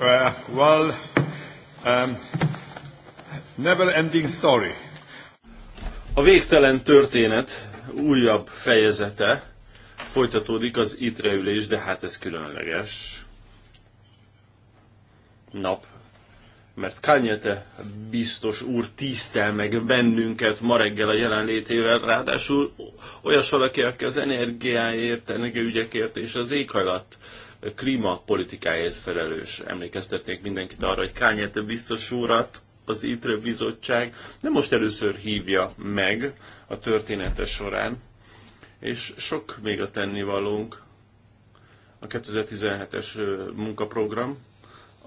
Uh, well, um, never ending story. A végtelen történet újabb fejezete folytatódik az ITRE de hát ez különleges nap, mert Kanyete biztos úr tisztel meg bennünket ma reggel a jelenlétével, ráadásul olyas valaki, aki az energiáért, energiaügyekért és az éghajlat klímapolitikáért felelős. Emlékeztetnék mindenkit arra, hogy Kányete biztos úrat az ITRE bizottság nem most először hívja meg a története során, és sok még a tennivalónk. A 2017-es munkaprogram,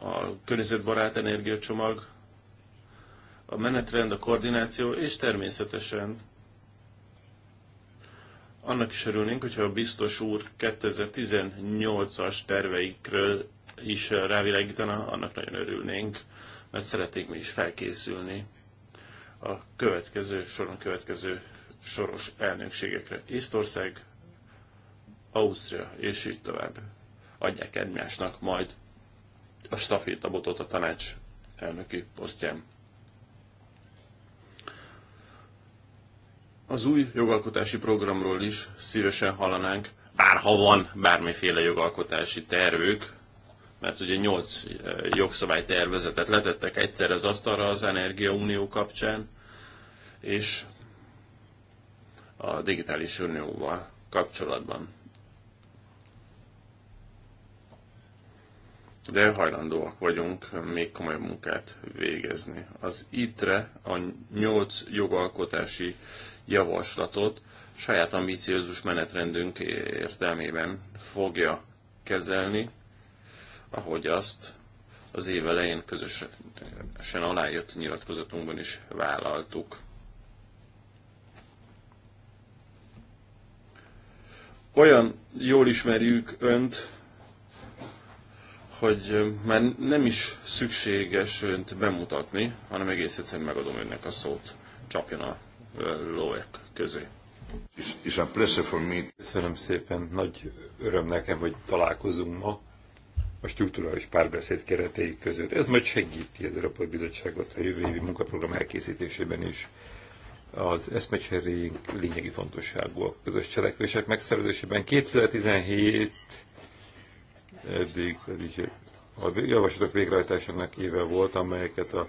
a környezetbarát energiacsomag, a menetrend, a koordináció, és természetesen annak is örülnénk, hogyha a biztos úr 2018-as terveikről is rávilágítana, annak nagyon örülnénk, mert szeretnénk mi is felkészülni a következő soron következő soros elnökségekre. Észtország, Ausztria és így tovább adják egymásnak majd a stafétabotot a tanács elnöki posztján. Az új jogalkotási programról is szívesen hallanánk, bár van bármiféle jogalkotási tervük, mert ugye 8 eh, jogszabálytervezetet letettek egyszer az asztalra az Energiaunió kapcsán, és a digitális unióval kapcsolatban. De hajlandóak vagyunk még komoly munkát végezni. Az ITRE a 8 jogalkotási javaslatot saját ambíciózus menetrendünk értelmében fogja kezelni, ahogy azt az év elején közösen alájött nyilatkozatunkban is vállaltuk. Olyan jól ismerjük önt, hogy már nem is szükséges önt bemutatni, hanem egész egyszerűen megadom önnek a szót. Csapjon a lóek közé. a pleasure for me. Köszönöm szépen, nagy öröm nekem, hogy találkozunk ma a struktúrális párbeszéd keretei között. Ez majd segíti az Európai Bizottságot a jövő évi munkaprogram elkészítésében is. Az eszmecseréink lényegi fontosságú a közös cselekvések megszervezésében. 2017 eddig a javaslatok végrehajtásának éve volt, amelyeket a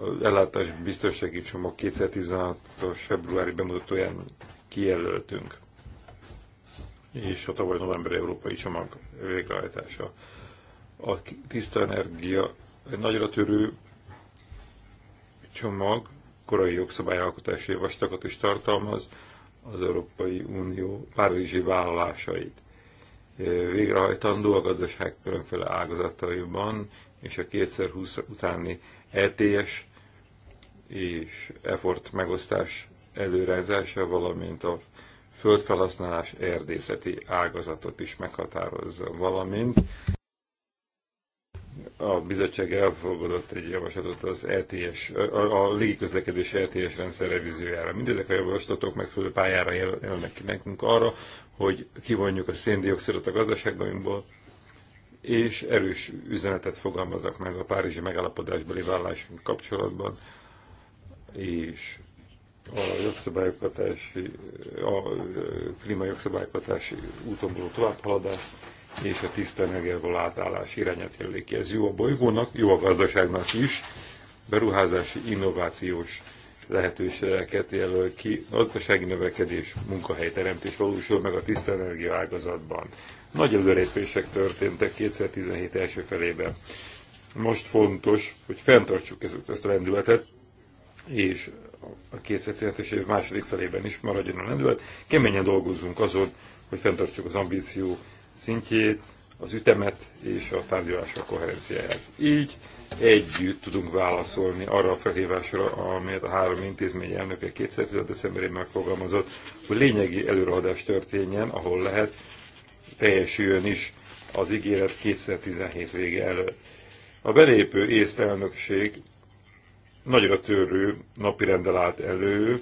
az ellátás biztonsági csomag 2016-os februári bemutatóján kijelöltünk, és a tavaly november európai csomag végrehajtása. A tiszta energia egy nagyra törő csomag korai jogszabályalkotási javaslatokat is tartalmaz az Európai Unió párizsi vállalásait. Végrehajtandó a gazdaság különféle ágazataiban és a 2020 utáni LTS e és effort megosztás előrehajzása, valamint a földfelhasználás erdészeti ágazatot is meghatározza, valamint a bizottság elfogadott egy javaslatot az LTS, e a, a légiközlekedés LTS e rendszer revíziójára. Mindezek a javaslatok megfelelő pályára jelennek ki nekünk arra, hogy kivonjuk a széndiokszidot a gazdaságainkból, és erős üzenetet fogalmaznak meg a Párizsi megállapodásbeli vállásunk kapcsolatban, és a jogszabályokatási, a klímajogszabályokatási úton való továbbhaladás és a tiszta energiából átállás irányát jelöli ki. Ez jó a bolygónak, jó a gazdaságnak is, beruházási, innovációs lehetőségeket jelöl ki, gazdasági növekedés, munkahelyteremtés valósul meg a tiszta energia ágazatban. Nagy előrépések történtek 2017 első felében. Most fontos, hogy fenntartsuk ezt, ezt a rendületet, és a kétszerzéletes év második felében is maradjon a lendület. Keményen dolgozzunk azon, hogy fenntartsuk az ambíció szintjét, az ütemet és a tárgyalások koherenciáját. Így együtt tudunk válaszolni arra a felhívásra, amelyet a három intézmény elnöke 2010. decemberén megfogalmazott, hogy lényegi előrehadás történjen, ahol lehet, teljesüljön is az ígéret 2017 vége előtt. A belépő észt elnökség nagyra törő napirendel állt elő,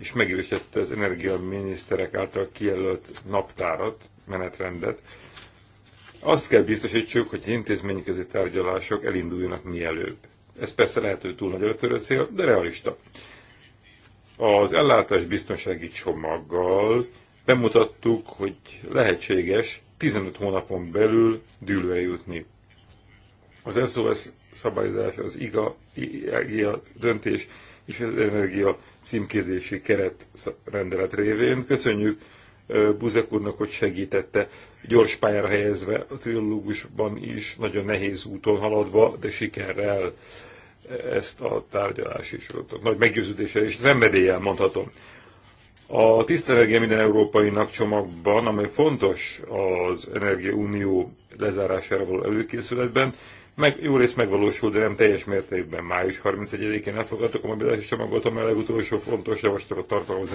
és megősítette az energiaminiszterek által kijelölt naptárat, menetrendet. Azt kell biztosítsuk, hogy közé tárgyalások elinduljanak mielőbb. Ez persze lehet, hogy túl nagyra törő cél, de realista. Az ellátás biztonsági csomaggal bemutattuk, hogy lehetséges 15 hónapon belül dűlőre jutni. Az SOS szabályozás, az IGA, IGA döntés és az energia címkézési keret rendelet révén. Köszönjük Buzek úrnak, hogy segítette, gyors pályára helyezve a trilógusban is, nagyon nehéz úton haladva, de sikerrel ezt a tárgyalási sorotot. Nagy meggyőződéssel és szenvedéllyel mondhatom. A tiszta energia minden európainak csomagban, amely fontos az Energia Unió lezárására való előkészületben, meg, jó rész megvalósul, de nem teljes mértékben. Május 31-én elfogadtuk a mobilási csomagot, amely a legutolsó fontos javaslatot tartalmaz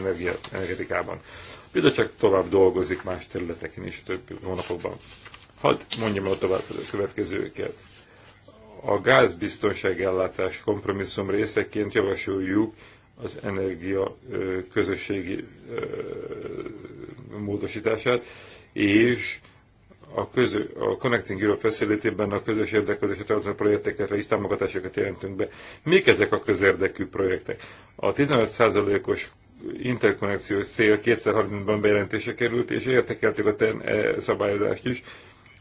energetikában. A bizottság tovább dolgozik más területeken is több hónapokban. Hadd mondjam el tovább a következőket. A ellátás kompromisszum részeként javasoljuk az energia közösségi módosítását, és a, közö, a Connecting Europe facility a közös érdeklődésre tartozó projektekre is támogatásokat jelentünk be. Mik ezek a közérdekű projektek? A 15%-os interkonnekciós cél 2030-ban bejelentése került, és értékeltük a TEN -e szabályozást is,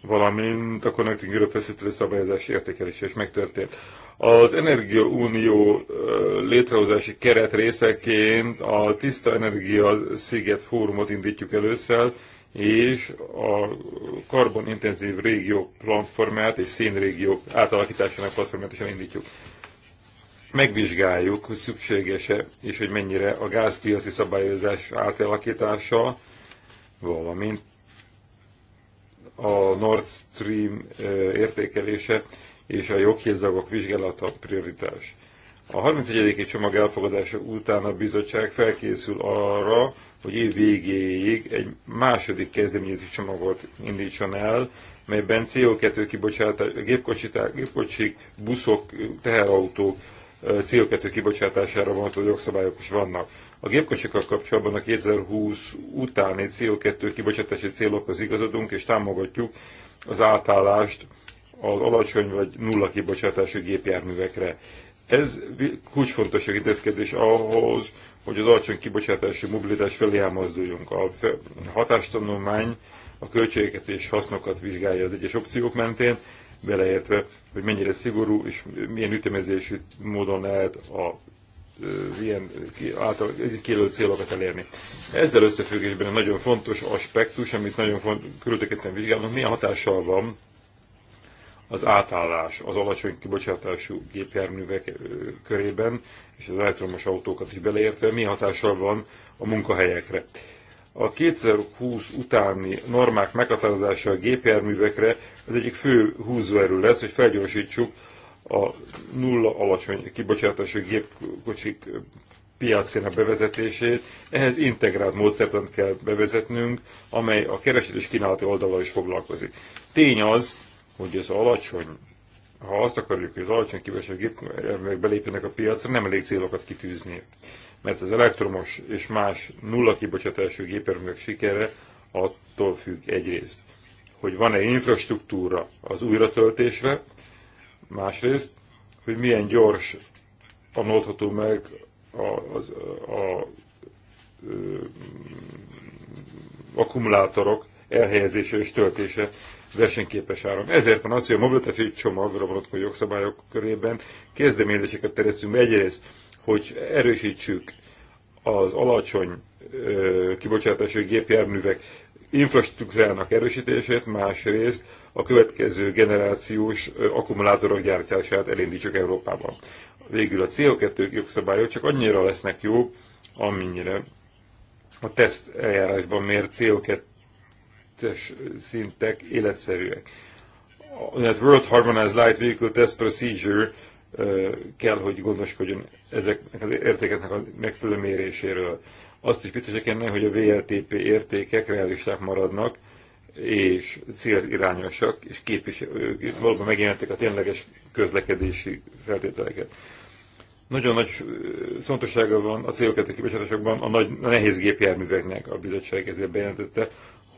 valamint a Connecting Europe Facility szabályozás értékelése is megtörtént. Az energia unió létrehozási keret részeként a Tiszta Energia Sziget Fórumot indítjuk először, és a karbonintenzív régió platformát és szénrégió átalakításának platformát is elindítjuk. Megvizsgáljuk, hogy szükséges-e, és hogy mennyire a gázpiaci szabályozás átalakítása, valamint a Nord Stream értékelése és a joghézzagok vizsgálata prioritás. A 31. csomag elfogadása után a bizottság felkészül arra, hogy év végéig egy második kezdeményezési csomagot indítson el, melyben CO2 kibocsátás, gépkocsi, gépkocsik, buszok, teherautók CO2 kibocsátására vonatkozó jogszabályok is vannak. A gépkocsikkal kapcsolatban a 2020 utáni CO2 kibocsátási célokhoz igazodunk és támogatjuk az átállást az alacsony vagy nulla kibocsátású gépjárművekre. Ez kulcsfontosság intézkedés ahhoz, hogy az alacsony kibocsátási mobilitás felé elmozduljunk. A hatástanulmány a költségeket és hasznokat vizsgálja az egyes opciók mentén, beleértve, hogy mennyire szigorú és milyen ütemezési módon lehet a ilyen által kijelölt célokat elérni. Ezzel összefüggésben egy nagyon fontos aspektus, amit nagyon font, körültekintően vizsgálunk, milyen hatással van az átállás az alacsony kibocsátású gépjárművek körében, és az elektromos autókat is beleértve, mi hatással van a munkahelyekre. A 2020 utáni normák meghatározása a gépjárművekre az egyik fő húzóerő lesz, hogy felgyorsítsuk a nulla alacsony kibocsátású gépkocsik piacének bevezetését. Ehhez integrált módszertant kell bevezetnünk, amely a kereslet és kínálati oldalra is foglalkozik. Tény az, hogy ez alacsony, ha azt akarjuk, hogy az alacsony kívülső gépjárművek belépjenek a piacra, nem elég célokat kitűzni. Mert az elektromos és más nulla kibocsátású gépjárművek sikere attól függ egyrészt, hogy van-e infrastruktúra az újratöltésre, másrészt, hogy milyen gyors a oldható meg a, az, a, a, akkumulátorok elhelyezése és töltése versenyképes áron. Ezért van az, hogy a mobilitási csomagra vonatkozó jogszabályok körében kezdeményezéseket terjesztünk be. Egyrészt, hogy erősítsük az alacsony kibocsátási kibocsátású gépjárművek infrastruktúrának erősítését, másrészt a következő generációs akkumulátorok gyártását elindítsuk Európában. Végül a CO2 jogszabályok csak annyira lesznek jó, amennyire a teszt eljárásban mér CO2 2 szintek életszerűek. A World Harmonized Light Vehicle Test Procedure kell, hogy gondoskodjon ezeknek az értékeknek a megfelelő méréséről. Azt is biztosak kellene, hogy a VLTP értékek realisták maradnak, és célirányosak, és képviselők valóban megjelentek a tényleges közlekedési feltételeket. Nagyon nagy szontossága van a CO2 kibocsátásokban a nagy a nehéz gépjárműveknek, a bizottság ezért bejelentette,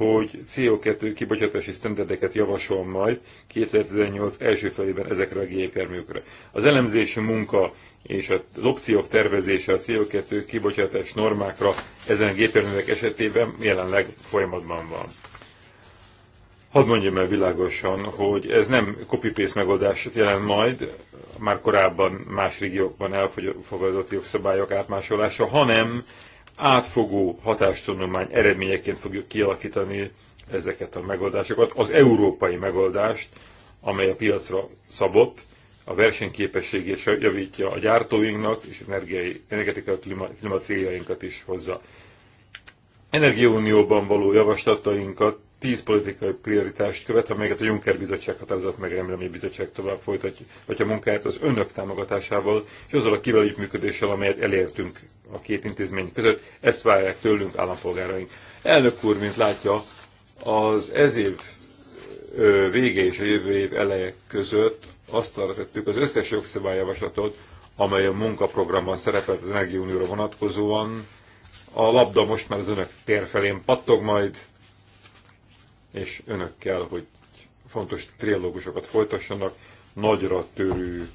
hogy CO2 kibocsátási sztenderdeket javasol majd 2018 első felében ezekre a gépjárműkre. Az elemzési munka és az opciók tervezése a CO2 kibocsátás normákra ezen a gépjárművek esetében jelenleg folyamatban van. Hadd mondjam el világosan, hogy ez nem copy-paste megoldást jelent majd, már korábban más régiókban elfogadott jogszabályok átmásolása, hanem átfogó hatástanulmány eredményeként fogjuk kialakítani ezeket a megoldásokat, az európai megoldást, amely a piacra szabott, a versenyképességét javítja a gyártóinknak, és energiai, energetikai klíma, klíma céljainkat is hozza. Energiaunióban való javaslatainkat tíz politikai prioritást követ, amelyeket a Juncker Bizottság határozott meg, remélem, hogy a bizottság tovább folytatja, vagy a munkáját az önök támogatásával és azzal a kiváló működéssel, amelyet elértünk a két intézmény között. Ezt várják tőlünk állampolgáraink. Elnök úr, mint látja, az ez év vége és a jövő év eleje között azt tettük az összes jogszabályjavaslatot, amely a munkaprogramban szerepelt az Energiaunióra vonatkozóan. A labda most már az önök térfelén pattog majd, és önökkel, hogy fontos trialógusokat folytassanak, nagyra törő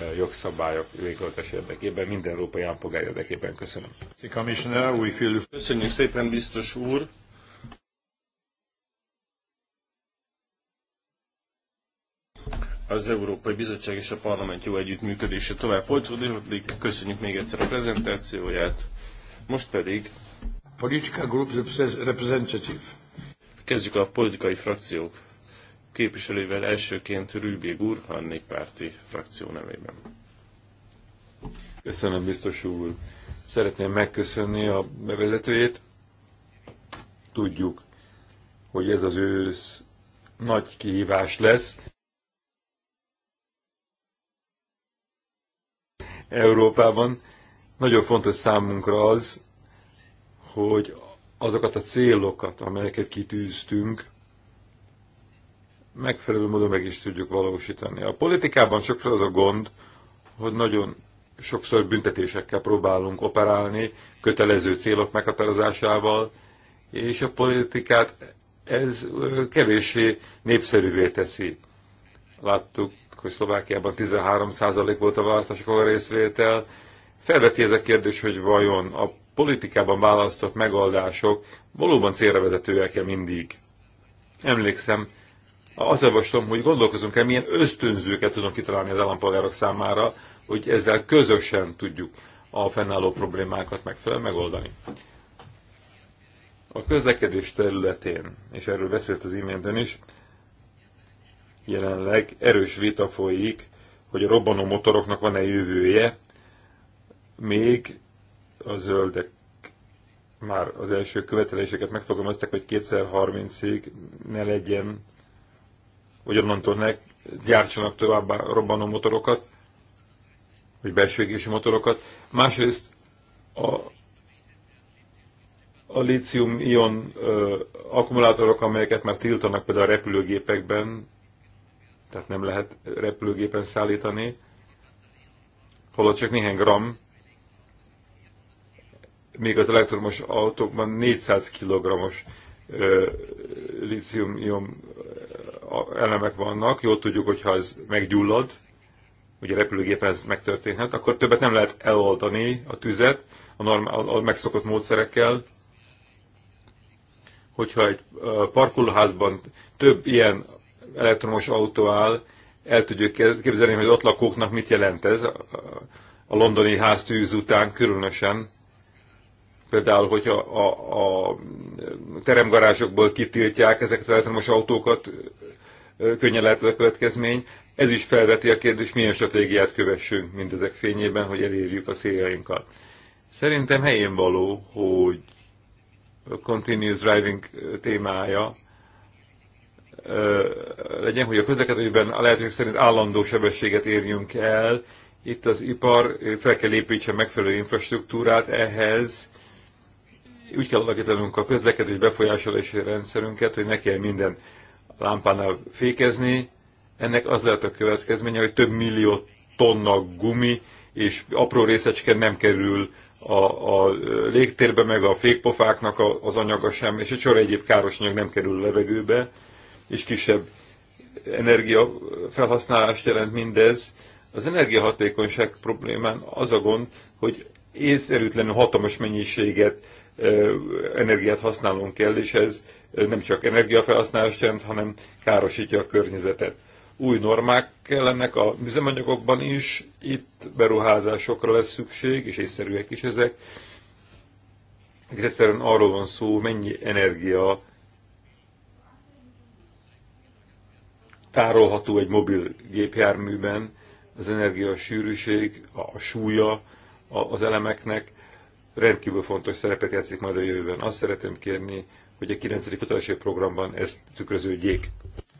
eh, jogszabályok végletes érdekében, minden európai állampolgár érdekében. Köszönöm. Köszönjük szépen, biztos úr! az Európai Bizottság és a Parlament jó együttműködése tovább folytatódik. Köszönjük még egyszer a prezentációját. Most pedig... Politika Group Representative. Kezdjük a politikai frakciók képviselővel elsőként Rübi úr, a néppárti frakció nevében. Köszönöm, biztos úr. Szeretném megköszönni a bevezetőjét. Tudjuk, hogy ez az ősz nagy kihívás lesz. Európában nagyon fontos számunkra az, hogy azokat a célokat, amelyeket kitűztünk, megfelelő módon meg is tudjuk valósítani. A politikában sokszor az a gond, hogy nagyon sokszor büntetésekkel próbálunk operálni, kötelező célok meghatározásával, és a politikát ez kevéssé népszerűvé teszi. Láttuk, hogy Szlovákiában 13% volt a választásokon a részvétel. Felveti ez a kérdés, hogy vajon a politikában választott megoldások valóban célra vezetőek-e mindig. Emlékszem, azt javaslom, hogy gondolkozunk el, milyen ösztönzőket tudunk kitalálni az állampolgárok számára, hogy ezzel közösen tudjuk a fennálló problémákat megfelelően megoldani. A közlekedés területén, és erről beszélt az imént ön is, jelenleg erős vita folyik, hogy a robbanó motoroknak van-e jövője, még a zöldek már az első követeléseket megfogalmazták, hogy 2030-ig ne legyen, vagy onnantól ne gyártsanak tovább robbanó motorokat, vagy belső égési motorokat. Másrészt a, a lícium-ion akkumulátorok, amelyeket már tiltanak például a repülőgépekben, tehát nem lehet repülőgépen szállítani, holott csak néhány gram még az elektromos autókban 400 kg-os ion elemek vannak, jól tudjuk, hogy ha ez meggyullad, ugye repülőgépen ez megtörténhet, akkor többet nem lehet eloldani a tüzet a, normál, a megszokott módszerekkel. Hogyha egy parkolóházban több ilyen elektromos autó áll, el tudjuk képzelni, hogy ott lakóknak mit jelent ez a londoni háztűz után különösen Például, hogy a, a teremgarázsokból kitiltják ezeket az elektromos autókat, könnyen lehet a következmény. Ez is felveti a kérdést, milyen stratégiát kövessünk mindezek fényében, hogy elérjük a céljainkat. Szerintem helyén való, hogy a continuous driving témája legyen, hogy a közlekedésben a lehetőség szerint állandó sebességet érjünk el. Itt az ipar fel kell építse megfelelő infrastruktúrát ehhez, úgy kell alakítanunk a közlekedés befolyásolási rendszerünket, hogy ne kell minden lámpánál fékezni. Ennek az lehet a következménye, hogy több millió tonna gumi és apró részecske nem kerül a, a légtérbe, meg a fékpofáknak az anyaga sem, és egy sor egyéb káros anyag nem kerül a levegőbe, és kisebb energiafelhasználást jelent mindez. Az energiahatékonyság problémán az a gond, hogy észszerűtlenül hatalmas mennyiséget energiát használunk el, és ez nem csak energiafelhasználást jelent, hanem károsítja a környezetet. Új normák kellenek a üzemanyagokban is, itt beruházásokra lesz szükség, és észszerűek is ezek. Ez egyszerűen arról van szó, mennyi energia tárolható egy mobil gépjárműben, az energia sűrűség, a súlya az elemeknek, rendkívül fontos szerepet játszik majd a jövőben. Azt szeretném kérni, hogy a 9. kutatási programban ezt tükröződjék.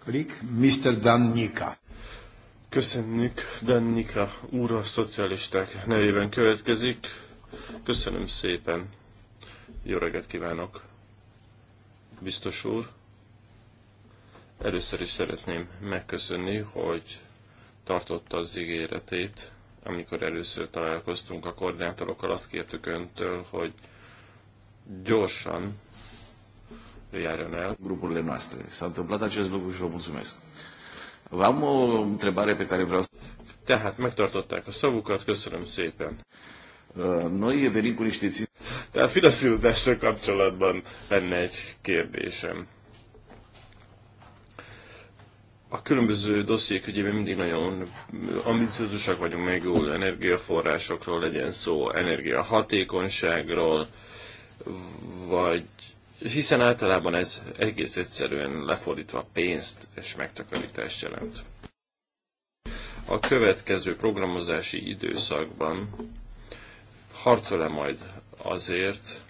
Klik, Mr. Dannika. Köszönjük, Dannika úr a szocialisták nevében következik. Köszönöm szépen. Jó reggelt kívánok, biztos úr. Először is szeretném megköszönni, hogy tartotta az ígéretét, amikor először találkoztunk a koordinátorokkal, azt kértük öntől, hogy gyorsan járjon el. Grupurile noastre. S-a întâmplat acest lucru și vă mulțumesc. Am o întrebare pe care vreau să... Tehát megtartották a szavukat, köszönöm szépen. Noi venim cu niște ții... Tehát finanszírozással kapcsolatban lenne egy kérdésem a különböző dossziék ügyében mindig nagyon ambiciózusak vagyunk, meg jó energiaforrásokról legyen szó, energiahatékonyságról, vagy hiszen általában ez egész egyszerűen lefordítva pénzt és megtakarítást jelent. A következő programozási időszakban harcol-e majd azért,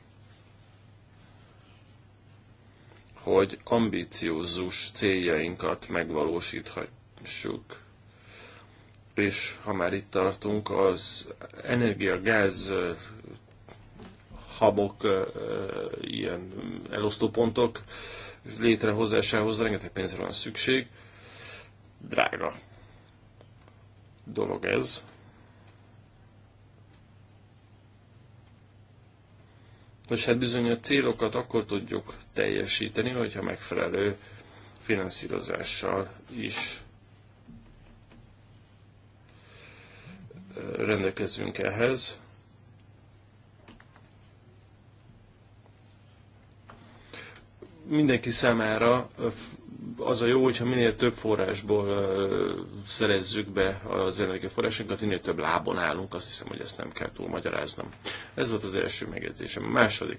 hogy ambíciózus céljainkat megvalósíthassuk. És ha már itt tartunk, az energia-gáz habok, ilyen elosztópontok létrehozásához rengeteg pénzre van szükség. Drága dolog ez. És hát bizony a célokat akkor tudjuk teljesíteni, hogyha megfelelő finanszírozással is rendelkezünk ehhez. Mindenki számára az a jó, hogyha minél több forrásból szerezzük be az energiaforrásunkat, minél több lábon állunk, azt hiszem, hogy ezt nem kell túl magyaráznom. Ez volt az első megjegyzésem. A második.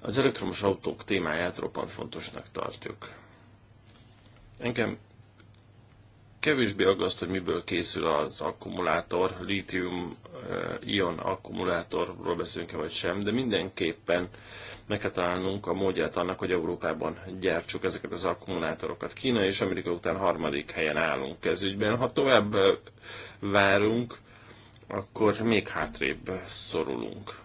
Az elektromos autók témáját roppant fontosnak tartjuk. Engem kevésbé aggaszt, hogy miből készül az akkumulátor, lítium-ion eh, akkumulátorról beszélünk-e vagy sem, de mindenképpen meg kell találnunk a módját annak, hogy Európában gyártsuk ezeket az akkumulátorokat. Kína és Amerika után harmadik helyen állunk ez ügyben. Ha tovább eh, várunk, akkor még hátrébb szorulunk.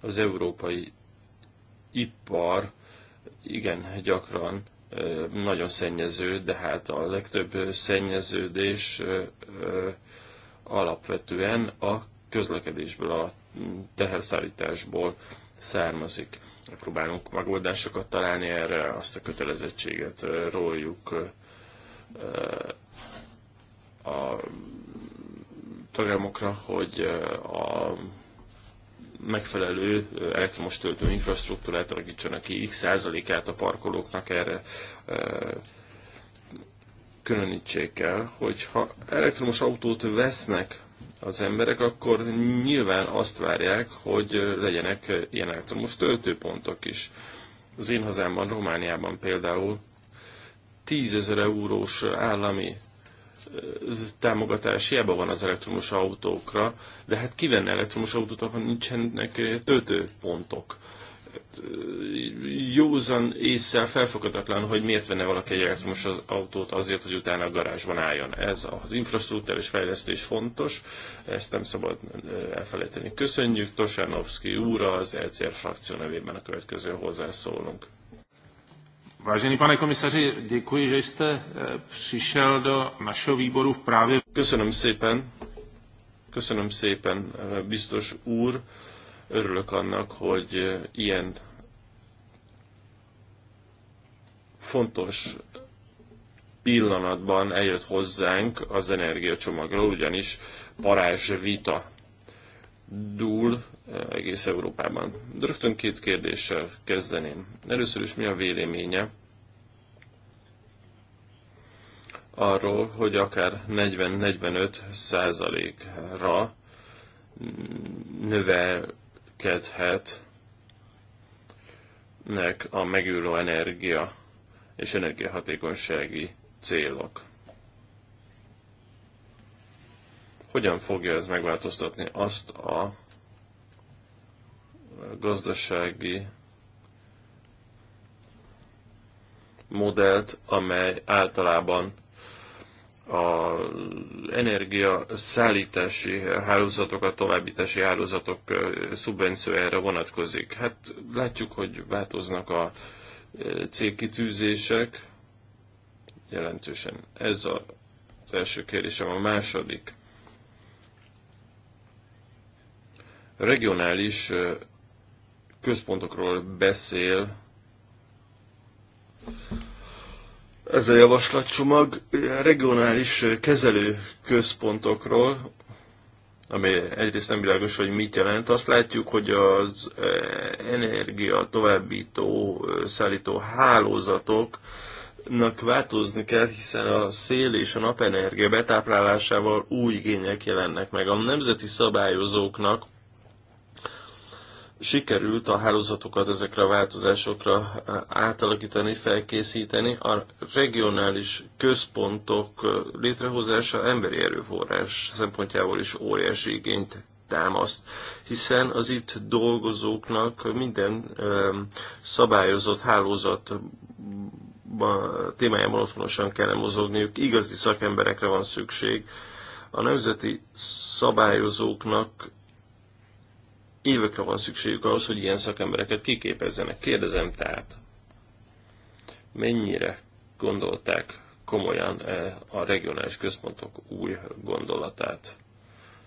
Az európai ipar igen gyakran nagyon szennyező, de hát a legtöbb szennyeződés alapvetően a közlekedésből, a teherszállításból származik. Próbálunk megoldásokat találni erre, azt a kötelezettséget róljuk a tagállamokra, hogy a megfelelő elektromos töltő infrastruktúrát alakítsanak ki, x százalékát a parkolóknak erre különítsék el, hogy ha elektromos autót vesznek az emberek, akkor nyilván azt várják, hogy legyenek ilyen elektromos töltőpontok is. Az én hazámban, Romániában például 10 ezer eurós állami támogatás hiába van az elektromos autókra, de hát ki venne elektromos autót, ha nincsenek eh, töltőpontok. Józan észre felfogadatlan, hogy miért venne valaki egy elektromos autót azért, hogy utána a garázsban álljon. Ez az infrastruktúrális fejlesztés fontos, ezt nem szabad eh, elfelejteni. Köszönjük Tosánovszki úr, az ECR frakció nevében a következő hozzászólunk. Vážený pane komisaři, děkuji, že jste eh, přišel do našeho výboru v právě. Köszönöm szépen. Köszönöm szépen, eh, biztos úr. Örülök annak, hogy eh, ilyen fontos pillanatban eljött hozzánk az energiacsomagról, ugyanis parázs vita dúl eh, egész Európában. De rögtön két kérdéssel kezdeném. Először is mi a véleménye arról, hogy akár 40-45 százalékra növelkedhetnek a megülő energia és energiahatékonysági célok. Hogyan fogja ez megváltoztatni azt a gazdasági modellt, amely általában a energia szállítási hálózatokat továbbítási hálózatok szubvenciójára vonatkozik. Hát látjuk, hogy változnak a célkitűzések jelentősen. Ez az első kérdésem. A második regionális központokról beszél ez a javaslatcsomag, regionális kezelő központokról, ami egyrészt nem világos, hogy mit jelent. Azt látjuk, hogy az energia továbbító, szállító hálózatoknak változni kell, hiszen a szél és a napenergia betáplálásával új igények jelennek meg. A nemzeti szabályozóknak sikerült a hálózatokat ezekre a változásokra eh, átalakítani, felkészíteni. A regionális központok eh, létrehozása emberi erőforrás szempontjából is óriási igényt támaszt, hiszen az itt dolgozóknak minden eh, szabályozott hálózat témájában otthonosan kell mozogniuk, igazi szakemberekre van szükség. A nemzeti szabályozóknak évekre van szükségük ahhoz, hogy ilyen szakembereket kiképezzenek. Kérdezem tehát, mennyire gondolták komolyan e a regionális központok új gondolatát?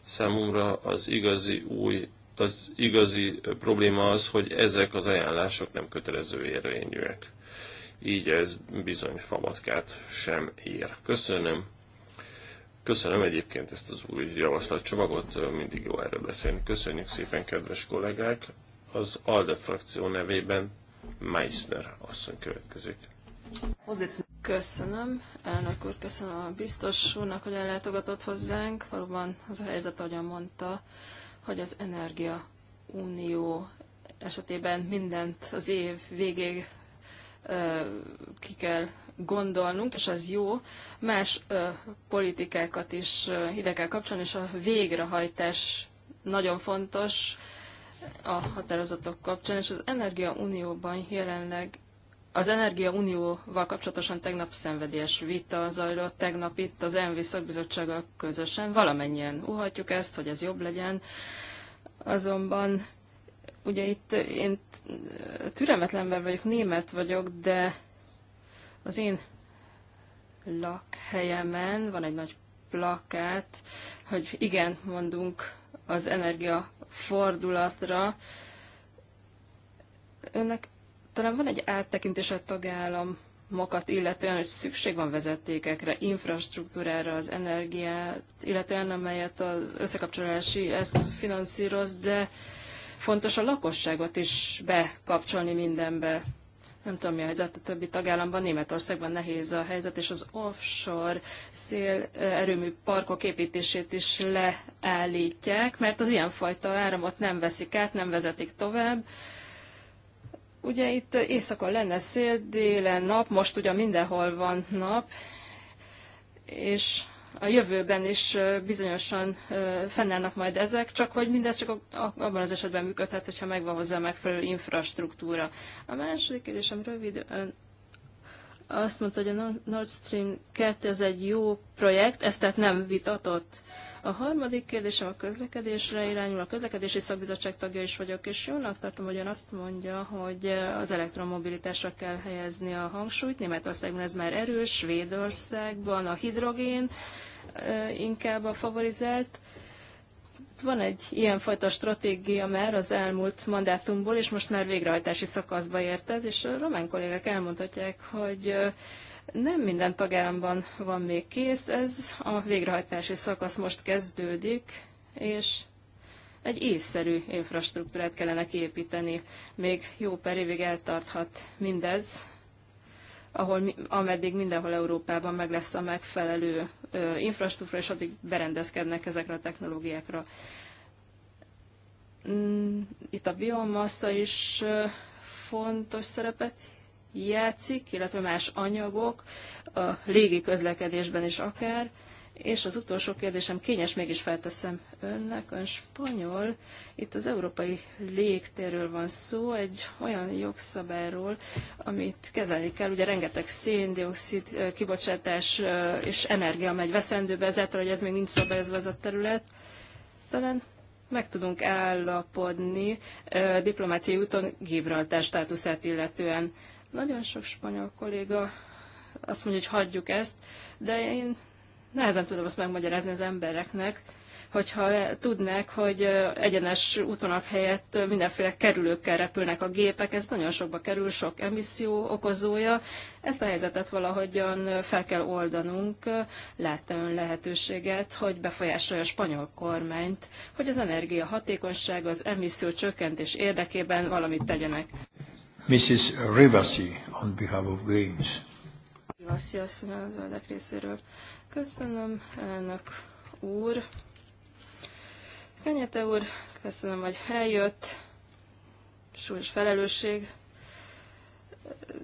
Számomra az igazi új az igazi probléma az, hogy ezek az ajánlások nem kötelező érvényűek. Így ez bizony famatkát sem ér. Köszönöm. Köszönöm egyébként ezt az új javaslatcsomagot, mindig jó erről beszélni. Köszönjük szépen, kedves kollégák! Az ALDE frakció nevében Meissner asszony következik. Köszönöm, elnök úr, köszönöm a biztos úrnak, hogy ellátogatott hozzánk. Valóban az a helyzet, ahogyan mondta, hogy az Energia Unió esetében mindent az év végéig ki kell gondolnunk, és az jó, más politikákat is ide kell kapcsolni, és a végrehajtás nagyon fontos a határozatok kapcsán, és az Energia Unióban jelenleg az Energia Unióval kapcsolatosan tegnap szenvedélyes vita zajlott, tegnap itt az ENVI szakbizottsággal közösen, valamennyien uhatjuk ezt, hogy ez jobb legyen, azonban Ugye itt én türelmetlenben vagyok, német vagyok, de az én lakhelyemen van egy nagy plakát, hogy igen, mondunk az energia fordulatra. Önnek talán van egy áttekintés a tagállamokat, illetően, hogy szükség van vezetékekre, infrastruktúrára, az energiát, illetően amelyet az összekapcsolási eszköz finanszíroz, de Fontos a lakosságot is bekapcsolni mindenbe. Nem tudom, mi a helyzet a többi tagállamban. Németországban nehéz a helyzet, és az offshore szél erőmű parkok építését is leállítják, mert az ilyenfajta áramot nem veszik át, nem vezetik tovább. Ugye itt éjszakon lenne szél, délen nap, most ugye mindenhol van nap, és a jövőben is bizonyosan fennállnak majd ezek, csak hogy mindez csak abban az esetben működhet, hogyha megvan hozzá megfelelő infrastruktúra. A második kérdésem rövid, azt mondta, hogy a Nord Stream 2 ez egy jó projekt, ezt tehát nem vitatott. A harmadik kérdésem a közlekedésre irányul, a közlekedési szakbizottság tagja is vagyok, és jónak tartom, hogy ön azt mondja, hogy eh, az elektromobilitásra kell helyezni a hangsúlyt. Németországban ez már erős, Svédországban a hidrogén eh, inkább a favorizált van egy ilyenfajta stratégia már az elmúlt mandátumból, és most már végrehajtási szakaszba ért ez, és a román kollégák elmondhatják, hogy nem minden tagállamban van még kész, ez a végrehajtási szakasz most kezdődik, és egy észszerű infrastruktúrát kellene kiépíteni. Még jó per évig eltarthat mindez, ahol, ameddig mindenhol Európában meg lesz a megfelelő infrastruktúra, és addig berendezkednek ezekre a technológiákra. Mm, itt a biomassa is fontos szerepet játszik, illetve más anyagok, a légi közlekedésben is akár. És az utolsó kérdésem kényes, mégis felteszem önnek, ön spanyol. Itt az európai légtérről van szó, egy olyan jogszabályról, amit kezelni kell. Ugye rengeteg széndiokszid kibocsátás és energia megy veszendőbe, ezáltal, hogy ez még nincs szabályozva ez a terület. Talán meg tudunk állapodni diplomáciai úton Gibraltár státuszát illetően. Nagyon sok spanyol kolléga azt mondja, hogy hagyjuk ezt, de én nehezen tudom azt megmagyarázni az embereknek, hogyha tudnák, hogy egyenes útonak helyett mindenféle kerülőkkel repülnek a gépek, ez nagyon sokba kerül, sok emisszió okozója. Ezt a helyzetet valahogyan fel kell oldanunk. Látta ön lehetőséget, hogy befolyásolja a spanyol kormányt, hogy az energia hatékonyság, az emisszió csökkentés érdekében valamit tegyenek. Mrs. Rivasi on behalf of Greens. Rivasi asszony az oldalak részéről. Köszönöm, elnök úr. Kenyete úr, köszönöm, hogy eljött. Súlyos felelősség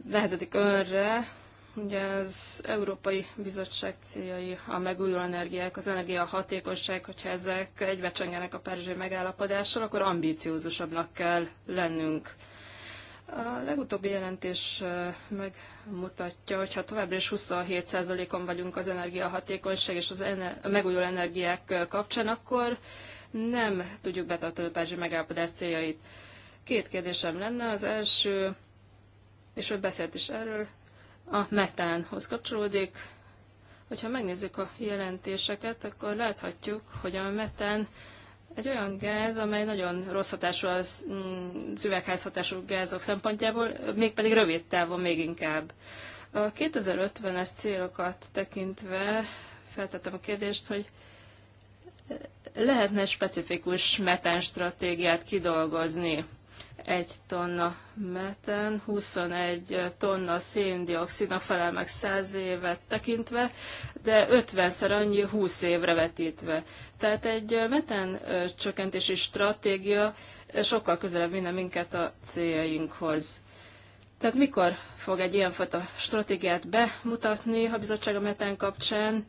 nehezedik önre. Ugye az Európai Bizottság céljai a megújuló energiák, az energia hatékonyság, hogyha ezek egybecsengenek a párizsi megállapodással, akkor ambíciózusabbnak kell lennünk. A legutóbbi jelentés megmutatja, hogy ha továbbra is 27%-on vagyunk az energiahatékonyság és az ener- megújuló energiák kapcsán, akkor nem tudjuk betartani a Párizsi megállapodás céljait. Két kérdésem lenne. Az első, és ő beszélt is erről, a metánhoz kapcsolódik. Hogyha megnézzük a jelentéseket, akkor láthatjuk, hogy a metán egy olyan gáz, amely nagyon rossz hatású az, az mm, üvegházhatású gázok szempontjából, mégpedig rövid távon még inkább. A 2050-es célokat tekintve feltettem a kérdést, hogy lehetne specifikus metán stratégiát kidolgozni 1 tonna meten, 21 tonna a felel meg 100 évet tekintve, de 50-szer annyi 20 évre vetítve. Tehát egy meten csökkentési stratégia sokkal közelebb vinne minket a céljainkhoz. Tehát mikor fog egy ilyenfajta stratégiát bemutatni a bizottság a meten kapcsán,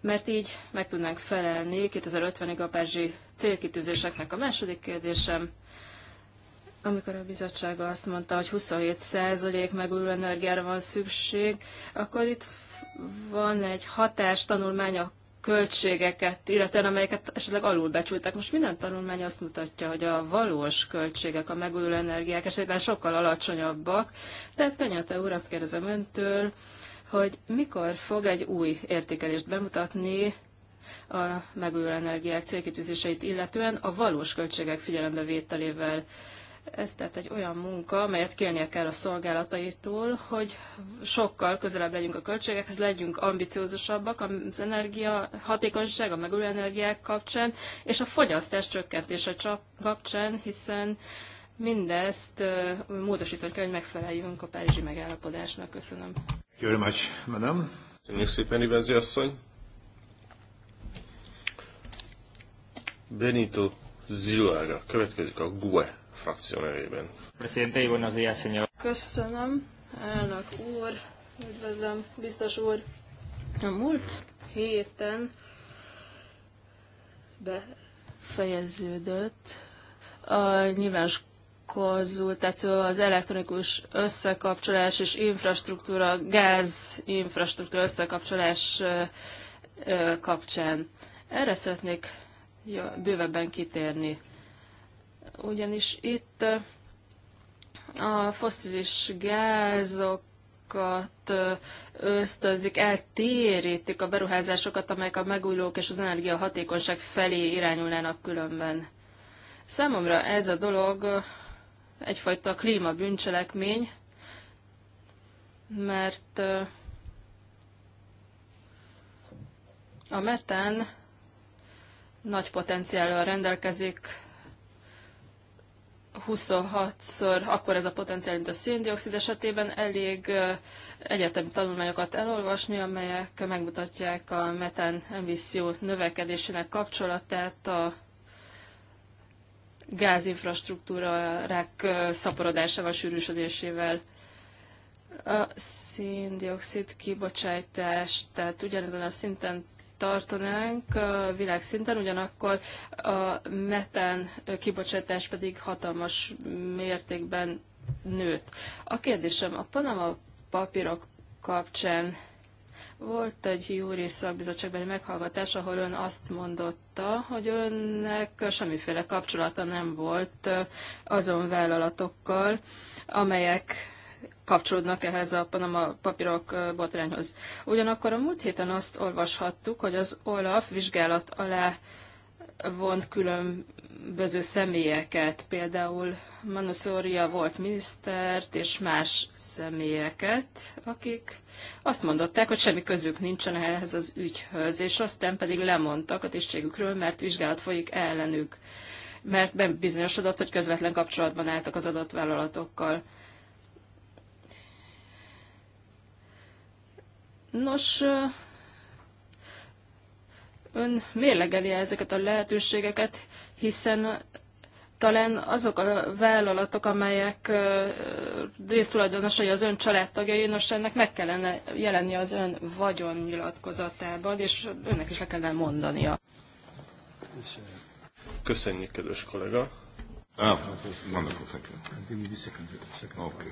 mert így meg tudnánk felelni 2050-ig a pázsi célkitűzéseknek a második kérdésem amikor a bizottság azt mondta, hogy 27% megújuló energiára van szükség, akkor itt van egy hatástanulmány a költségeket, illetve amelyeket esetleg alulbecsültek. Most minden tanulmány azt mutatja, hogy a valós költségek a megújuló energiák esetben sokkal alacsonyabbak. Tehát Kenyata úr, azt kérdezem öntől, hogy mikor fog egy új értékelést bemutatni a megújuló energiák célkitűzéseit illetően a valós költségek figyelembevételével. vételével ez tehát egy olyan munka, amelyet kérnie kell a szolgálataitól, hogy sokkal közelebb legyünk a költségekhez, legyünk ambiciózusabbak az energia hatékonyság, a megújuló energiák kapcsán, és a fogyasztás csökkentése kapcsán, hiszen mindezt módosítani kell, hogy megfeleljünk a Párizsi megállapodásnak. Köszönöm. Very madam. Köszönjük szépen, Ivenzi asszony. Benito Ziluaga következik a GUE frakció nevében. Köszönöm, elnök úr, üdvözlöm, biztos úr. A múlt héten befejeződött a nyilvános konzultáció az elektronikus összekapcsolás és infrastruktúra, gáz infrastruktúra összekapcsolás kapcsán. Erre szeretnék bővebben kitérni ugyanis itt a foszilis gázokat ösztönzik, eltérítik a beruházásokat, amelyek a megújulók és az energia hatékonyság felé irányulnának különben. Számomra ez a dolog egyfajta klímabűncselekmény, mert a metán nagy potenciállal rendelkezik 26-szor akkor ez a potenciál, mint a széndiokszid esetében elég egyetemi tanulmányokat elolvasni, amelyek megmutatják a metán emisszió növekedésének kapcsolatát a gázinfrastruktúra rák szaporodásával, sűrűsödésével. A széndiokszid kibocsátás, tehát ugyanezen a szinten tartanánk világszinten, ugyanakkor a metán kibocsátás pedig hatalmas mértékben nőtt. A kérdésem a Panama papírok kapcsán volt egy júri szakbizottságbeli meghallgatás, ahol ön azt mondotta, hogy önnek semmiféle kapcsolata nem volt azon vállalatokkal, amelyek kapcsolódnak ehhez a Panama papírok botrányhoz. Ugyanakkor a múlt héten azt olvashattuk, hogy az Olaf vizsgálat alá vont különböző személyeket, például Manoszória volt minisztert és más személyeket, akik azt mondották, hogy semmi közük nincsen ehhez az ügyhöz, és aztán pedig lemondtak a tisztségükről, mert vizsgálat folyik ellenük, mert bizonyosodott, hogy közvetlen kapcsolatban álltak az adott vállalatokkal. Nos, ön mérlegeli -e ezeket a lehetőségeket, hiszen talán azok a vállalatok, amelyek résztulajdonosai az ön családtagjai, nos ennek meg kellene jelenni az ön vagyonnyilatkozatában, és önnek is le kellene mondania. Köszönjük, kedves kollega. Ah, wonderful, thank you. Okay.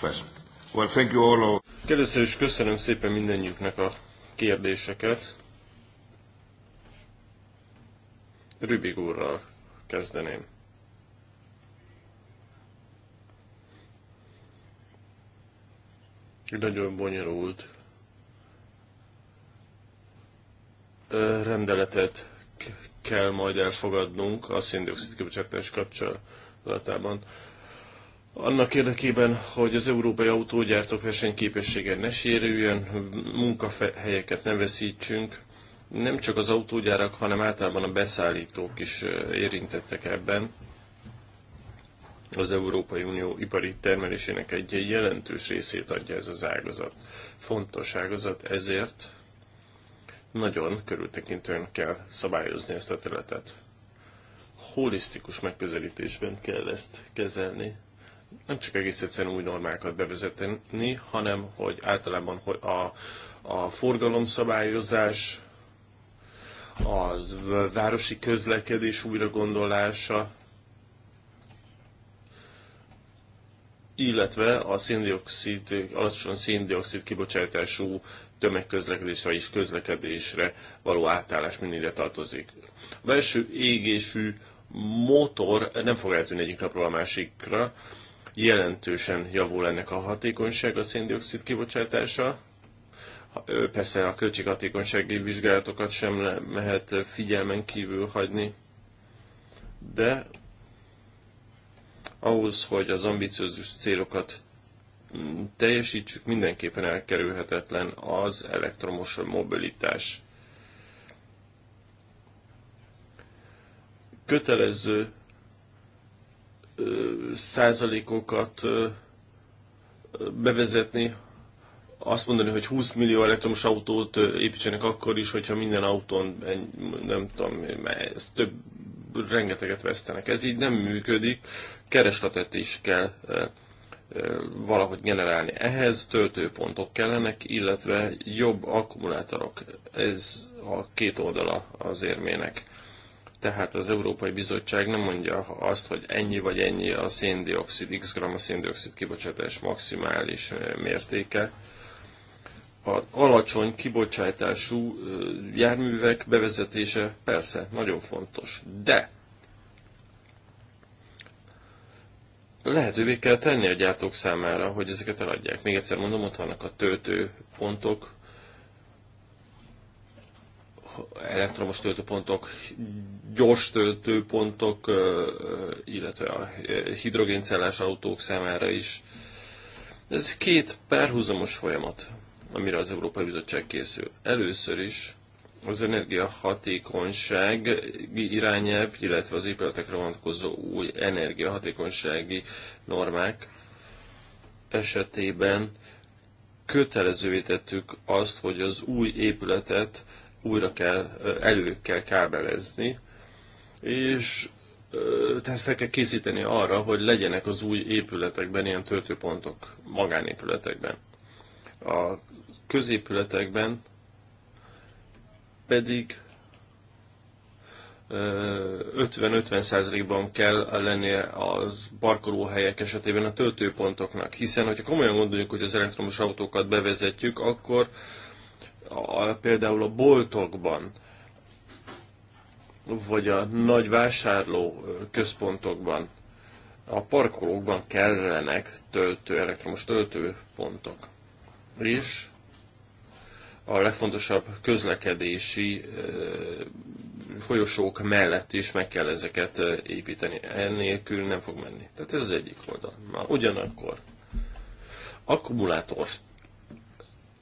Persze. Well, thank you all. is köszönöm szépen mindennyiuknak a kérdéseket. Rübig úrral kezdeném. Nagyon bonyolult rendeletet kell majd elfogadnunk a széndiokszid kibocsátás kapcsolatában annak érdekében, hogy az európai autógyártók versenyképessége ne sérüljön, munkahelyeket ne veszítsünk, nem csak az autógyárak, hanem általában a beszállítók is érintettek ebben. Az Európai Unió ipari termelésének egy jelentős részét adja ez az ágazat. Fontos ágazat, ezért nagyon körültekintően kell szabályozni ezt a területet. Holisztikus megközelítésben kell ezt kezelni nem csak egész egyszerűen új normákat bevezetni, hanem hogy általában hogy a, a forgalomszabályozás, a városi közlekedés újra gondolása, illetve a széndiokszid, alacsony széndiokszid kibocsátású tömegközlekedésre és közlekedésre való átállás mind ide tartozik. A belső égésű motor nem fog eltűnni egyik napról a másikra, jelentősen javul ennek a hatékonyság a széndiokszid kibocsátása. Persze a költséghatékonysági vizsgálatokat sem lehet figyelmen kívül hagyni, de ahhoz, hogy az ambiciózus célokat mm, teljesítsük, mindenképpen elkerülhetetlen az elektromos mobilitás. Kötelező százalékokat bevezetni, azt mondani, hogy 20 millió elektromos autót építsenek akkor is, hogyha minden autón, nem tudom, ez több, rengeteget vesztenek. Ez így nem működik, keresletet is kell valahogy generálni. Ehhez töltőpontok kellenek, illetve jobb akkumulátorok. Ez a két oldala az érmének. Tehát az Európai Bizottság nem mondja azt, hogy ennyi vagy ennyi a széndiokszid, x gram a széndiokszid kibocsátás maximális mértéke. A alacsony kibocsátású járművek bevezetése persze nagyon fontos, de lehetővé kell tenni a gyártók számára, hogy ezeket eladják. Még egyszer mondom, ott vannak a töltőpontok, elektromos töltőpontok, gyors töltőpontok, illetve a hidrogéncellás autók számára is. Ez két párhuzamos folyamat, amire az Európai Bizottság készül. Először is az energiahatékonyság irányelv, illetve az épületekre vonatkozó új energiahatékonysági normák esetében kötelezővé tettük azt, hogy az új épületet újra kell, elő kell kábelezni, és tehát fel kell készíteni arra, hogy legyenek az új épületekben ilyen töltőpontok, magánépületekben. A középületekben pedig 50-50%-ban kell lennie az parkolóhelyek esetében a töltőpontoknak, hiszen hogyha komolyan gondoljuk, hogy az elektromos autókat bevezetjük, akkor a, például a boltokban, vagy a nagy vásárló központokban, a parkolókban kellenek töltő, elektromos töltőpontok. És a legfontosabb közlekedési folyosók mellett is meg kell ezeket építeni. Ennélkül nem fog menni. Tehát ez az egyik oldal. Már ugyanakkor akkumulátor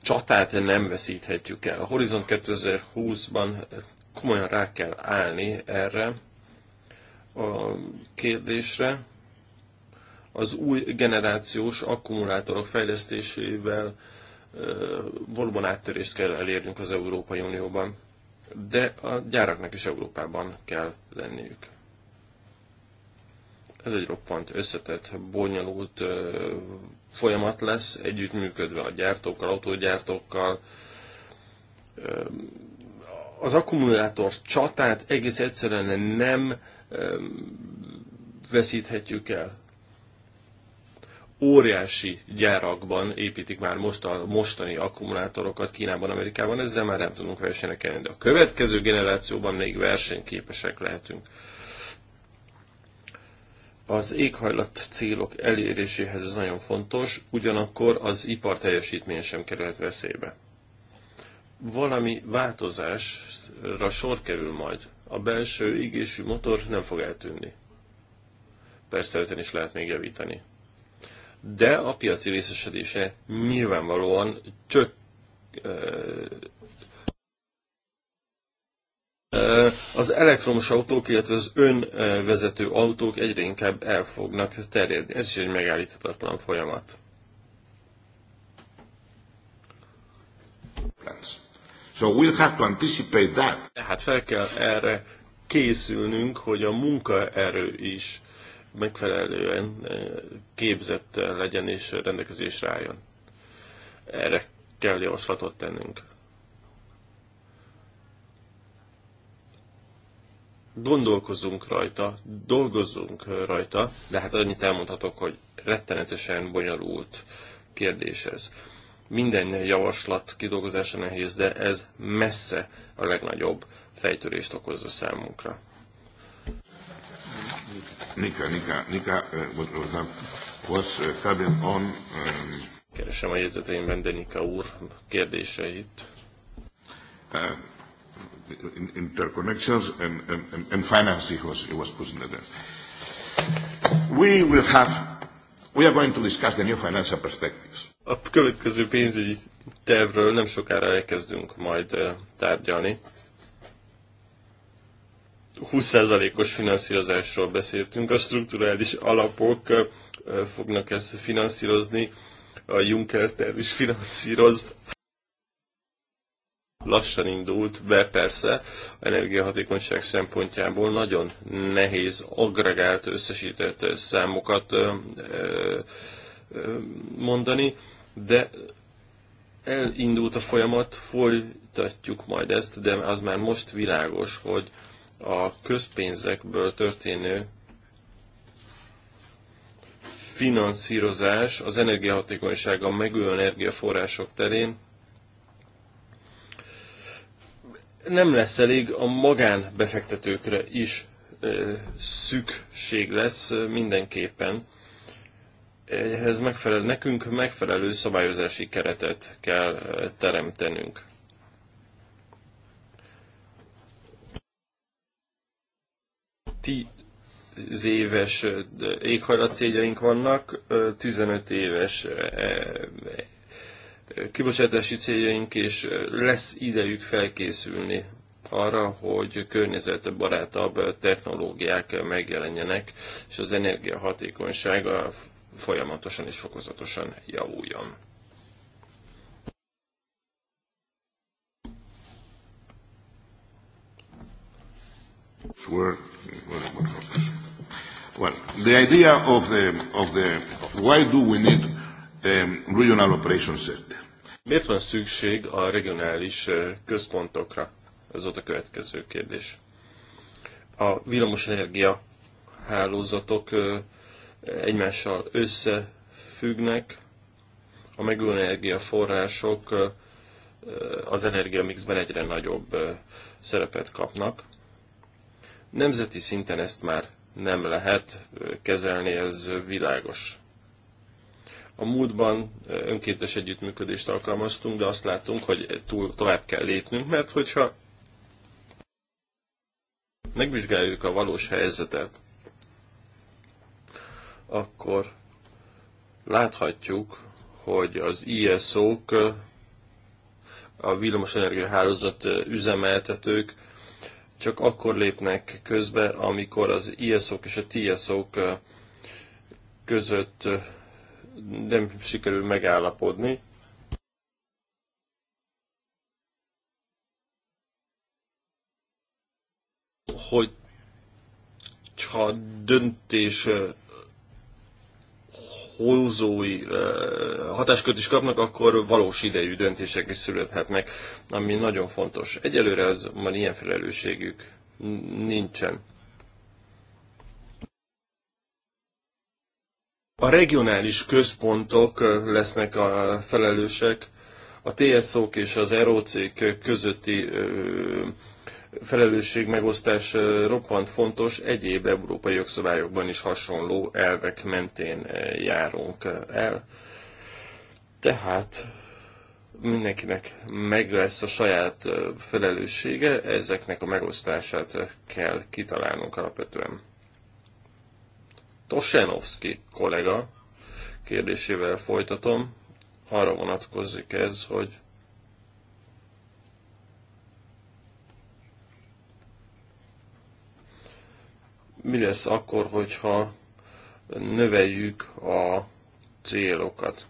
csatát nem veszíthetjük el. A Horizon 2020-ban komolyan rá kell állni erre a kérdésre. Az új generációs akkumulátorok fejlesztésével valóban áttörést kell elérnünk az Európai Unióban, de a gyáraknak is Európában kell lenniük. Ez egy roppant összetett, bonyolult folyamat lesz, együttműködve a gyártókkal, autógyártókkal. Az akkumulátor csatát egész egyszerűen nem veszíthetjük el. Óriási gyárakban építik már most a mostani akkumulátorokat Kínában, Amerikában, ezzel már nem tudunk versenyre kelni, de a következő generációban még versenyképesek lehetünk. Az éghajlat célok eléréséhez ez nagyon fontos, ugyanakkor az ipar teljesítmény sem kerülhet veszélybe. Valami változásra sor kerül majd. A belső égésű motor nem fog eltűnni. Persze ezen is lehet még javítani. De a piaci részesedése nyilvánvalóan csök, az elektromos autók, illetve az önvezető autók egyre inkább el fognak terjedni. Ez is egy megállíthatatlan folyamat. So we'll have to anticipate that. Tehát fel kell erre készülnünk, hogy a munkaerő is megfelelően képzett legyen és rendelkezésre álljon. Erre kell javaslatot tennünk. gondolkozunk rajta, dolgozzunk rajta, de hát annyit elmondhatok, hogy rettenetesen bonyolult kérdés ez. Minden javaslat kidolgozása nehéz, de ez messze a legnagyobb fejtörést okozza számunkra. Nika, Nika, Nika, what was, Fabian on... Keresem a jegyzeteimben Denika úr kérdéseit interconnections and, and, and finance it was, it was pushing there. We will have, we are going to discuss the new financial perspectives. A következő pénzügyi tervről nem sokára elkezdünk majd tárgyalni. 20%-os finanszírozásról beszéltünk, a strukturális alapok fognak ezt finanszírozni, a Juncker terv is finanszíroz lassan indult be persze, energiahatékonyság szempontjából nagyon nehéz agregált, összesített számokat mondani, de elindult a folyamat, folytatjuk majd ezt, de az már most világos, hogy a közpénzekből történő finanszírozás az energiahatékonysága megülő energiaforrások terén nem lesz elég, a magánbefektetőkre is szükség lesz mindenképpen. Ehhez megfelel, nekünk megfelelő szabályozási keretet kell teremtenünk. Tíz éves éghajlatszégyeink vannak, 15 éves kibocsátási céljaink, és lesz idejük felkészülni arra, hogy környezetbarátabb technológiák megjelenjenek, és az energiahatékonysága folyamatosan és fokozatosan javuljon. well, the idea of the, of the why do we need a um, regional operation center? Miért van szükség a regionális központokra? Ez volt a következő kérdés. A villamosenergia hálózatok egymással összefüggnek, a megújuló energiaforrások az energiamixben egyre nagyobb szerepet kapnak. Nemzeti szinten ezt már nem lehet kezelni, ez világos. A múltban önkéntes együttműködést alkalmaztunk, de azt látunk, hogy túl tovább kell lépnünk, mert hogyha megvizsgáljuk a valós helyzetet, akkor láthatjuk, hogy az ISO-k, a villamosenergia hálózat üzemeltetők csak akkor lépnek közbe, amikor az ISO-k és a TSO-k között nem sikerül megállapodni, hogy ha döntés hozói hatáskört is kapnak, akkor valós idejű döntések is születhetnek, ami nagyon fontos. Egyelőre már ilyen felelősségük nincsen. A regionális központok lesznek a felelősek, a TSO-k és az ROC-k közötti felelősség megosztás roppant fontos, egyéb európai jogszabályokban is hasonló elvek mentén járunk el. Tehát mindenkinek meg lesz a saját felelőssége, ezeknek a megosztását kell kitalálnunk alapvetően. Tosenovski kollega kérdésével folytatom. Arra vonatkozik ez, hogy mi lesz akkor, hogyha növeljük a célokat.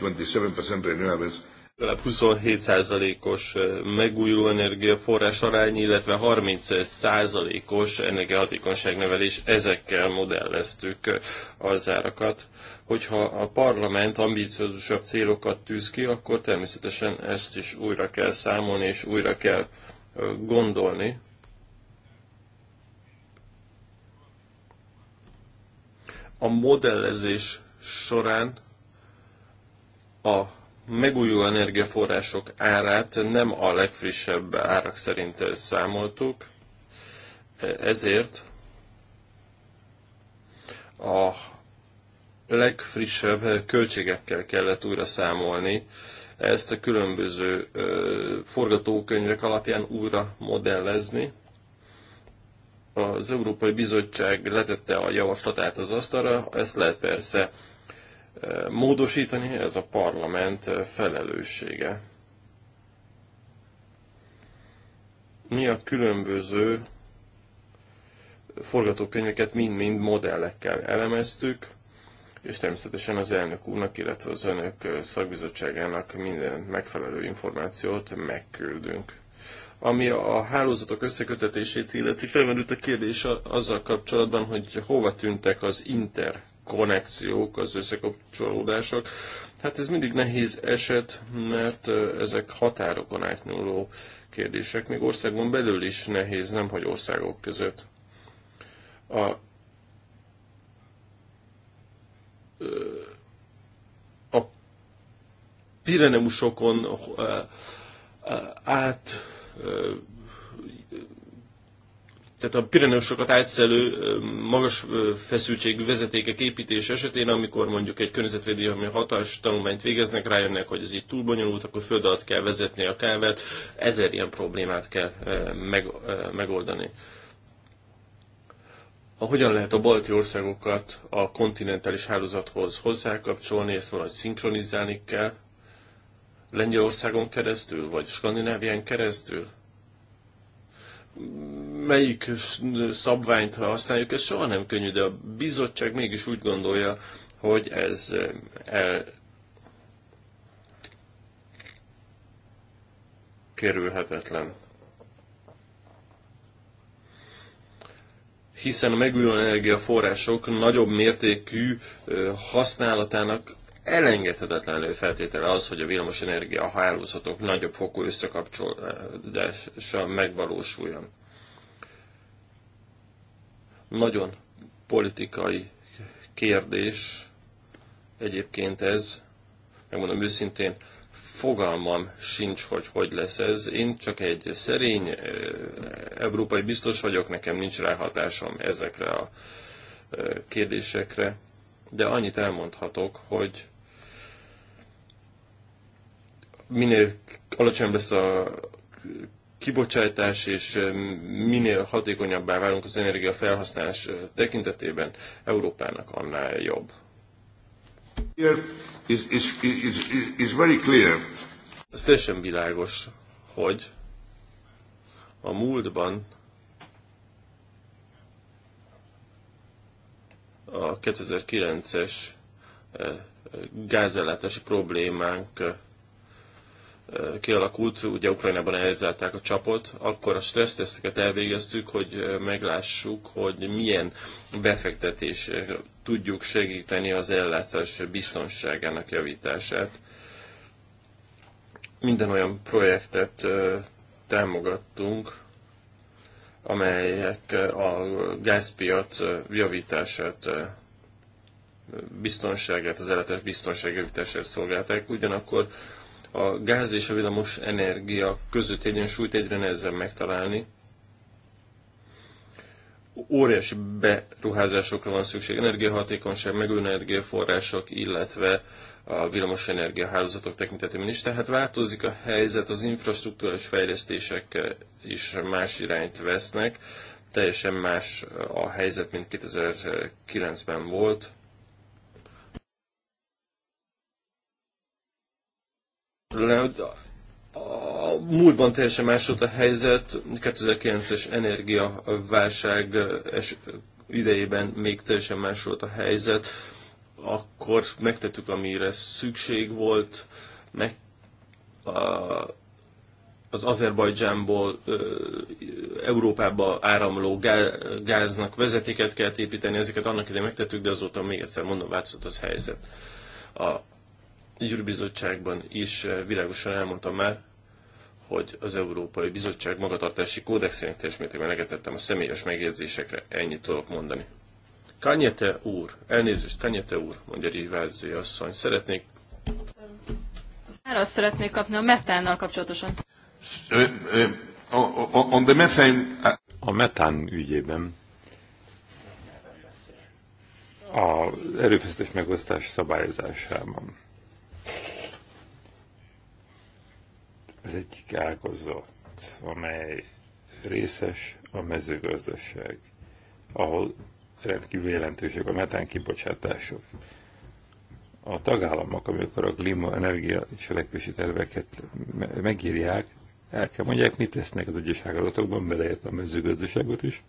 27% renewables legalább 27%-os megújuló energiaforrás arány, illetve 30%-os energiahatékonyság növelés. Ezekkel modelleztük az árakat. Hogyha a parlament ambiciózusabb célokat tűz ki, akkor természetesen ezt is újra kell számolni, és újra kell gondolni. A modellezés során a megújuló energiaforrások árát nem a legfrissebb árak szerint számoltuk, ezért a legfrissebb költségekkel kellett újra számolni, ezt a különböző forgatókönyvek alapján újra modellezni. Az Európai Bizottság letette a javaslatát az asztalra, ezt lehet persze módosítani, ez a parlament felelőssége. Mi a különböző forgatókönyveket mind-mind modellekkel elemeztük, és természetesen az elnök úrnak, illetve az önök szakbizottságának minden megfelelő információt megküldünk. Ami a hálózatok összekötetését illeti, felmerült a kérdés azzal kapcsolatban, hogy hova tűntek az inter konnekciók, az összekapcsolódások. Hát ez mindig nehéz eset, mert ezek határokon átnyúló kérdések, még országon belül is nehéz, nem hogy országok között. A a Pireneusokon át tehát a pireneusokat átszelő magas feszültségű vezetékek építése esetén, amikor mondjuk egy környezetvédelmi hatás tanulmányt végeznek, rájönnek, hogy ez így túl bonyolult, akkor föld alatt kell vezetni a kábelt, ezer ilyen problémát kell meg, megoldani. A hogyan lehet a balti országokat a kontinentális hálózathoz hozzákapcsolni, ezt valahogy szinkronizálni kell, Lengyelországon keresztül, vagy Skandinávián keresztül? melyik szabványt használjuk, ez soha nem könnyű, de a bizottság mégis úgy gondolja, hogy ez el kerülhetetlen. Hiszen a megújuló energiaforrások nagyobb mértékű használatának Elengedhetetlen előfeltétele az, hogy a villamosenergia hálózatok nagyobb fokú összekapcsolása megvalósuljon. Nagyon politikai kérdés egyébként ez, megmondom őszintén, fogalmam sincs, hogy hogy lesz ez. Én csak egy szerény európai biztos vagyok, nekem nincs ráhatásom ezekre a kérdésekre, de annyit elmondhatok, hogy minél alacsonyabb lesz a kibocsátás, és minél hatékonyabbá válunk az energia felhasználás tekintetében Európának, annál jobb. Is, is, is, is very clear. Ez teljesen világos, hogy a múltban a 2009-es gázellátási problémánk kialakult, ugye Ukrajnában elhelyezelták a csapot, akkor a stresszteszteket elvégeztük, hogy meglássuk, hogy milyen befektetés tudjuk segíteni az ellátás biztonságának javítását. Minden olyan projektet támogattunk, amelyek a gázpiac javítását biztonságát, az ellátás biztonságjavítását szolgálták, ugyanakkor a gáz és a villamos energia között egyensúlyt egyre nehezebb megtalálni. Óriási beruházásokra van szükség, energiahatékonyság, megújuló energiaforrások, illetve a villamos energiahálózatok tekintetében is. Tehát változik a helyzet, az infrastruktúrás fejlesztések is más irányt vesznek, teljesen más a helyzet, mint 2009-ben volt. tőle, hogy a múltban teljesen más volt a helyzet, 2009-es energiaválság eh, idejében még teljesen más volt a helyzet, akkor megtettük, amire szükség volt, meg a, az Azerbajdzsánból eh, Európába áramló gáznak vezetéket kellett építeni, ezeket annak idején megtettük, de azóta még egyszer mondom, változott az helyzet. A, Gyűrűbizottságban is eh, világosan elmondtam már, hogy az Európai Bizottság magatartási kódexének teljes mértékben legetettem a személyes megjegyzésekre, ennyit tudok mondani. Kanyete úr, elnézést, Kanyete úr, mondja Rivázi asszony, szeretnék... azt szeretnék kapni a metánnal kapcsolatosan. On the methane... A metán ügyében a erőfeszítés megosztás szabályozásában az egyik ágazat, amely részes a mezőgazdaság, ahol rendkívül jelentősek a metán kibocsátások. A tagállamok, amikor a klíma energia cselekvési terveket megírják, el kell mondják, mit tesznek az egyes ágazatokban, beleért a mezőgazdaságot is,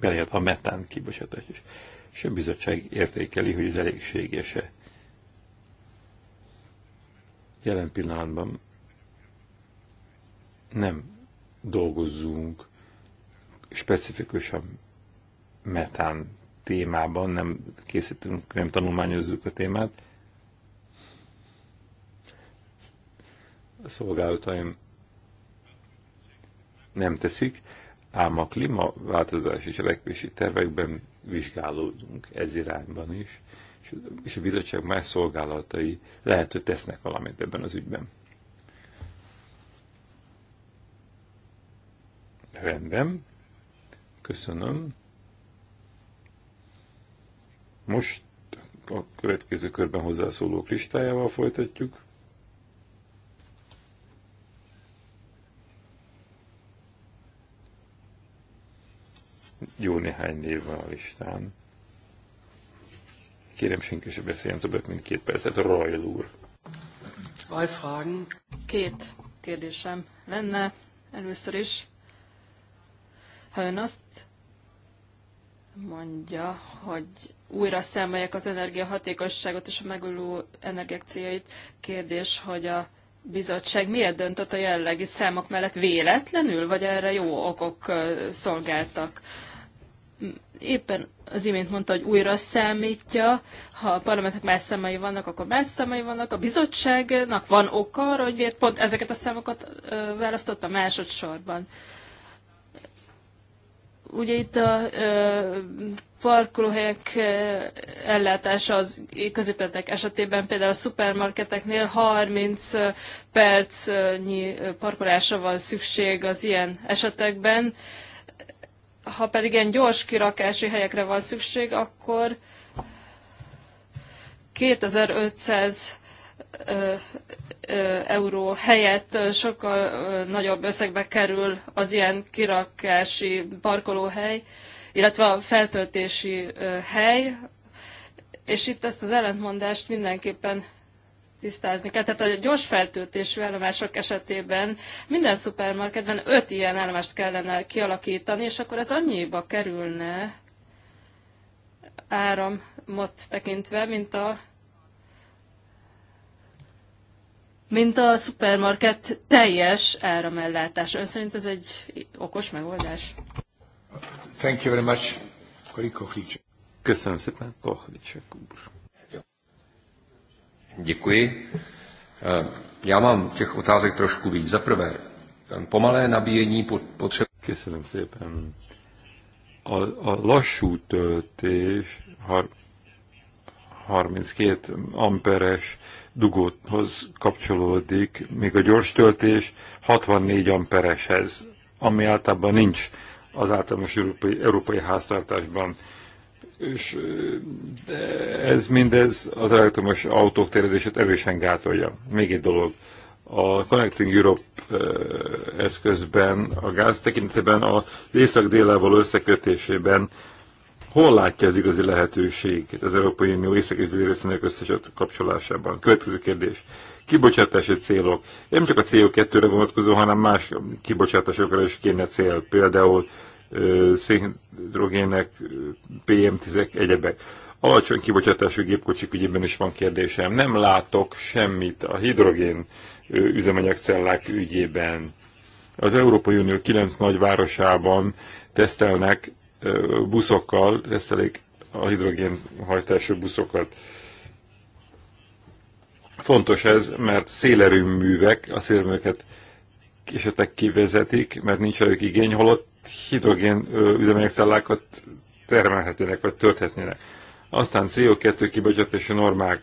beleért a metán kibocsátás is. És a bizottság értékeli, hogy ez elégséges-e. Jelen pillanatban nem dolgozzunk specifikusan metán témában, nem készítünk, nem tanulmányozzuk a témát. A szolgálataim nem teszik, ám a klímaváltozási cselekvési tervekben vizsgálódunk ez irányban is, és a bizottság más szolgálatai lehet, hogy tesznek valamit ebben az ügyben. Rendben. Köszönöm. Most a következő körben hozzászólók listájával folytatjuk. Jó néhány név van a listán. Kérem, senki se beszéljen többet, mint két percet. Rajl úr. Zwei Fragen. Két kérdésem lenne. Először is ha ön azt mondja, hogy újra szemeljek az energiahatékosságot és a megújuló energiák céljait, kérdés, hogy a bizottság miért döntött a jelenlegi számok mellett véletlenül, vagy erre jó okok szolgáltak? Éppen az imént mondta, hogy újra számítja, ha a parlamentnek más számai vannak, akkor más számai vannak. A bizottságnak van oka arra, hogy miért pont ezeket a számokat választotta másodszorban. Ugye itt a ö, parkolóhelyek ellátása az középletek esetében például a szupermarketeknél 30 percnyi parkolásra van szükség az ilyen esetekben. Ha pedig ilyen gyors kirakási helyekre van szükség, akkor 2500 euró helyett sokkal nagyobb összegbe kerül az ilyen kirakási parkolóhely, illetve a feltöltési hely, és itt ezt az ellentmondást mindenképpen tisztázni kell. Tehát a gyors feltöltésű állomások esetében minden szupermarketben öt ilyen állomást kellene kialakítani, és akkor ez annyiba kerülne áramot tekintve, mint a mint a szupermarket teljes áramellátás Ön szerint ez egy okos megoldás? Thank you very much, Kohlíček. Köszönöm szépen, Kohlicek úr. Děkuji. Eh, já mám těch otázek trošku víc. Za prvé, eh, pomalé nabíjení potřeb... Köszönöm szépen. A, a lassú töltés har, 32 amperes dugóhoz kapcsolódik, még a gyors töltés 64 ampereshez, ami általában nincs az általános európai, európai háztartásban. És ez mindez az elektromos autók terjedését erősen gátolja. Még egy dolog. A Connecting Europe eszközben, a gáz tekintetében, a észak-délával összekötésében Hol látja az igazi lehetőségét az Európai Unió észak és részének összes kapcsolásában? Következő kérdés. Kibocsátási célok. Nem csak a CO2-re vonatkozó, hanem más kibocsátásokra is kéne cél. Például szénhidrogének, PM10-ek, egyebek. Alacsony kibocsátású gépkocsik ügyében is van kérdésem. Nem látok semmit a hidrogén üzemanyagcellák ügyében. Az Európai Unió kilenc nagy városában tesztelnek buszokkal, elég a hidrogén hajtású buszokat. Fontos ez, mert szélerőművek a szélerőműveket esetek kivezetik, mert nincs rájuk igény, holott hidrogén üzemanyag termelhetnének, vagy tölthetnének. Aztán CO2 kibocsátási normák,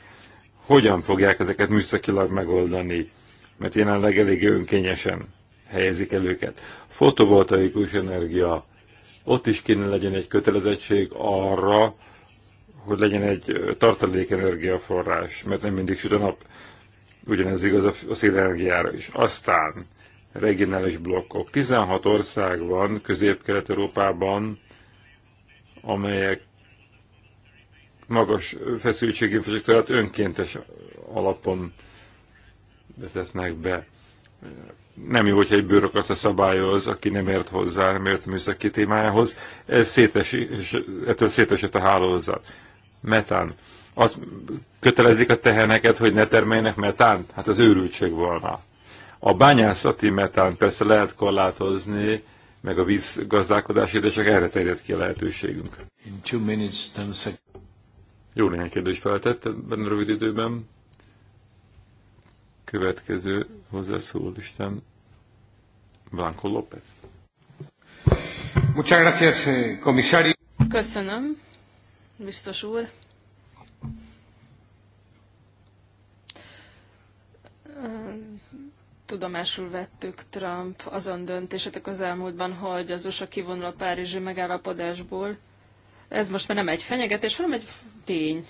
hogyan fogják ezeket műszakilag megoldani, mert jelenleg elég önkényesen helyezik el őket. Fotovoltaikus energia, ott is kéne legyen egy kötelezettség arra, hogy legyen egy tartalék energiaforrás, mert nem mindig süt a nap. Ugyanez igaz a szélenergiára is. Aztán regionális blokkok. 16 ország van Közép-Kelet-Európában, amelyek magas feszültséginfrastruktúrát önkéntes alapon vezetnek be nem jó, hogyha egy bürokrata szabályoz, aki nem ért hozzá, nem ért a műszaki témájához, ez szétesi, ettől szétesett a hálózat. Metán. Az kötelezik a teheneket, hogy ne termeljenek metán? Hát az őrültség volna. A bányászati metán persze lehet korlátozni, meg a vízgazdálkodási, de csak erre terjed ki a lehetőségünk. Minutes, Jó néhány kérdést feltett ebben a rövid időben. Következő hozzászól Isten Blanco López. Muchas gracias, komisári. Eh, Köszönöm, biztos úr. Tudomásul vettük Trump azon döntését a közelmúltban, hogy az USA kivonul a párizsi megállapodásból. Ez most már nem egy fenyegetés, hanem egy tény.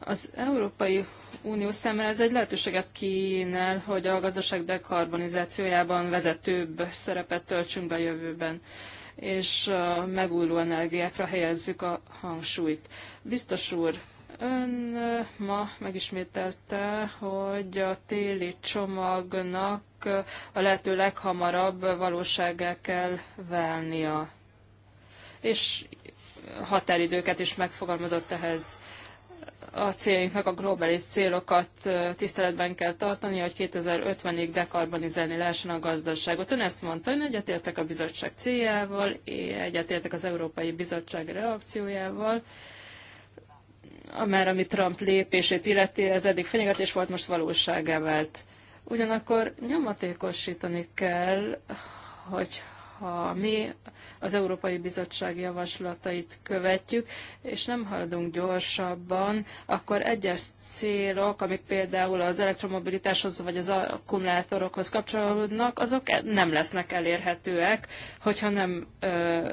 Az Európai Unió számára ez egy lehetőséget kínál, hogy a gazdaság dekarbonizációjában vezetőbb szerepet töltsünk be a jövőben és megújuló energiákra helyezzük a hangsúlyt. Biztos úr, ön ma megismételte, hogy a téli csomagnak a lehető leghamarabb valósággá kell válnia. És határidőket is megfogalmazott ehhez a céljainknak a globális célokat tiszteletben kell tartani, hogy 2050-ig dekarbonizálni lehessen a gazdaságot. Ön ezt mondta, én egyetértek a bizottság céljával, én egyetértek az Európai Bizottság reakciójával, amár ami Trump lépését illeti, ez eddig fenyegetés volt, most valóságá vált. Ugyanakkor nyomatékosítani kell, hogy ha mi az Európai Bizottság javaslatait követjük, és nem haladunk gyorsabban, akkor egyes célok, amik például az elektromobilitáshoz vagy az akkumulátorokhoz kapcsolódnak, azok nem lesznek elérhetőek, hogyha nem ö,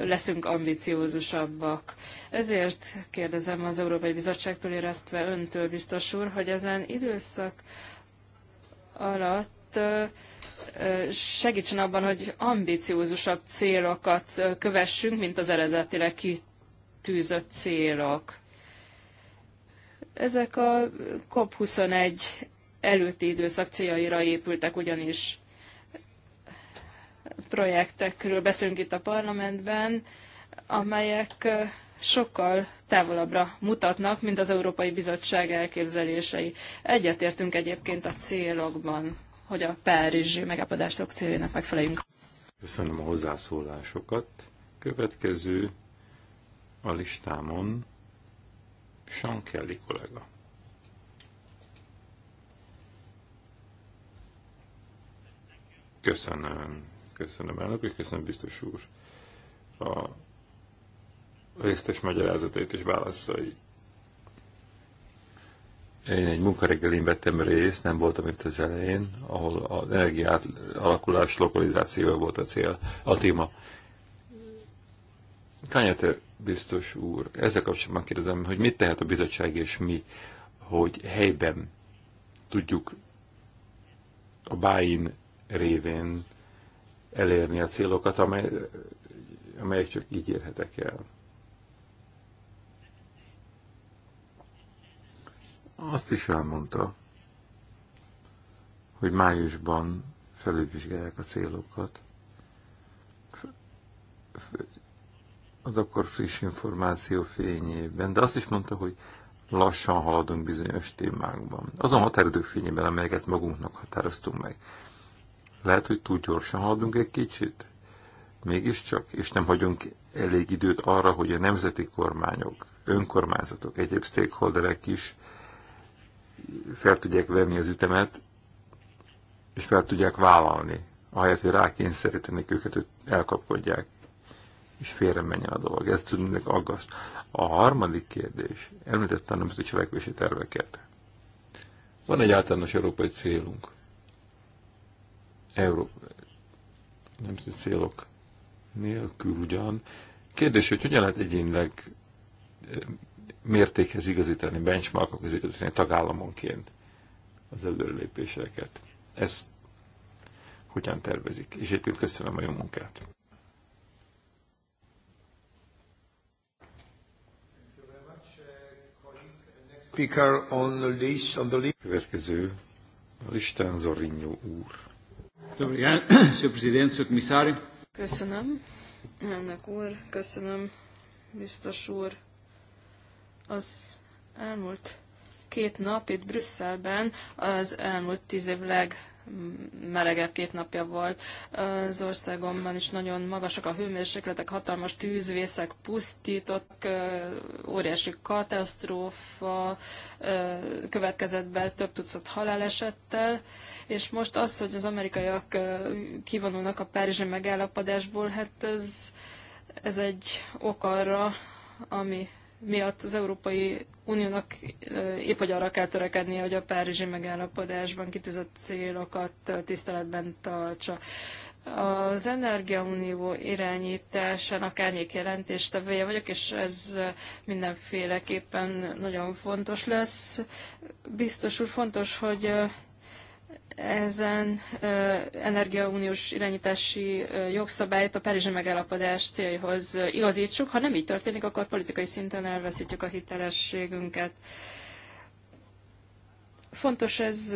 leszünk ambiciózusabbak. Ezért kérdezem az Európai Bizottságtól, illetve öntől biztos úr, hogy ezen időszak alatt segítsen abban, hogy ambiciózusabb célokat kövessünk, mint az eredetileg kitűzött célok. Ezek a COP21 előtti időszak céljaira épültek ugyanis projektekről beszélünk itt a parlamentben, amelyek sokkal távolabbra mutatnak, mint az Európai Bizottság elképzelései. Egyetértünk egyébként a célokban hogy a Párizsi megállapodás céljának megfeleljünk. Köszönöm a hozzászólásokat. Következő a listámon Sean Kelly kollega. Köszönöm. Köszönöm elnök, és köszönöm biztos úr a résztes magyarázatait és válaszait. Én egy munkareggelén vettem részt, nem voltam itt az elején, ahol az energiát alakulás lokalizációja volt a cél, a téma. Kányete biztos úr, ezzel kapcsolatban kérdezem, hogy mit tehet a bizottság és mi, hogy helyben tudjuk a báin révén elérni a célokat, amely, amelyek csak így érhetek el. azt is elmondta, hogy májusban felülvizsgálják a célokat. Az akkor friss információ fényében, de azt is mondta, hogy lassan haladunk bizonyos témákban. Azon határidők fényében, amelyeket magunknak határoztunk meg. Lehet, hogy túl gyorsan haladunk egy kicsit, mégiscsak, és nem hagyunk elég időt arra, hogy a nemzeti kormányok, önkormányzatok, egyéb stakeholderek is fel tudják venni az ütemet, és fel tudják vállalni, ahelyett, hogy rákényszerítenék őket, hogy elkapkodják, és félre menjen a dolog. Ez tudnék aggaszt. A harmadik kérdés, említette a nemzeti cselekvési terveket. Van egy általános európai célunk. Nem Nemzeti célok nélkül ugyan. Kérdés, hogy hogyan lehet egyénileg mértékhez igazítani, benchmarkokhoz igazítani tagállamonként az előrelépéseket. Ezt hogyan tervezik? És egyébként köszönöm a jó munkát. Következő a listán Zorinyó úr. Köszönöm, elnök úr, köszönöm, biztos úr. Az elmúlt két nap itt Brüsszelben az elmúlt tíz év leg melegebb két napja volt. Az országomban is nagyon magasak a hőmérsékletek, hatalmas tűzvészek pusztítottak, óriási katasztrófa következett be több tucat halálesettel, és most az, hogy az amerikaiak kivonulnak a párizsi megállapodásból, hát ez, ez egy ok arra, ami miatt az Európai Uniónak épp hogy arra kell törekednie, hogy a Párizsi megállapodásban kitűzött célokat tiszteletben tartsa. Az Energiaunió irányításának árnyék jelentéstevője vagyok, és ez mindenféleképpen nagyon fontos lesz. Biztos úr, fontos, hogy ezen energiauniós irányítási jogszabályt a Párizsi megállapodás céljaihoz igazítsuk. Ha nem így történik, akkor politikai szinten elveszítjük a hitelességünket. Fontos ez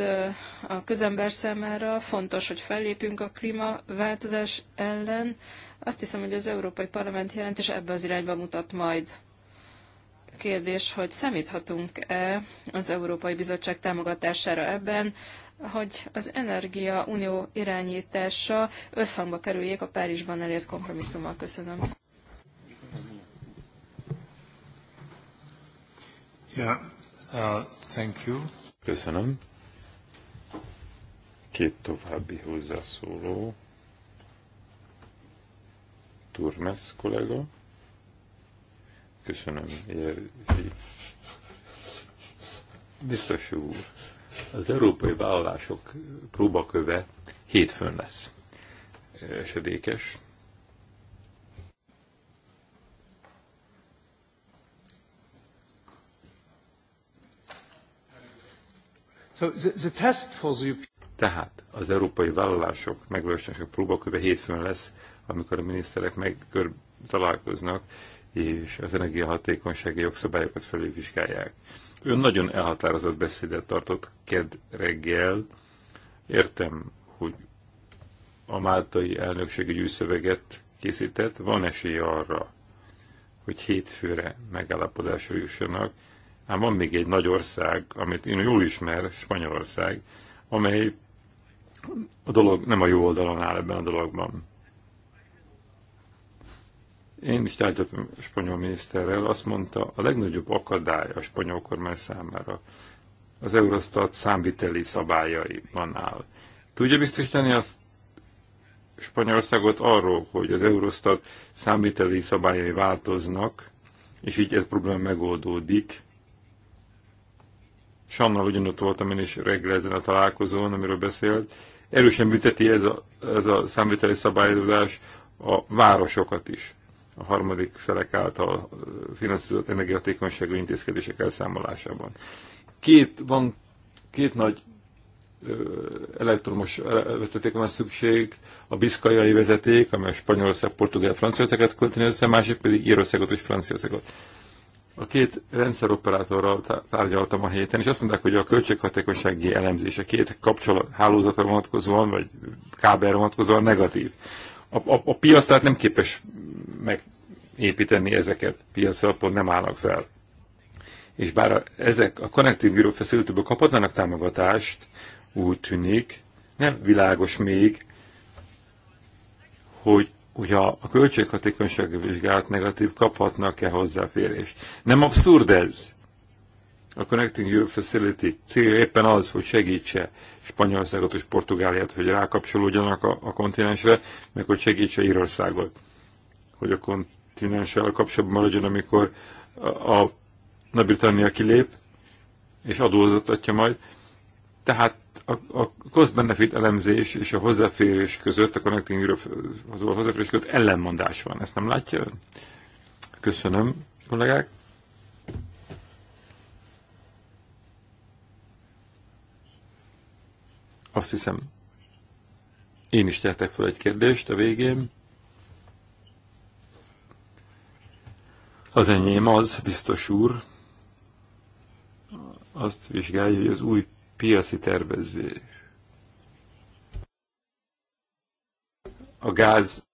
a közember számára, fontos, hogy fellépjünk a klímaváltozás ellen. Azt hiszem, hogy az Európai Parlament jelentés ebbe az irányba mutat majd kérdés, hogy számíthatunk-e az Európai Bizottság támogatására ebben hogy az Energia Unió irányítása összhangba kerüljék a Párizsban elért kompromisszummal. Köszönöm. Yeah. Uh, thank you. Köszönöm. Két további hozzászóló. Turmes kollega. Köszönöm, Jervi. Biztos úr az európai vállalások próbaköve hétfőn lesz esedékes. So the, the test for the... Tehát az európai vállalások megvalósítása próbaköve hétfőn lesz, amikor a miniszterek meg találkoznak, és az energiahatékonysági jogszabályokat felülvizsgálják. Ön nagyon elhatározott beszédet tartott ked reggel. Értem, hogy a máltai elnökségi gyűjszöveget készített. Van esély arra, hogy hétfőre megállapodásra jussanak. Ám van még egy nagy ország, amit én jól ismer, Spanyolország, amely a dolog nem a jó oldalon áll ebben a dologban. Én is tárgyaltam a spanyol miniszterrel, azt mondta, a legnagyobb akadály a spanyol kormány számára az Eurostat számviteli szabályaiban áll. Tudja biztosítani azt Spanyolországot arról, hogy az Eurostat számviteli szabályai változnak, és így ez probléma megoldódik. Sannal ugyanott voltam én is reggel ezen a találkozón, amiről beszélt. Erősen bünteti ez a, ez a számviteli szabályozás a városokat is a harmadik felek által finanszírozott energiatékonyságú intézkedések elszámolásában. Két, van két nagy elektromos e, vezeték van szükség, a biszkajai vezeték, amely Spanyolország, Portugál, Franciaországot költeni össze, másik pedig Írországot és Franciaországot. A két rendszeroperátorral tárgyaltam a héten, és azt mondták, hogy a költséghatékonysági elemzése két kapcsolat hálózatra vonatkozóan, vagy kábelre vonatkozóan negatív a, a, a piac tehát nem képes megépíteni ezeket, piac alapon nem állnak fel. És bár a, ezek a Connective Europe facility kaphatnának támogatást, úgy tűnik, nem világos még, hogy hogyha a költséghatékonysági vizsgálat negatív, kaphatnak-e hozzáférést. Nem abszurd ez? A Connecting Europe Facility célja éppen az, hogy segítse Spanyolországot és Portugáliát, hogy rákapcsolódjanak a, a kontinensre, meg hogy segítse Írországot, hogy a kontinenssel kapcsolatban maradjon, amikor a, a Nagy-Britannia kilép, és adózatatja majd. Tehát a, a cost-benefit elemzés és a hozzáférés között, a Connecting Europe hozzáférés között ellenmondás van. Ezt nem látja ön? Köszönöm, kollégák. Azt hiszem, én is tettek fel egy kérdést a végén. Az enyém az, biztos úr, azt vizsgálja, hogy az új piaci tervezés. A gáz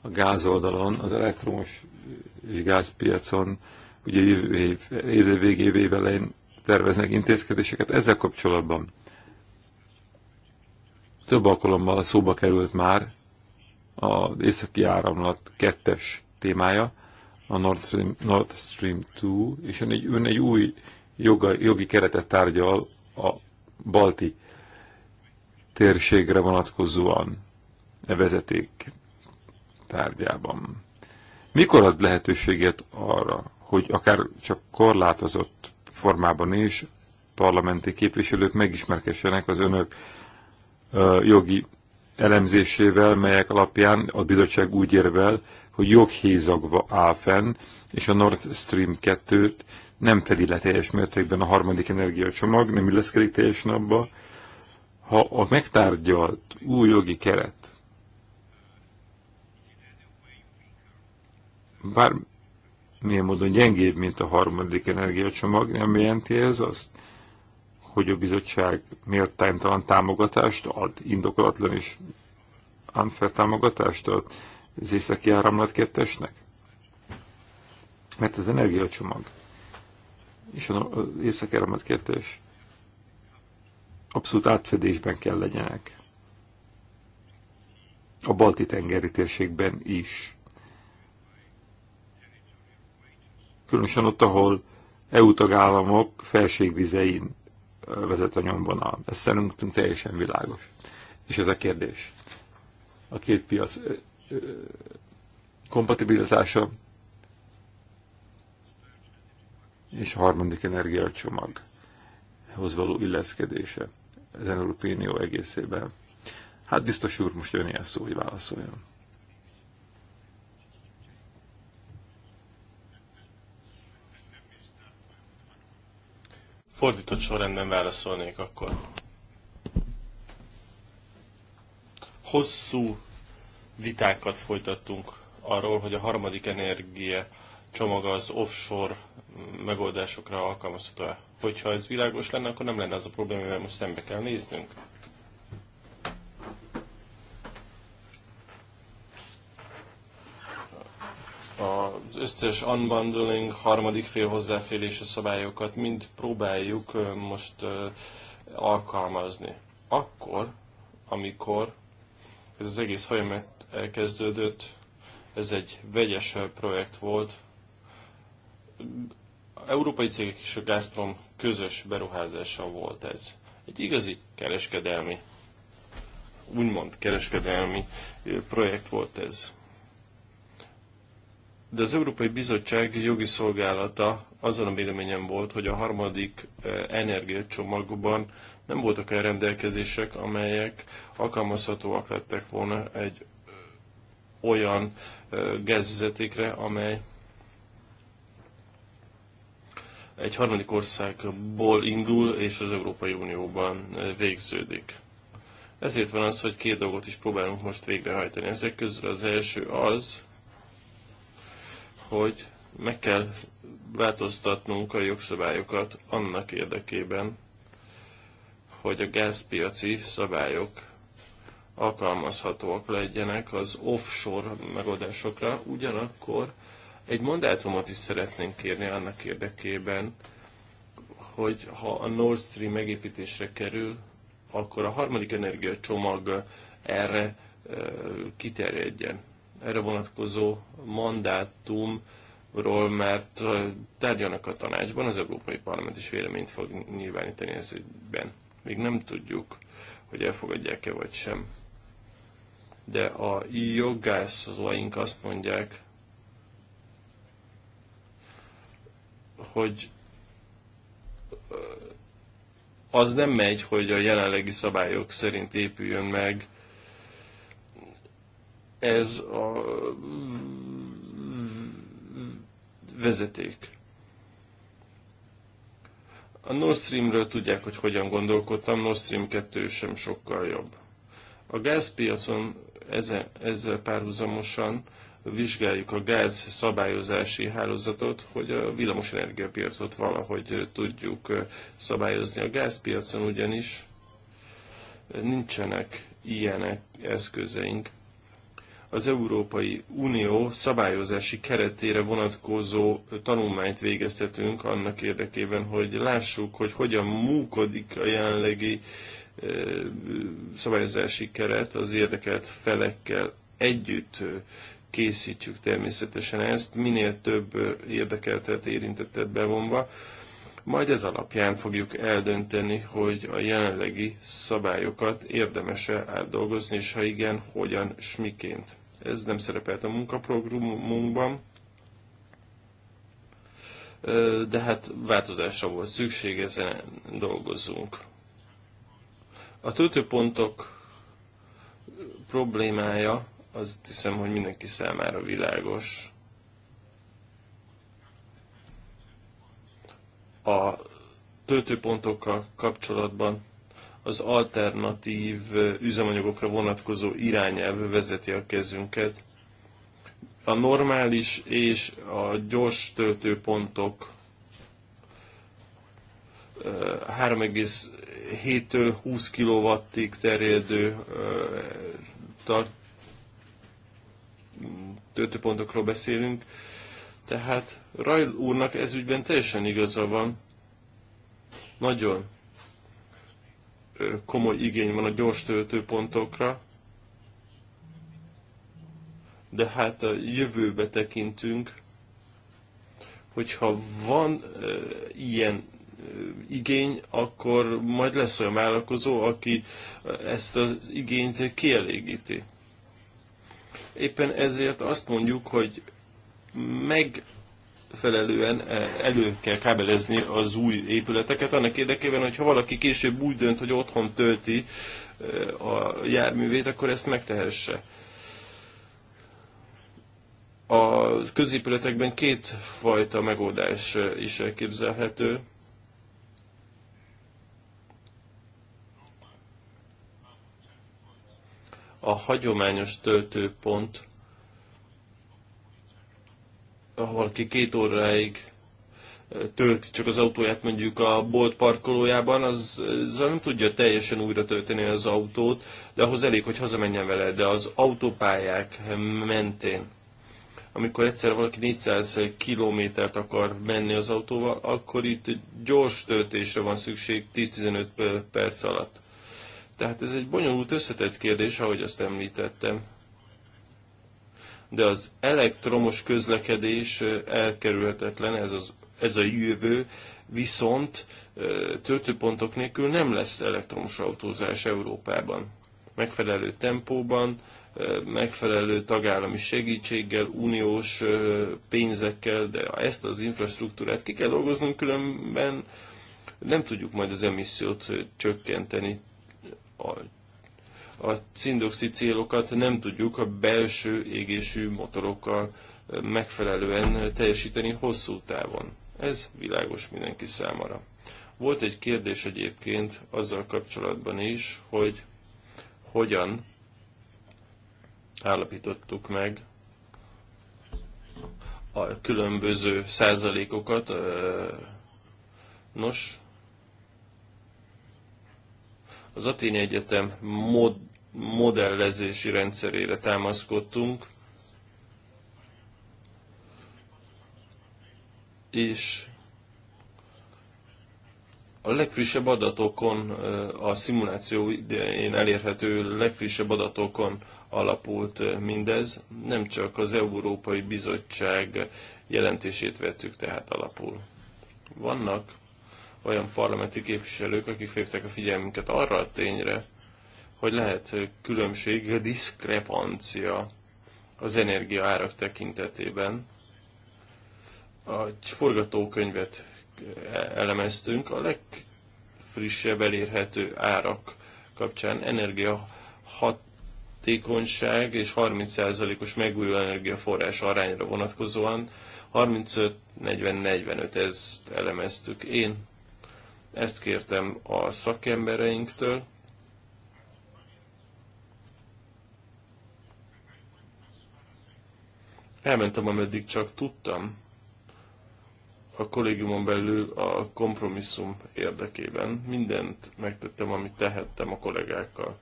a gáz oldalon, az elektromos és gázpiacon, ugye év, év, év év elején terveznek intézkedéseket ezzel kapcsolatban. Több alkalommal szóba került már az északi áramlat kettes témája, a Nord Stream, Nord Stream 2, és ön egy, ön egy új joga, jogi keretet tárgyal a balti térségre vonatkozóan e vezeték tárgyában. Mikor ad lehetőséget arra, hogy akár csak korlátozott formában is parlamenti képviselők megismerkessenek az önök jogi elemzésével, melyek alapján a bizottság úgy érvel, hogy joghézagva áll fenn, és a Nord Stream 2-t nem fedi le teljes mértékben a harmadik energiacsomag, nem illeszkedik teljesen abba, ha a megtárgyalt új jogi keret bár milyen módon gyengébb, mint a harmadik energiacsomag, nem jelenti ez azt, hogy a bizottság méltánytalan támogatást ad, indokolatlan és unfair támogatást ad az északi áramlat kettesnek? Mert az energiacsomag és az északi áramlat kettes abszolút átfedésben kell legyenek. A balti tengeri térségben is különösen ott, ahol EU tagállamok felségvizein vezet a nyomvonal. Ez szerintünk teljesen világos. És ez a kérdés. A két piac kompatibilitása és a harmadik energiacsomaghoz való illeszkedése az Európai Unió egészében. Hát biztos úr, most jönni a szó, hogy válaszoljon. Fordított sorrendben válaszolnék akkor. Hosszú vitákat folytattunk arról, hogy a harmadik energia csomaga az offshore megoldásokra alkalmazható-e. Hogyha ez világos lenne, akkor nem lenne az a probléma, mert most szembe kell néznünk. az összes unbundling, harmadik fél hozzáférési szabályokat mind próbáljuk most alkalmazni. Akkor, amikor ez az egész folyamat elkezdődött, ez egy vegyes projekt volt. A európai cégek és a Gazprom közös beruházása volt ez. Egy igazi kereskedelmi, úgymond kereskedelmi projekt volt ez de az Európai Bizottság jogi szolgálata azon a véleményen volt, hogy a harmadik eh, energiacsomagban nem voltak olyan rendelkezések, amelyek alkalmazhatóak lettek volna egy eh, olyan eh, gázvezetékre, amely egy harmadik országból indul és az Európai Unióban végződik. Ezért van az, hogy két dolgot is próbálunk most végrehajtani. Ezek közül az első az, hogy meg kell változtatnunk a jogszabályokat annak érdekében, hogy a gázpiaci szabályok alkalmazhatóak legyenek az offshore megoldásokra, ugyanakkor egy mandátumot is szeretnénk kérni annak érdekében, hogy ha a Nord Stream megépítésre kerül, akkor a harmadik energiacsomag erre kiterjedjen erre vonatkozó mandátumról, mert tárgyalnak a tanácsban, az Európai Parlament is véleményt fog nyilvánítani ez ügyben. Még nem tudjuk, hogy elfogadják-e vagy sem. De a jogászóink azt mondják, hogy az nem megy, hogy a jelenlegi szabályok szerint épüljön meg ez a vezeték. A Nord Streamről tudják, hogy hogyan gondolkodtam, Nord Stream 2 sem sokkal jobb. A gázpiacon ezzel, párhuzamosan vizsgáljuk a gáz szabályozási hálózatot, hogy a villamosenergiapiacot valahogy tudjuk szabályozni. A gázpiacon ugyanis nincsenek ilyenek eszközeink, az Európai Unió szabályozási keretére vonatkozó tanulmányt végeztetünk annak érdekében, hogy lássuk, hogy hogyan múkodik a jelenlegi eh, szabályozási keret az érdekelt felekkel együtt eh, készítjük természetesen ezt, minél több eh, érdekeltet, érintettet bevonva, majd ez alapján fogjuk eldönteni, hogy a jelenlegi szabályokat érdemese átdolgozni, és ha igen, hogyan smiként. miként. Ez nem szerepelt a munkaprogramunkban, de hát változásra volt szükség, ezen dolgozzunk. A töltőpontok problémája azt hiszem, hogy mindenki számára világos. A töltőpontokkal kapcsolatban az alternatív üzemanyagokra vonatkozó irányelv vezeti a kezünket. A normális és a gyors töltőpontok 3,7-től 20 kW-ig terjedő töltőpontokról beszélünk. Tehát Rajl úrnak ez ügyben teljesen igaza van. Nagyon komoly igény van a gyors töltőpontokra, de hát a jövőbe tekintünk, hogyha van e, ilyen igény, akkor majd lesz olyan vállalkozó, aki ezt az igényt kielégíti. Éppen ezért azt mondjuk, hogy meg megfelelően eh, elő kell kábelezni az új épületeket, annak érdekében, hogyha valaki később úgy dönt, hogy otthon tölti eh, a járművét, akkor ezt megtehesse. A középületekben két fajta megoldás eh, is elképzelhető. A hagyományos töltőpont valaki két óráig tölti csak az autóját mondjuk a bolt parkolójában, az, az nem tudja teljesen újra tölteni az autót, de ahhoz elég, hogy hazamenjen vele, de az autópályák mentén amikor egyszer valaki 400 kilométert akar menni az autóval, akkor itt gyors töltésre van szükség 10-15 perc alatt. Tehát ez egy bonyolult összetett kérdés, ahogy azt említettem de az elektromos közlekedés elkerülhetetlen, ez, az, ez a jövő, viszont töltőpontok nélkül nem lesz elektromos autózás Európában. Megfelelő tempóban, megfelelő tagállami segítséggel, uniós pénzekkel, de ezt az infrastruktúrát ki kell dolgoznunk, különben nem tudjuk majd az emissziót csökkenteni a a cindoxi célokat nem tudjuk a belső égésű motorokkal megfelelően teljesíteni hosszú távon. Ez világos mindenki számára. Volt egy kérdés egyébként azzal kapcsolatban is, hogy hogyan állapítottuk meg a különböző százalékokat. Nos, az Aténi Egyetem mod modellezési rendszerére támaszkodtunk, és a legfrissebb adatokon, a szimuláció idején elérhető legfrissebb adatokon alapult mindez, nem csak az Európai Bizottság jelentését vettük tehát alapul. Vannak olyan parlamenti képviselők, akik féltek a figyelmünket arra a tényre, hogy lehet eh, különbség, diszkrepancia az energia árak tekintetében. Egy forgatókönyvet eh, elemeztünk, a legfrissebb elérhető árak kapcsán energia hatékonyság és 30%-os megújuló energiaforrás arányra vonatkozóan 35-40-45 ezt elemeztük. Én ezt kértem a szakembereinktől, Elmentem, ameddig csak tudtam a kollégiumon belül a kompromisszum érdekében. Mindent megtettem, amit tehettem a kollégákkal.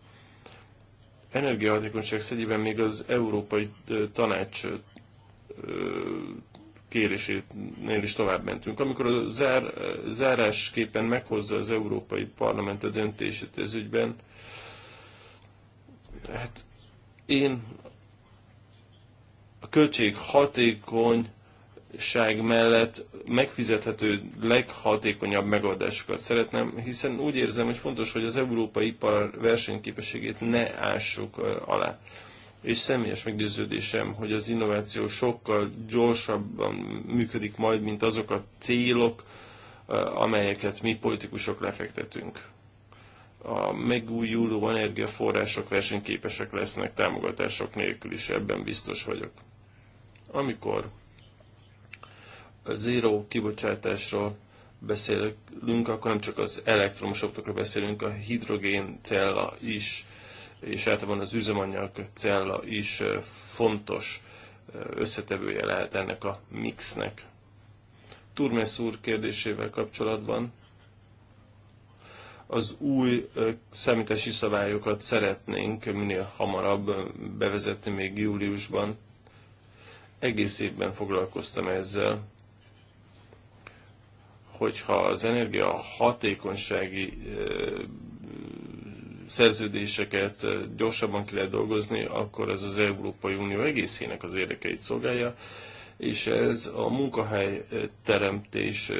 Energiahatékonyság szegyében még az Európai Tanács kérésénél is tovább mentünk. Amikor a zár, zárásképpen meghozza az Európai Parlament a döntését ez ügyben, hát én költséghatékonyság mellett megfizethető leghatékonyabb megoldásokat szeretném, hiszen úgy érzem, hogy fontos, hogy az európai ipar versenyképességét ne ássuk alá. És személyes meggyőződésem, hogy az innováció sokkal gyorsabban működik majd, mint azok a célok, amelyeket mi politikusok lefektetünk a megújuló energiaforrások versenyképesek lesznek támogatások nélkül is, ebben biztos vagyok. Amikor a zéró kibocsátásról beszélünk, akkor nem csak az elektromos autókról beszélünk, a hidrogén cella is, és általában az üzemanyag cella is fontos összetevője lehet ennek a mixnek. Turmes úr kérdésével kapcsolatban az új számítási szabályokat szeretnénk minél hamarabb bevezetni még júliusban. Egész évben foglalkoztam ezzel, hogyha az energia hatékonysági szerződéseket gyorsabban ki lehet dolgozni, akkor ez az Európai Unió egészének az érdekeit szolgálja, és ez a munkahely teremtés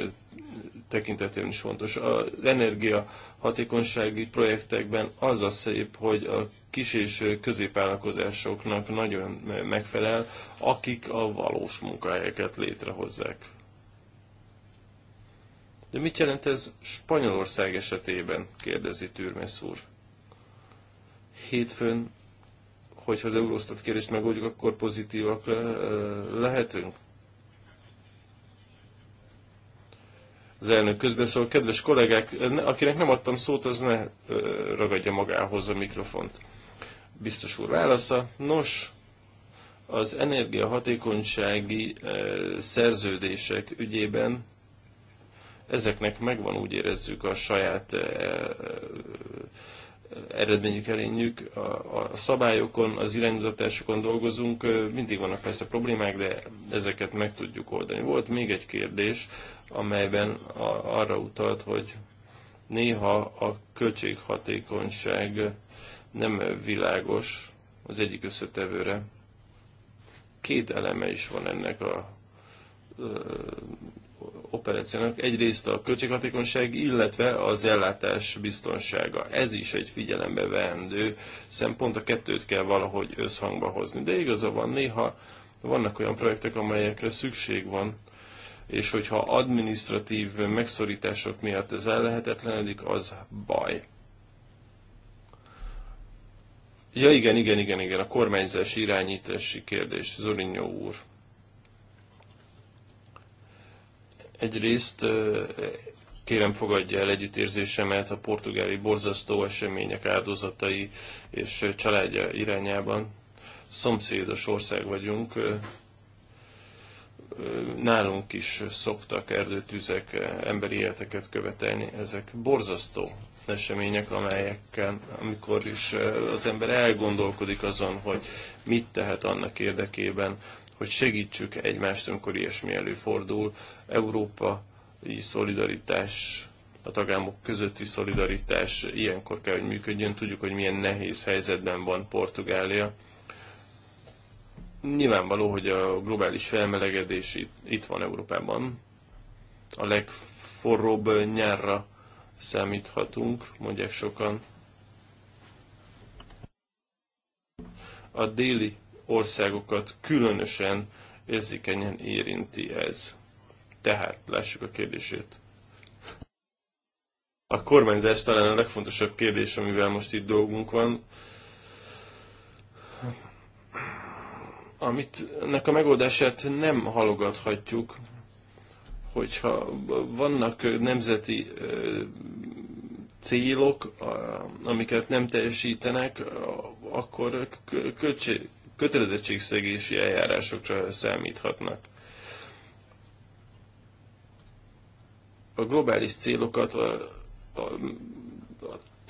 tekintetében is fontos. Az energia hatékonysági projektekben az a szép, hogy a kis és középvállalkozásoknak nagyon megfelel, akik a valós munkahelyeket létrehozzák. De mit jelent ez Spanyolország esetében? kérdezi Türmes úr. Hétfőn, hogyha az Eurostat kérdést megoldjuk, akkor pozitívak lehetünk? az elnök közbeszól. Kedves kollégák, akinek nem adtam szót, az ne ragadja magához a mikrofont biztos úr válasza. Nos, az energiahatékonysági e, szerződések ügyében ezeknek megvan, úgy érezzük, a saját e, e, eredményük, elényük. A szabályokon, az iránymutatásokon dolgozunk, mindig vannak persze problémák, de ezeket meg tudjuk oldani. Volt még egy kérdés, amelyben arra utalt, hogy néha a költséghatékonyság nem világos az egyik összetevőre. Két eleme is van ennek a operációnak. Egyrészt a költséghatékonyság, illetve az ellátás biztonsága. Ez is egy figyelembe veendő szempont, a kettőt kell valahogy összhangba hozni. De igaza van, néha vannak olyan projektek, amelyekre szükség van, és hogyha administratív megszorítások miatt ez ellehetetlenedik, az baj. Ja igen, igen, igen, igen, a kormányzás irányítási kérdés, Zorinyó úr. Egyrészt eh, kérem fogadja el együttérzésemet a portugáli borzasztó események áldozatai és családja irányában. Szomszédos ország vagyunk, eh, eh, nálunk is szoktak erdőtüzek emberi életeket követelni, ezek borzasztó események, amelyekkel, amikor is az ember elgondolkodik azon, hogy mit tehet annak érdekében, hogy segítsük egymást, amikor ilyesmi előfordul. Európa szolidaritás, a tagállamok közötti szolidaritás ilyenkor kell, hogy működjön. Tudjuk, hogy milyen nehéz helyzetben van Portugália. Nyilvánvaló, hogy a globális felmelegedés itt, itt van Európában. A legforróbb nyárra számíthatunk, mondják sokan. A déli országokat különösen érzékenyen érinti ez. Tehát lássuk a kérdését. A kormányzás talán a legfontosabb kérdés, amivel most itt dolgunk van. Amit ennek a megoldását nem halogathatjuk, hogyha vannak nemzeti célok, amiket nem teljesítenek, akkor kötelezettségszegési eljárásokra számíthatnak. A globális célokat a, a,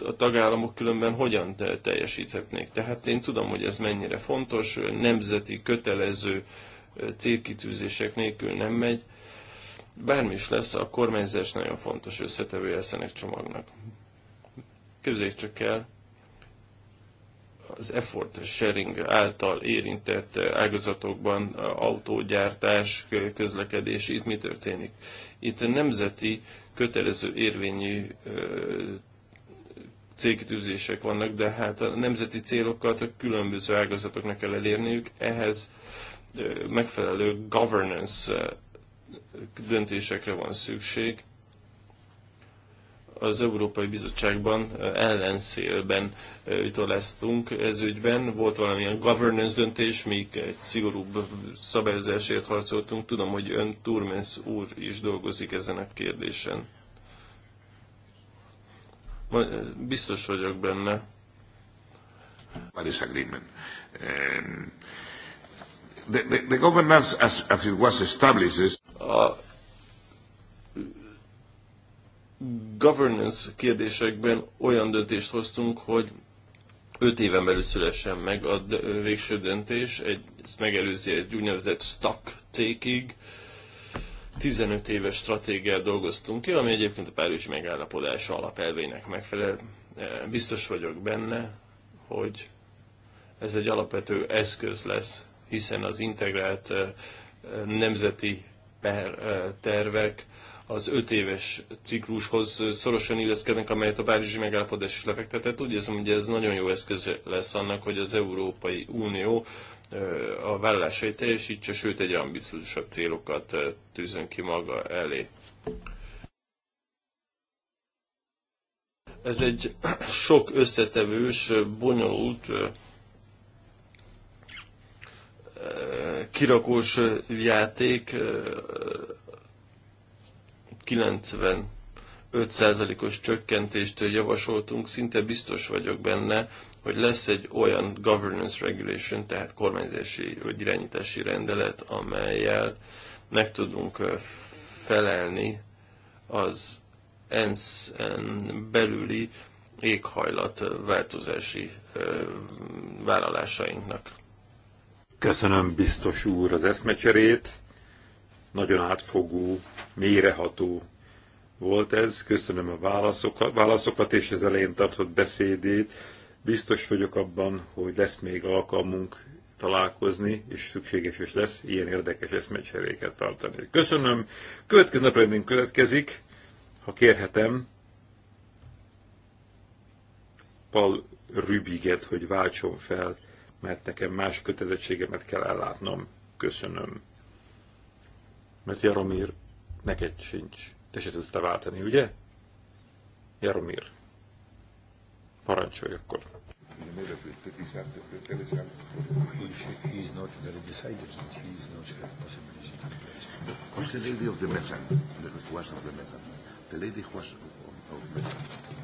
a tagállamok különben hogyan teljesíthetnék. Tehát én tudom, hogy ez mennyire fontos, nemzeti kötelező célkitűzések nélkül nem megy, Bármi is lesz, a kormányzás nagyon fontos összetevője eszenek csomagnak. Képzeljék csak el, az effort sharing által érintett ágazatokban autógyártás, közlekedés, itt mi történik? Itt a nemzeti kötelező érvényű cégtűzések vannak, de hát a nemzeti célokat a különböző ágazatoknak kell elérniük, ehhez megfelelő governance döntésekre van szükség. Az Európai Bizottságban ellenszélben vitoláztunk ez ügyben. Volt valamilyen governance döntés, még egy szigorúbb szabályozásért harcoltunk. Tudom, hogy ön Turmes úr is dolgozik ezen a kérdésen. Biztos vagyok benne. Paris Agreement. Um, the, the, the governance as, as it was established is a governance kérdésekben olyan döntést hoztunk, hogy 5 éven belül szülessen meg a végső döntés, egy, ezt megelőzi egy úgynevezett stock taking, 15 éves stratégiát dolgoztunk ki, ami egyébként a Párizsi megállapodás alapelvének megfelel. E, biztos vagyok benne, hogy ez egy alapvető eszköz lesz, hiszen az integrált e, nemzeti tervek az öt éves ciklushoz szorosan illeszkednek, amelyet a Párizsi megállapodás is lefektetett. Úgy érzem, hogy ez nagyon jó eszköz lesz annak, hogy az Európai Unió a vállásait teljesítse, sőt egy ambiciózusabb célokat tűzön ki maga elé. Ez egy sok összetevős, bonyolult kirakós játék 95%-os csökkentést javasoltunk, szinte biztos vagyok benne, hogy lesz egy olyan governance regulation, tehát kormányzási vagy irányítási rendelet, amelyel meg tudunk felelni az ensz belüli éghajlat változási vállalásainknak. Köszönöm biztos úr az eszmecserét. Nagyon átfogó, mélyreható volt ez. Köszönöm a válaszokat, válaszokat és az elején tartott beszédét. Biztos vagyok abban, hogy lesz még alkalmunk találkozni, és szükséges is lesz ilyen érdekes eszmecseréket tartani. Köszönöm. Következő naprendünk következik, ha kérhetem, Paul Rübiget, hogy váltson fel mert nekem más kötelezettségemet kell ellátnom. Köszönöm. Mert Jaromír, neked sincs. Te se tudsz váltani, ugye? Jaromír. Parancsolj akkor. Who's the lady of the Mesan? The, request of the Mesan. The lady was of Mesan.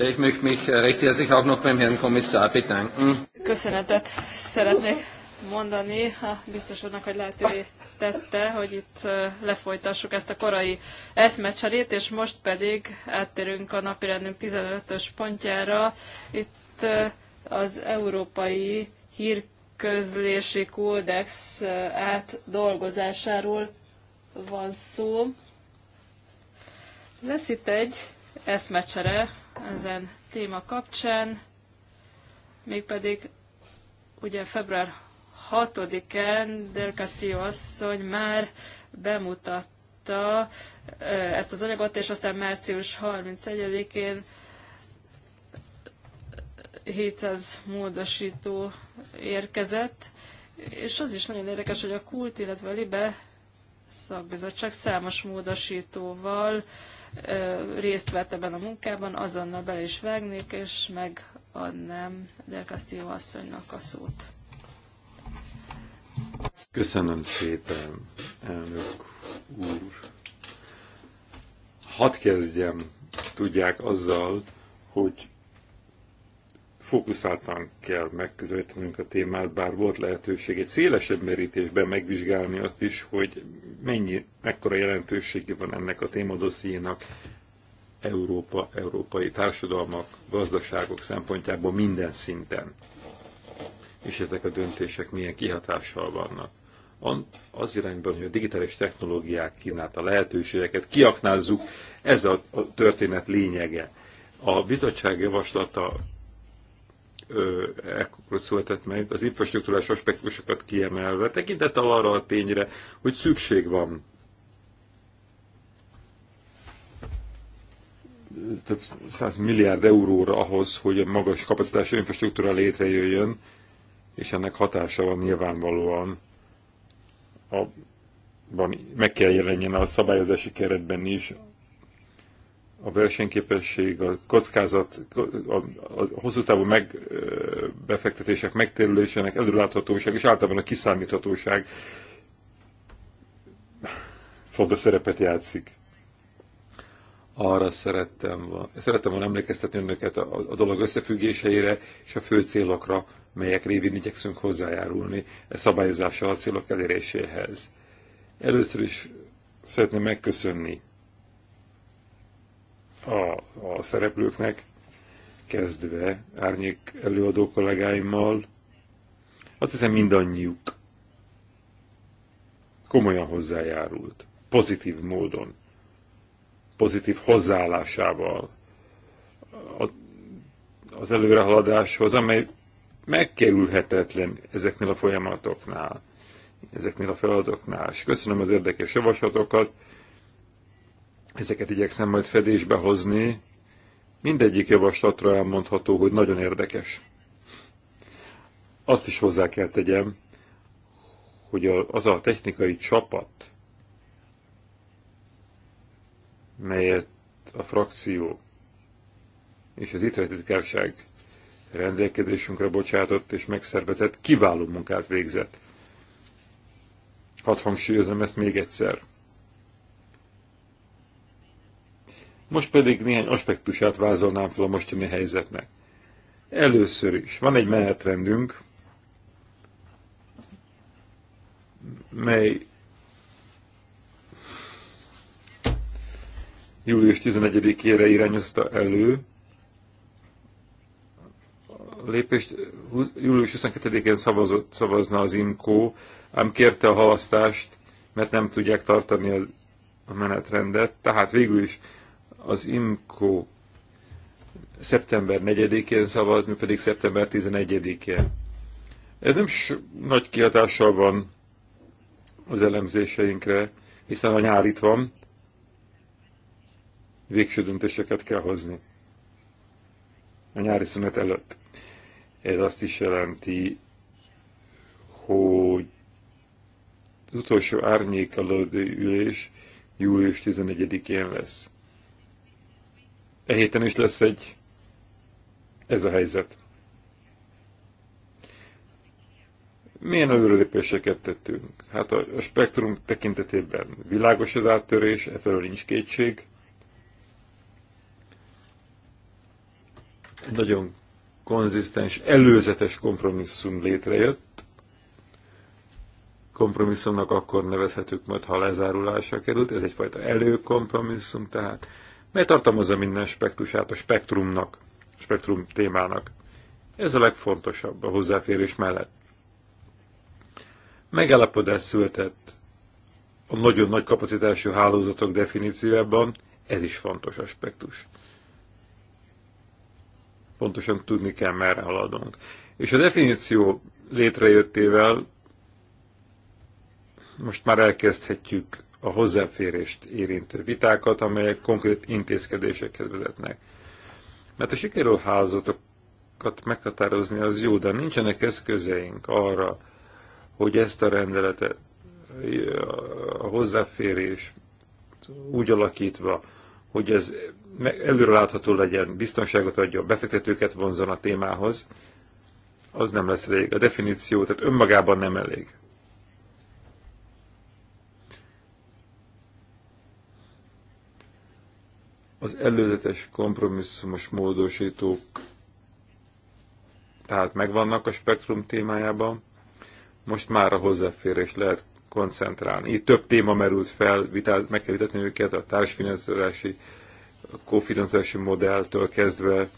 Ich möchte mich recht herzlich auch noch beim Herrn Kommissar bedanken. Köszönetet szeretnék mondani a biztos úrnak, hogy lehetővé tette, hogy itt lefolytassuk ezt a korai eszmecserét, és most pedig áttérünk a napirendünk 15-ös pontjára. Itt az Európai Hírközlési Kódex átdolgozásáról van szó. Lesz itt egy eszmecsere ezen téma kapcsán, mégpedig ugye február 6-án Del Castillo asszony már bemutatta ezt az anyagot, és aztán március 31-én 700 módosító érkezett, és az is nagyon érdekes, hogy a kult, illetve a libe szakbizottság számos módosítóval részt vett ebben a munkában, azonnal bele is vágnék, és megadnám Del Castillo asszonynak a szót. Köszönöm szépen, elnök úr. Hadd kezdjem, tudják, azzal, hogy fókuszáltan kell megközelítenünk a témát, bár volt lehetőség egy szélesebb merítésben megvizsgálni azt is, hogy mennyi, mekkora jelentősége van ennek a témadossziénak Európa, európai társadalmak, gazdaságok szempontjából minden szinten. És ezek a döntések milyen kihatással vannak. Az irányban, hogy a digitális technológiák a lehetőségeket kiaknázzuk, ez a történet lényege. A bizottság javaslata ekkor született meg, az infrastruktúrás aspektusokat kiemelve, tekintettel arra a tényre, hogy szükség van több száz milliárd euróra ahhoz, hogy a magas kapacitású infrastruktúra létrejöjjön, és ennek hatása van nyilvánvalóan a, van, meg kell jelenjen a szabályozási keretben is a versenyképesség, a kockázat, a, a hosszú távú meg, befektetések megtérülésének előláthatóság és általában a kiszámíthatóság fontos szerepet játszik. Arra szerettem volna, szerettem volna emlékeztetni önöket a, a dolog összefüggéseire és a fő célokra, melyek révén igyekszünk hozzájárulni e szabályozással a célok eléréséhez. Először is szeretném megköszönni a, a szereplőknek, kezdve árnyék előadó kollégáimmal, azt hiszem mindannyiuk komolyan hozzájárult, pozitív módon, pozitív hozzáállásával az előrehaladáshoz, amely megkerülhetetlen ezeknél a folyamatoknál, ezeknél a feladatoknál. És köszönöm az érdekes javaslatokat, Ezeket igyekszem majd fedésbe hozni. Mindegyik javaslatra elmondható, hogy nagyon érdekes. Azt is hozzá kell tegyem, hogy az a technikai csapat, melyet a frakció és az ITRE rendelkezésünkre bocsátott és megszervezett, kiváló munkát végzett. Hadd hangsúlyozom ezt még egyszer. Most pedig néhány aspektusát vázolnám fel a mostani helyzetnek. Először is van egy menetrendünk, mely július 11-ére irányozta elő. A lépést július 22-én szavazott, szavazna az IMCO, ám kérte a halasztást, mert nem tudják tartani a menetrendet, tehát végül is az IMCO szeptember 4-én szavaz, mi pedig szeptember 11-én. Ez nem nagy kihatással van az elemzéseinkre, hiszen a nyár itt van, végső döntéseket kell hozni a nyári szünet előtt. Ez azt is jelenti, hogy az utolsó árnyékalódó ülés július 11-én lesz. E héten is lesz egy. Ez a helyzet. Milyen előrelépéseket tettünk? Hát a, spektrum tekintetében világos az áttörés, efelől nincs kétség. Nagyon konzisztens, előzetes kompromisszum létrejött. Kompromisszumnak akkor nevezhetők majd, ha lezárulásra került. Ez egyfajta előkompromisszum, tehát mely tartalmazza minden spektrusát a spektrumnak, spektrum témának. Ez a legfontosabb a hozzáférés mellett. Megállapodás született a nagyon nagy kapacitású hálózatok definíciójában, ez is fontos aspektus. Pontosan tudni kell, merre haladunk. És a definíció létrejöttével most már elkezdhetjük a hozzáférést érintő vitákat, amelyek konkrét intézkedésekhez vezetnek. Mert a sikerül házatokat meghatározni az jó, de nincsenek eszközeink arra, hogy ezt a rendeletet, a hozzáférés úgy alakítva, hogy ez előrelátható legyen, biztonságot adja, befektetőket vonzon a témához, az nem lesz elég. A definíció, tehát önmagában nem elég. Az előzetes kompromisszumos módosítók tehát megvannak a spektrum témájában, most már a hozzáférés lehet koncentrálni. Itt több téma merült fel, vitát, meg kell vitatni őket, a társfinanszírozási, a kofinanszírozási modelltől kezdve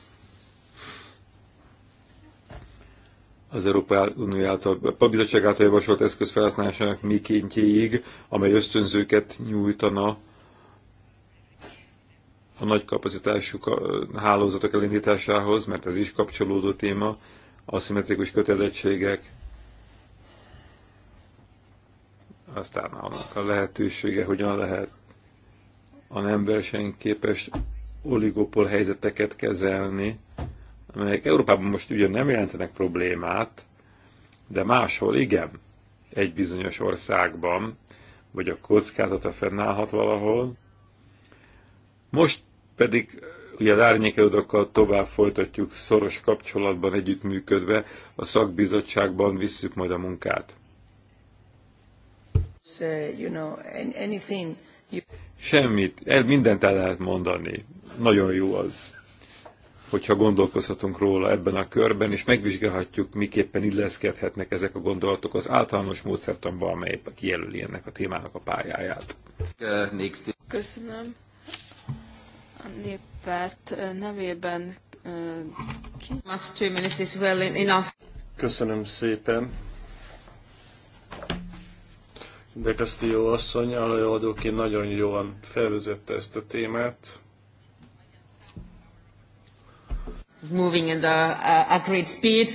az Európai Unió által, a bizottság által javasolt eszköz felhasználásának mikéntjéig, amely ösztönzőket nyújtana a nagy kapacitású hálózatok elindításához, mert ez is kapcsolódó téma, aszimmetrikus kötelezettségek, aztán annak a lehetősége, hogyan lehet a nem versenyképes oligopol helyzeteket kezelni, amelyek Európában most ugye nem jelentenek problémát, de máshol igen, egy bizonyos országban, vagy a kockázata fennállhat valahol. Most pedig ugye az árnyékelődokkal tovább folytatjuk szoros kapcsolatban együttműködve, a szakbizottságban visszük majd a munkát. Semmit, el, mindent el lehet mondani. Nagyon jó az, hogyha gondolkozhatunk róla ebben a körben, és megvizsgálhatjuk, miképpen illeszkedhetnek ezek a gondolatok az általános módszertanba, amely kijelöli ennek a témának a pályáját. Köszönöm a néppárt nevében. Köszönöm szépen. De Castillo asszony alajadóként nagyon jól felvezette ezt a témát. Moving in the uh, agreed great speed,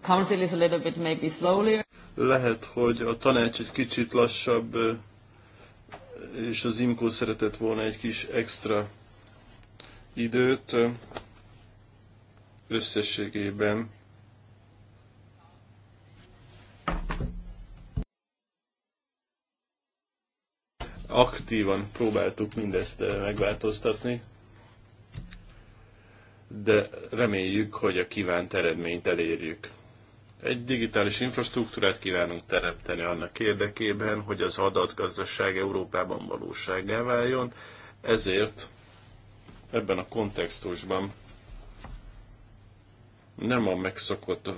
council is a little bit maybe slowly. Lehet, hogy a tanács egy kicsit lassabb, és az IMCO szeretett volna egy kis extra időt. Összességében aktívan próbáltuk mindezt megváltoztatni, de reméljük, hogy a kívánt eredményt elérjük. Egy digitális infrastruktúrát kívánunk teremteni annak érdekében, hogy az adatgazdaság Európában valóságá váljon, ezért ebben a kontextusban nem a megszokott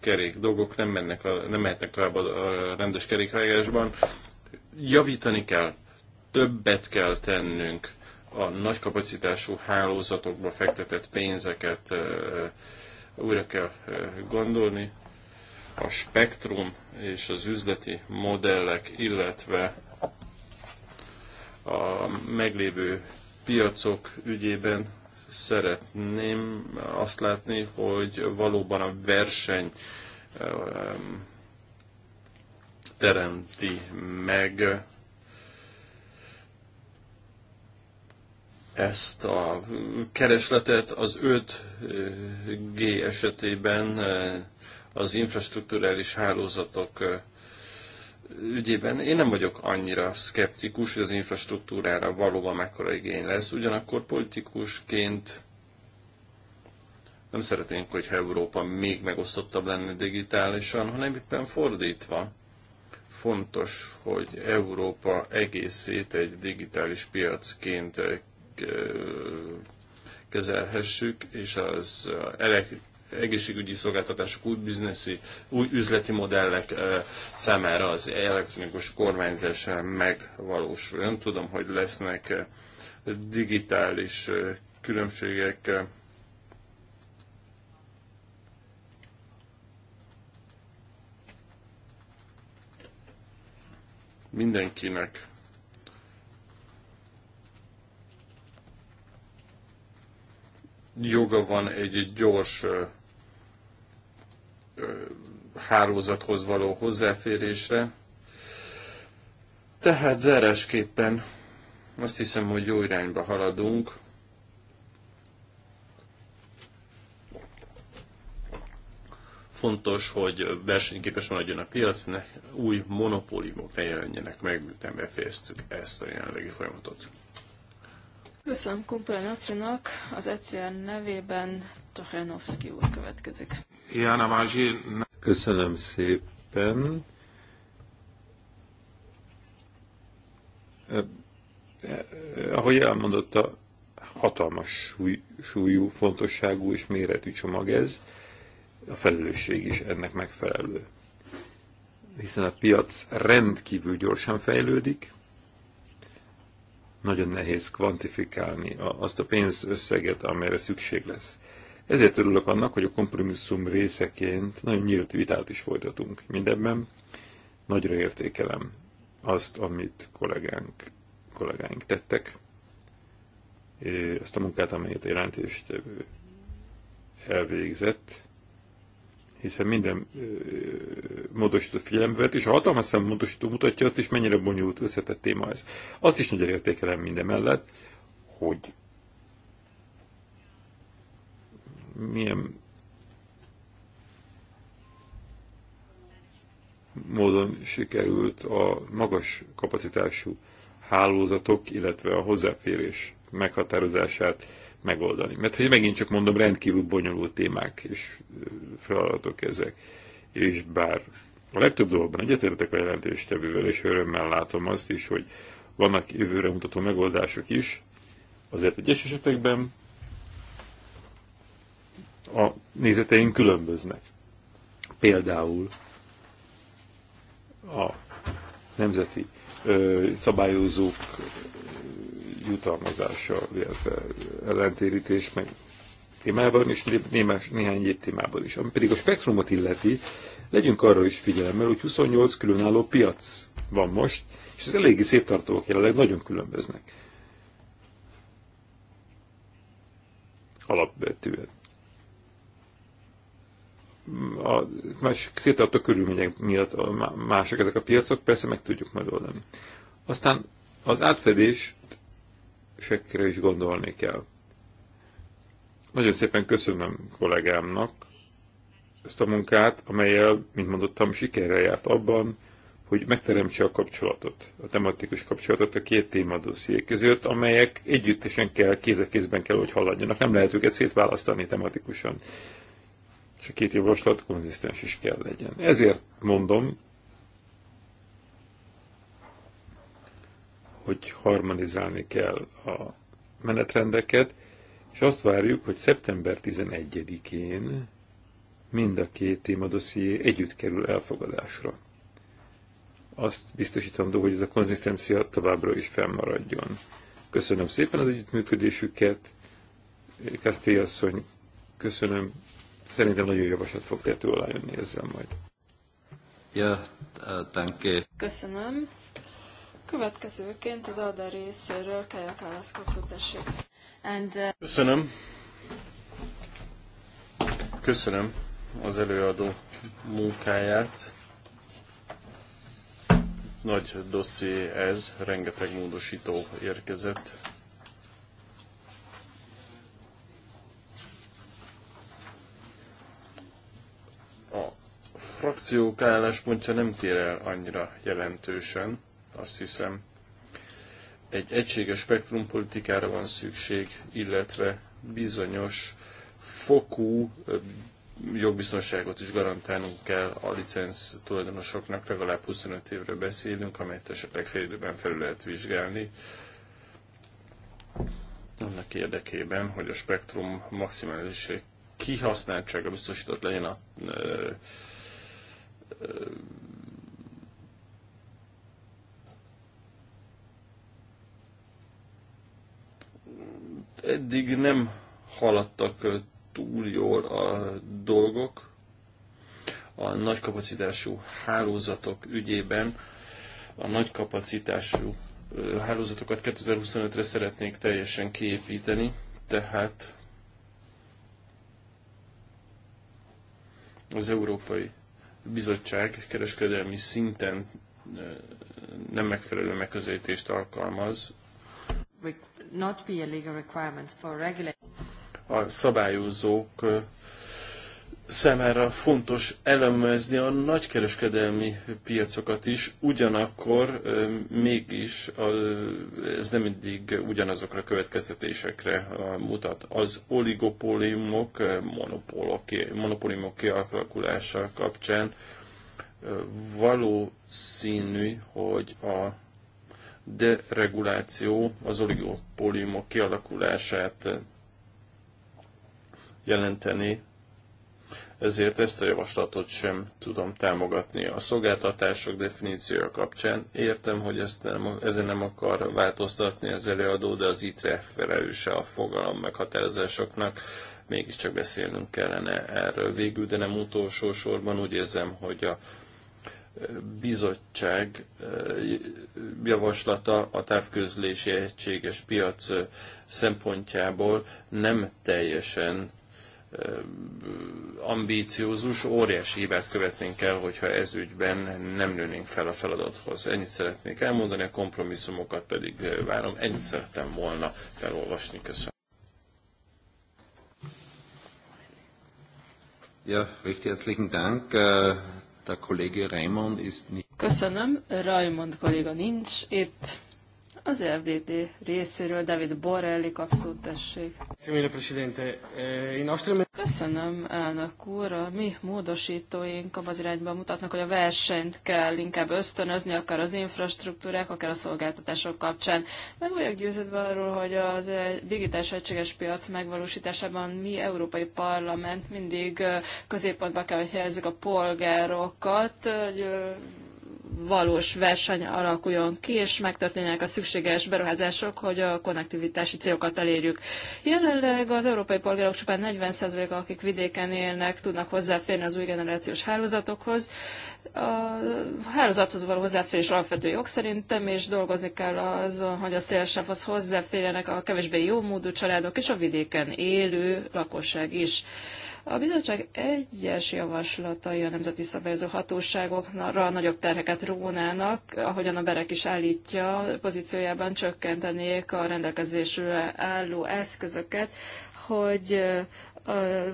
kerék dolgok nem, mennek, nem mehetnek tovább a rendes kerékvágásban. Javítani kell, többet kell tennünk a nagy kapacitású hálózatokba fektetett pénzeket újra kell gondolni. A spektrum és az üzleti modellek, illetve a meglévő piacok ügyében szeretném azt látni, hogy valóban a verseny teremti meg ezt a keresletet az 5G esetében eh, az infrastruktúrális hálózatok eh, ügyében én nem vagyok annyira szkeptikus, hogy az infrastruktúrára valóban mekkora igény lesz, ugyanakkor politikusként nem szeretnénk, hogyha Európa még megosztottabb lenne digitálisan, hanem éppen fordítva. Fontos, hogy Európa egészét egy digitális piacként eh, kezelhessük, és az eh, egészségügyi szolgáltatások, új bizneszi, új üzleti modellek számára az elektronikus kormányzás megvalósul. Nem tudom, hogy lesznek digitális különbségek mindenkinek joga van egy gyors hálózathoz való hozzáférésre. Tehát zárásképpen azt hiszem, hogy jó irányba haladunk. Fontos, hogy versenyképes maradjon a piac, ne új monopóliumok ne jelenjenek meg, miután befejeztük ezt a jelenlegi folyamatot. Köszönöm Kumpel Natrinak, az ECR nevében Tochanovszki úr következik. Jana Vázsi. Köszönöm szépen. Eh, ahogy elmondotta, hatalmas súly, súlyú, fontosságú és méretű csomag ez, a felelősség is ennek megfelelő. Hiszen a piac rendkívül gyorsan fejlődik, nagyon nehéz kvantifikálni azt a pénzösszeget, amelyre szükség lesz. Ezért örülök annak, hogy a kompromisszum részeként nagyon nyílt vitát is folytatunk. Mindebben nagyra értékelem azt, amit kollégánk, kollégáink tettek, azt a munkát, amelyet a jelentést elvégzett, hiszen minden ö, módosított figyelembe vett, és a hatalmas szám módosító mutatja azt is, mennyire bonyolult összetett téma ez. Azt is nagyon értékelem minden mellett, hogy milyen módon sikerült a magas kapacitású hálózatok, illetve a hozzáférés meghatározását megoldani. Mert hogy megint csak mondom, rendkívül bonyolult témák és feladatok ezek. És bár a legtöbb dolgban egyetértek a jelentéstevővel, és örömmel látom azt is, hogy vannak jövőre mutató megoldások is, azért egyes esetekben a nézeteink különböznek. Például a nemzeti ö, szabályozók jutalmazással, illetve ellentérítés, meg témában, és némás, néhány egyéb témában is. Ami pedig a spektrumot illeti, legyünk arra is figyelemmel, hogy 28 különálló piac van most, és az eléggé széttartóak jelenleg nagyon különböznek. Alapvetően. A más széttartó körülmények miatt mások ezek a piacok, persze meg tudjuk majd oldani. Aztán az átfedést sekre is gondolni kell. Nagyon szépen köszönöm kollégámnak ezt a munkát, amelyel, mint mondottam, sikerrel járt abban, hogy megteremtse a kapcsolatot, a tematikus kapcsolatot a két témadosszié között, amelyek együttesen kell, kézekézben kell, hogy haladjanak. Nem lehet őket szétválasztani tematikusan. És a két javaslat konzisztens is kell legyen. Ezért mondom, hogy harmonizálni kell a menetrendeket, és azt várjuk, hogy szeptember 11-én mind a két témadosszié együtt kerül elfogadásra. Azt biztosítandó, hogy ez a konzisztencia továbbra is fennmaradjon. Köszönöm szépen az együttműködésüket, Kastély asszony, köszönöm. Szerintem nagyon javaslat fog tető alá jönni ezzel majd. Ja, eh, you. Köszönöm. Következőként az Alda részéről Kaja Kálasz kapszótessék. And, uh... Köszönöm. Köszönöm az előadó munkáját. Nagy dosszié ez, rengeteg módosító érkezett. A frakciók álláspontja nem tér el annyira jelentősen. Azt hiszem, egy egységes spektrumpolitikára van szükség, illetve bizonyos fokú jogbiztonságot is garantálnunk kell a licenc tulajdonosoknak, legalább 25 évre beszélünk, amelyet esetleg fél időben felül lehet vizsgálni. Annak érdekében, hogy a spektrum maximális kihasználtsága biztosított legyen a Eddig nem haladtak túl jól a dolgok a nagykapacitású hálózatok ügyében. A nagykapacitású hálózatokat 2025-re szeretnék teljesen kiépíteni, tehát az Európai Bizottság kereskedelmi szinten nem megfelelő megközelítést alkalmaz not be a legal requirement for A szabályozók számára fontos elemezni a nagykereskedelmi piacokat is, ugyanakkor mégis ez nem mindig ugyanazokra a következtetésekre mutat. Az oligopóliumok, monopólok, monopóliumok kialakulása kapcsán valószínű, hogy a dereguláció az oligopóliumok kialakulását jelenteni, ezért ezt a javaslatot sem tudom támogatni. A szolgáltatások definíciója kapcsán értem, hogy ezt nem, ezen nem akar változtatni az előadó, de az ITRE felelőse a fogalom meghatározásoknak. Mégiscsak beszélnünk kellene erről végül, de nem utolsó sorban úgy érzem, hogy a bizottság eh, javaslata a távközlési egységes piac eh, szempontjából nem teljesen eh, ambíciózus, óriási hibát követnénk el, hogyha ez ügyben nem nőnénk fel a feladathoz. Ennyit szeretnék elmondani, a kompromisszumokat pedig várom. Ennyit szerettem volna felolvasni. Köszönöm. Ja, recht herzlichen Dank. Äh, Köszönöm, Raymond kolléga nincs itt. Az FDD részéről David Borrelli kapszót tessék. Eh, Köszönöm, elnök úr. A mi módosítóink abban az irányban mutatnak, hogy a versenyt kell inkább ösztönözni, akár az infrastruktúrák, akár a szolgáltatások kapcsán. Meg vagyok győződve arról, hogy az e- digitális egységes piac megvalósításában mi, Európai Parlament mindig középpontba kell, hogy helyezzük a polgárokat, hogy valós verseny alakuljon ki, és megtörténjenek a szükséges beruházások, hogy a konnektivitási célokat elérjük. Jelenleg az európai polgárok csupán 40%-a, akik vidéken élnek, tudnak hozzáférni az új generációs hálózatokhoz. A hálózathoz való hozzáférés alapvető jog szerintem, és dolgozni kell azon, hogy a szélsávhoz hozzáférjenek a kevésbé jó módú családok és a vidéken élő lakosság is. A bizottság egyes javaslatai a nemzeti szabályozó hatóságokra nagyobb terheket rónának, ahogyan a Berek is állítja, pozíciójában csökkentenék a rendelkezésre álló eszközöket, hogy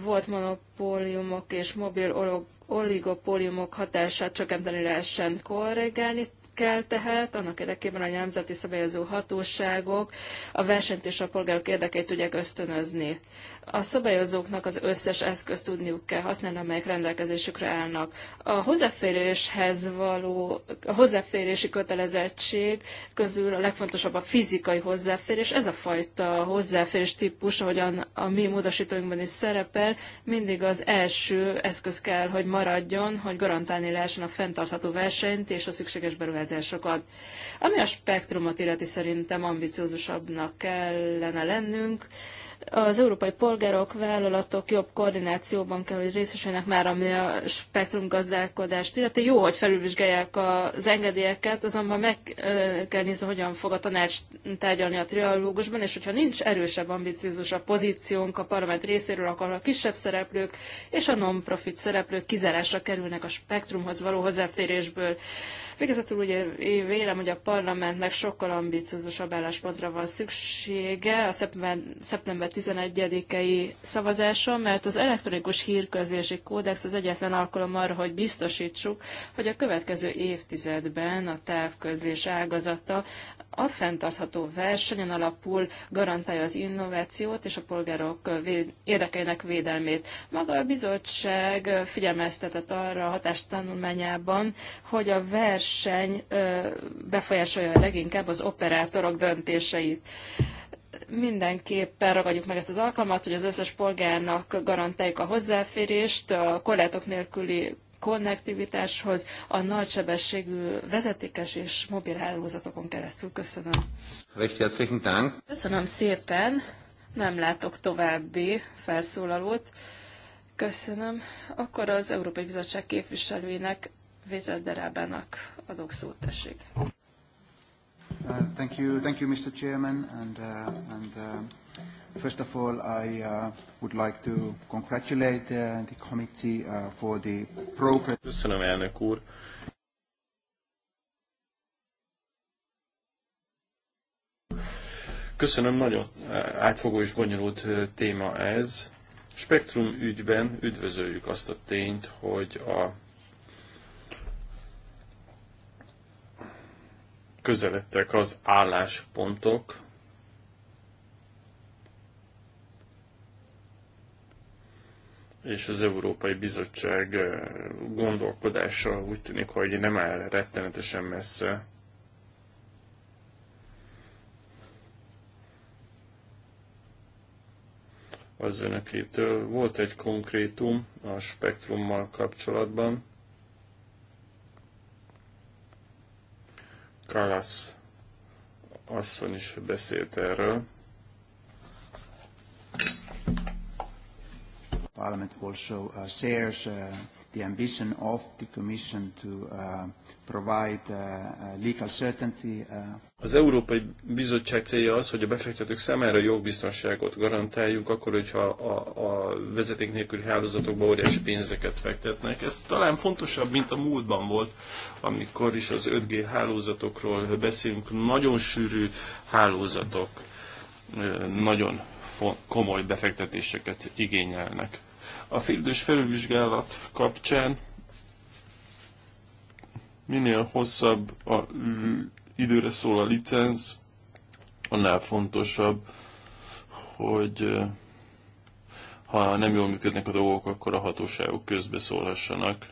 volt monopóliumok és mobil oligopóliumok hatását csökkenteni lehessen korrigálni, kell tehát, annak érdekében a nemzeti szabályozó hatóságok a versenyt és a polgárok érdekeit tudják ösztönözni. A szabályozóknak az összes eszközt tudniuk kell használni, amelyek rendelkezésükre állnak. A hozzáféréshez való, a hozzáférési kötelezettség közül a legfontosabb a fizikai hozzáférés. Ez a fajta hozzáférés típus, ahogyan a mi módosítóinkban is szerepel, mindig az első eszköz kell, hogy maradjon, hogy garantálni lehessen a fenntartható versenyt és a szükséges beruházásokat. Ami a spektrumot illeti szerintem ambiciózusabbnak kellene lennünk, az európai polgárok, vállalatok jobb koordinációban kell, hogy részesüljenek már, ami a spektrum gazdálkodást illeti. Jó, hogy felülvizsgálják az engedélyeket, azonban meg kell nézni, hogyan fog a tanács tárgyalni a trialógusban, és hogyha nincs erősebb, ambiciózus a pozíciónk a parlament részéről, akkor a kisebb szereplők és a non-profit szereplők kizárásra kerülnek a spektrumhoz való hozzáférésből. Végezetül ugye én vélem, hogy a parlamentnek sokkal ambiciózusabb álláspontra van szüksége a szeptember 11-i szavazáson, mert az elektronikus hírközlési kódex az egyetlen alkalom arra, hogy biztosítsuk, hogy a következő évtizedben a távközlés ágazata a fenntartható versenyen alapul garantálja az innovációt és a polgárok érdekeinek védelmét. Maga a bizottság figyelmeztetett arra a hatástanulmányában, hogy a verseny befolyásolja leginkább az operátorok döntéseit mindenképpen ragadjuk meg ezt az alkalmat, hogy az összes polgárnak garantáljuk a hozzáférést, a korlátok nélküli konnektivitáshoz a nagysebességű vezetékes és mobil hálózatokon keresztül. Köszönöm. Köszönöm szépen. Nem látok további felszólalót. Köszönöm. Akkor az Európai Bizottság képviselőinek, Vézel Derábának adok szót, tessék. Uh, thank you, thank you, Mr. Chairman, and, uh, and uh, first of all, I uh, would like to congratulate uh, the committee uh, for the progress. Köszönöm, nagyon uh, átfogó és bonyolult uh, téma ez. Spektrum ügyben üdvözöljük azt a tényt, hogy a közeledtek az álláspontok. és az Európai Bizottság eh, gondolkodása úgy tűnik, hogy nem áll rettenetesen messze az önökétől. Volt egy konkrétum a spektrummal kapcsolatban. Kalasz asszony is beszélt erről. Parliament also uh, shares uh, the ambition of the Commission to uh, provide uh, uh, legal certainty. Uh. Az Európai Bizottság célja az, hogy a befektetők számára jogbiztonságot garantáljunk, akkor, hogyha a, a vezeték nélküli hálózatokba óriási pénzeket fektetnek. Ez talán fontosabb, mint a múltban volt, amikor is az 5G hálózatokról beszélünk. Nagyon sűrű hálózatok, nagyon komoly befektetéseket igényelnek. A fildős felülvizsgálat kapcsán minél hosszabb a időre szól a licenz, annál fontosabb, hogy ha nem jól működnek a dolgok, akkor a hatóságok közbeszólhassanak.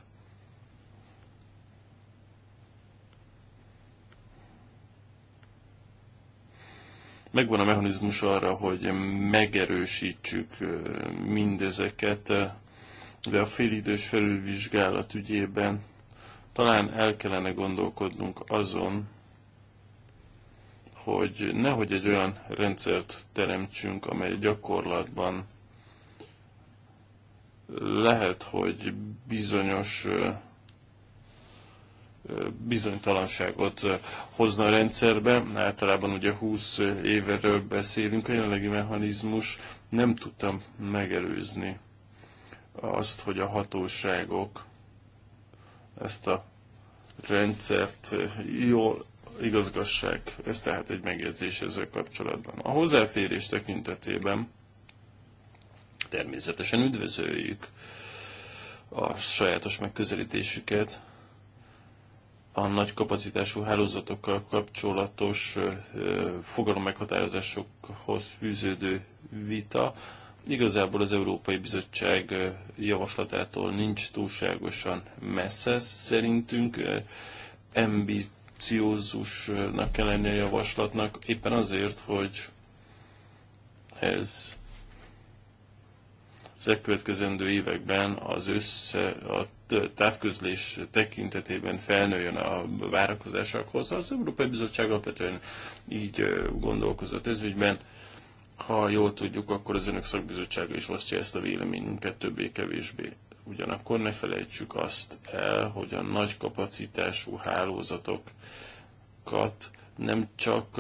megvan a mechanizmus arra, hogy megerősítsük mindezeket, de a félidős felülvizsgálat ügyében talán el kellene gondolkodnunk azon, hogy nehogy egy olyan rendszert teremtsünk, amely gyakorlatban lehet, hogy bizonyos bizonytalanságot hozna a rendszerbe. Általában ugye 20 évről beszélünk, a jelenlegi mechanizmus nem tudtam megelőzni azt, hogy a hatóságok ezt a rendszert jól igazgassák. Ez tehát egy megjegyzés ezzel kapcsolatban. A hozzáférés tekintetében természetesen üdvözöljük a sajátos megközelítésüket, a nagy kapacitású hálózatokkal kapcsolatos fogalom meghatározásokhoz fűződő vita igazából az Európai Bizottság javaslatától nincs túlságosan messze szerintünk. Ambiciózusnak kell lenni a javaslatnak, éppen azért, hogy ez az elkövetkezendő években az össze, a távközlés tekintetében felnőjön a várakozásokhoz. Az Európai Bizottság alapvetően így gondolkozott ez ügyben. Ha jól tudjuk, akkor az önök szakbizottsága is osztja ezt a véleményünket többé-kevésbé. Ugyanakkor ne felejtsük azt el, hogy a nagy kapacitású hálózatokat nem csak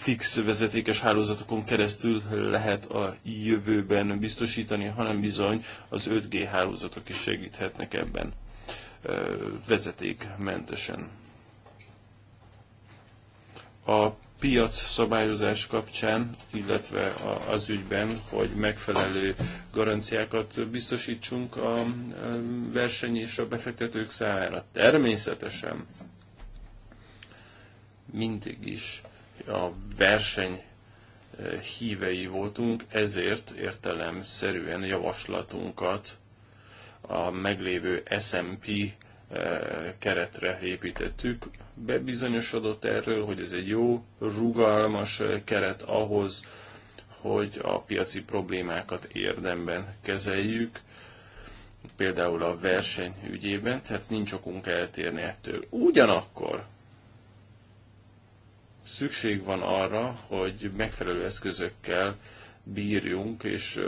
fix vezetékes hálózatokon keresztül lehet a jövőben biztosítani, hanem bizony az 5G hálózatok is segíthetnek ebben vezetékmentesen. A piac szabályozás kapcsán, illetve az ügyben, hogy megfelelő garanciákat biztosítsunk a verseny és a befektetők számára. Természetesen mindig is a verseny eh, hívei voltunk, ezért értelemszerűen javaslatunkat a meglévő SMP eh, keretre építettük. Bebizonyosodott erről, hogy ez egy jó, rugalmas eh, keret ahhoz, hogy a piaci problémákat érdemben kezeljük, például a verseny ügyében, tehát nincs okunk eltérni ettől. Ugyanakkor szükség van arra, hogy megfelelő eszközökkel bírjunk, és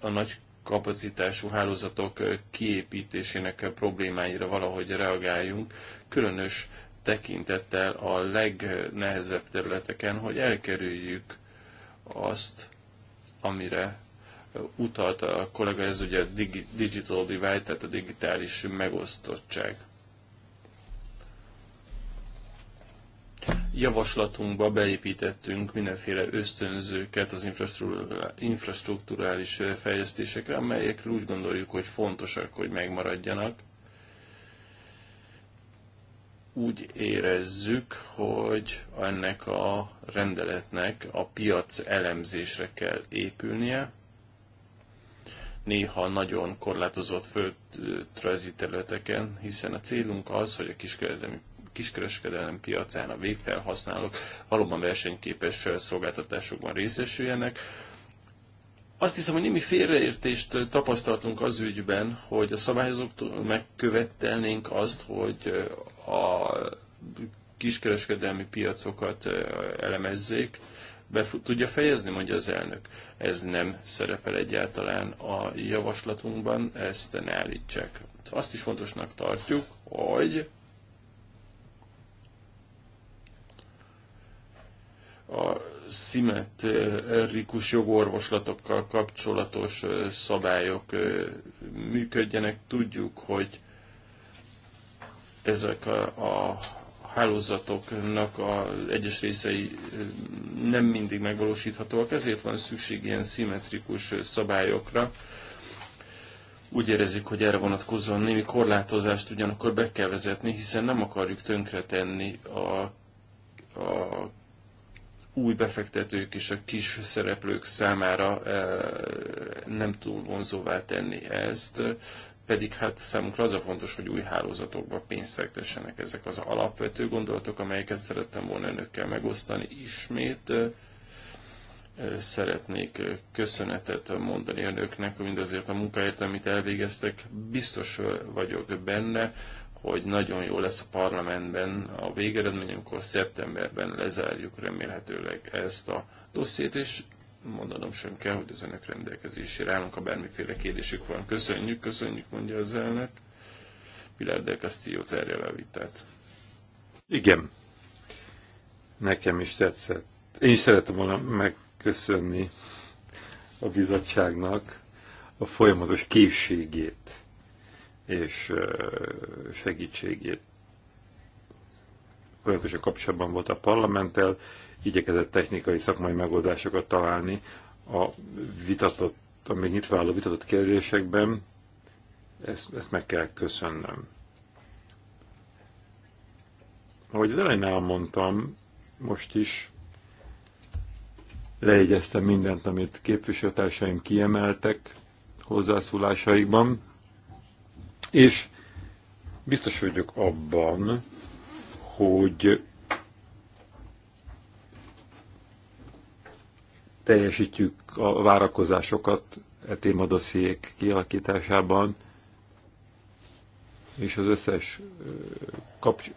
a nagy kapacitású hálózatok kiépítésének problémáira valahogy reagáljunk, különös tekintettel a legnehezebb területeken, hogy elkerüljük azt, amire utalt a kollega, ez ugye a digital divide, tehát a digitális megosztottság. javaslatunkba beépítettünk mindenféle ösztönzőket az infrastruktúrális fejlesztésekre, amelyekről úgy gondoljuk, hogy fontosak, hogy megmaradjanak. Úgy érezzük, hogy ennek a rendeletnek a piac elemzésre kell épülnie, néha nagyon korlátozott földrajzi területeken, hiszen a célunk az, hogy a kiskeredemi kiskereskedelem piacán a végfelhasználók valóban versenyképes szolgáltatásokban részesüljenek. Azt hiszem, hogy némi félreértést tapasztaltunk az ügyben, hogy a szabályozóktól megkövetelnénk azt, hogy a kiskereskedelmi piacokat elemezzék. Be tudja fejezni, mondja az elnök. Ez nem szerepel egyáltalán a javaslatunkban, ezt ne állítsák. Azt is fontosnak tartjuk, hogy a szimmetrikus jogorvoslatokkal kapcsolatos szabályok működjenek. Tudjuk, hogy ezek a, a hálózatoknak a egyes részei nem mindig megvalósíthatóak, ezért van szükség ilyen szimmetrikus szabályokra. Úgy érezik, hogy erre vonatkozóan némi korlátozást ugyanakkor be kell vezetni, hiszen nem akarjuk tönkretenni a, a új befektetők és a kis szereplők számára eh, nem túl vonzóvá tenni ezt, pedig hát számunkra az a fontos, hogy új hálózatokba pénzt fektessenek ezek az alapvető gondolatok, amelyeket szerettem volna önökkel megosztani ismét. Eh, szeretnék köszönetet mondani önöknek mindazért a munkáért, amit elvégeztek. Biztos eh, vagyok benne, hogy nagyon jó lesz a parlamentben a végeredmény, amikor szeptemberben lezárjuk remélhetőleg ezt a dossziét, és mondanom sem kell, hogy az önök rendelkezésére állunk, ha bármiféle kérdésük van. Köszönjük, köszönjük, mondja az elnök. Pilar del Castillo zárja le a vitát. Igen. Nekem is tetszett. Én is szeretem volna megköszönni a bizottságnak a folyamatos készségét és segítségét folyamatosan kapcsolatban volt a parlamenttel, igyekezett technikai szakmai megoldásokat találni a vitatott, a még nyitva álló vitatott kérdésekben. Ezt, ezt meg kell köszönnöm. Ahogy az elején elmondtam, most is leegyeztem mindent, amit képviselőtársaim kiemeltek hozzászólásaikban és biztos vagyok abban, hogy teljesítjük a várakozásokat e témadosziék kialakításában, és az összes kapcs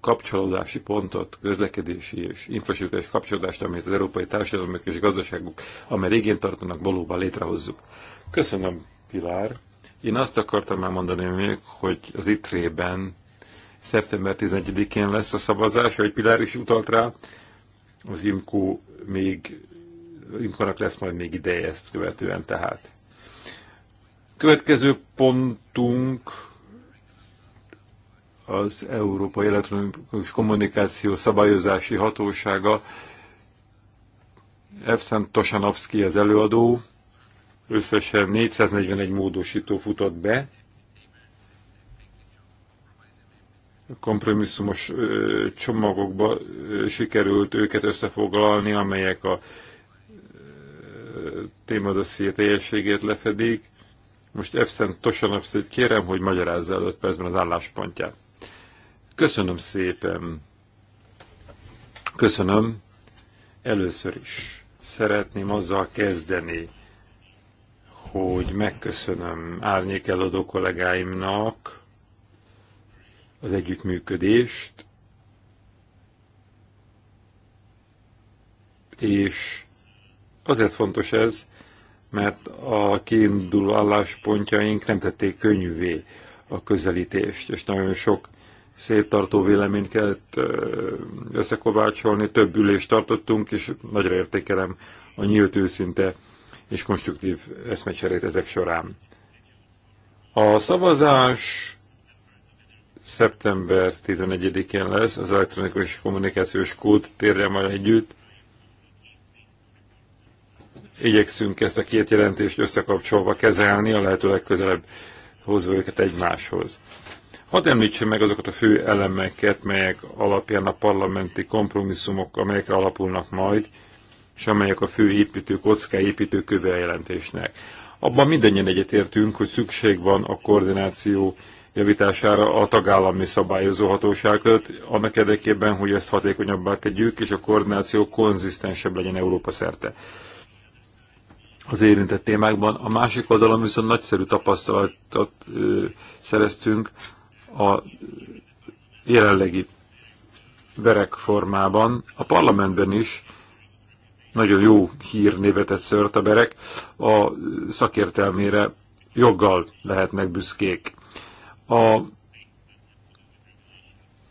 kapcsolódási pontot, közlekedési és infrastruktúrás kapcsolódást, amit az európai társadalmak és gazdaságok, amely régén tartanak, valóban létrehozzuk. Köszönöm, Pilár. Én azt akartam elmondani még, hogy az ITRE-ben szeptember 11-én lesz a szavazás, hogy Pilár is utalt rá, az IMKO még, IMKO-nak lesz majd még ideje ezt követően tehát. Következő pontunk az Európai Elektronikus Kommunikáció Szabályozási Hatósága. Evszent Tosanovszki az előadó, Összesen 441 módosító futott be, kompromisszumos csomagokba sikerült őket összefoglalni, amelyek a témadosszié teljességét lefedik. Most Efszent Tosanovszét kérem, hogy magyarázza előtt percben az álláspontját. Köszönöm szépen. Köszönöm. Először is szeretném azzal kezdeni, hogy megköszönöm árnyék eladó kollégáimnak az együttműködést, és azért fontos ez, mert a kiinduló álláspontjaink nem tették könnyűvé a közelítést, és nagyon sok széttartó véleményt kellett összekovácsolni, több ülést tartottunk, és nagyra értékelem a nyílt őszinte és konstruktív eszmecserét ezek során. A szavazás szeptember 11-én lesz, az elektronikus kommunikációs kód térjemmel együtt. Igyekszünk ezt a két jelentést összekapcsolva kezelni, a lehető legközelebb hozva őket egymáshoz. Hadd említsen meg azokat a fő elemeket, melyek alapján a parlamenti kompromisszumok, amelyekre alapulnak majd, és amelyek a fő építő kocká építőköve a jelentésnek. Abban mindannyian egyetértünk, hogy szükség van a koordináció javítására a tagállami szabályozó hatóságot, annak érdekében, hogy ezt hatékonyabbá tegyük, és a koordináció konzisztensebb legyen Európa szerte az érintett témákban. A másik oldalon viszont nagyszerű tapasztalatot ö, szereztünk a jelenlegi verek formában, a parlamentben is, nagyon jó hír névetett szörteberek, a szakértelmére joggal lehetnek büszkék. A,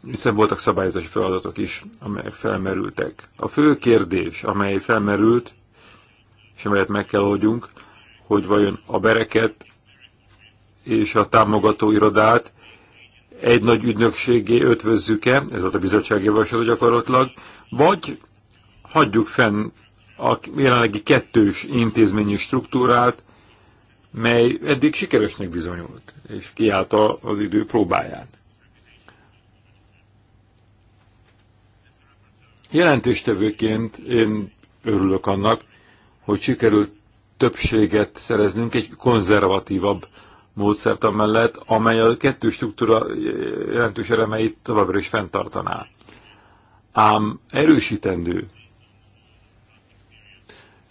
hiszen voltak szabályozási feladatok is, amelyek felmerültek. A fő kérdés, amely felmerült, és amelyet meg kell oldjunk, hogy vajon a bereket és a támogató irodát egy nagy ügynökségé ötvözzük-e, ez volt a bizottság javaslata gyakorlatilag, vagy hagyjuk fenn a jelenlegi kettős intézményi struktúrát, mely eddig sikeresnek bizonyult, és kiállta az idő próbáján. Jelentéstevőként én örülök annak, hogy sikerült többséget szereznünk egy konzervatívabb módszert mellett, amely a kettő struktúra jelentős elemeit továbbra is fenntartaná. Ám erősítendő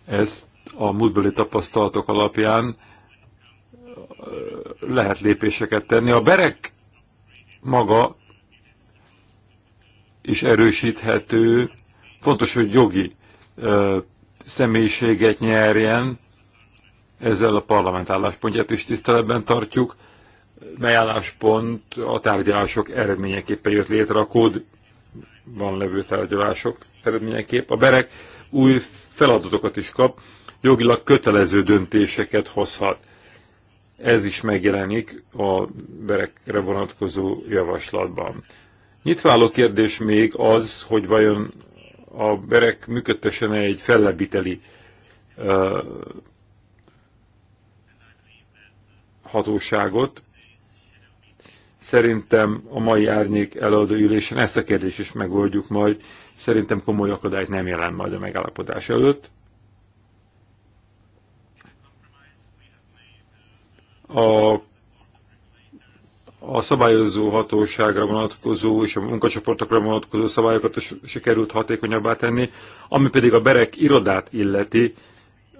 ezt a múltbeli tapasztalatok alapján lehet lépéseket tenni. A berek maga is erősíthető, fontos, hogy jogi ö, személyiséget nyerjen, ezzel a parlament álláspontját is tiszteletben tartjuk, mely álláspont a tárgyalások eredményeképpen jött létre, a kódban levő tárgyalások eredményeképp. A berek új feladatokat is kap, jogilag kötelező döntéseket hozhat. Ez is megjelenik a berekre vonatkozó javaslatban. Nyitváló kérdés még az, hogy vajon a berek működtesen -e egy fellebiteli uh, hatóságot. Szerintem a mai árnyék előadó ülésen ezt a kérdést is megoldjuk majd, Szerintem komoly akadályt nem jelent majd a megállapodás előtt. A, a szabályozó hatóságra vonatkozó és a munkacsoportokra vonatkozó szabályokat is sikerült hatékonyabbá tenni, ami pedig a berek irodát illeti,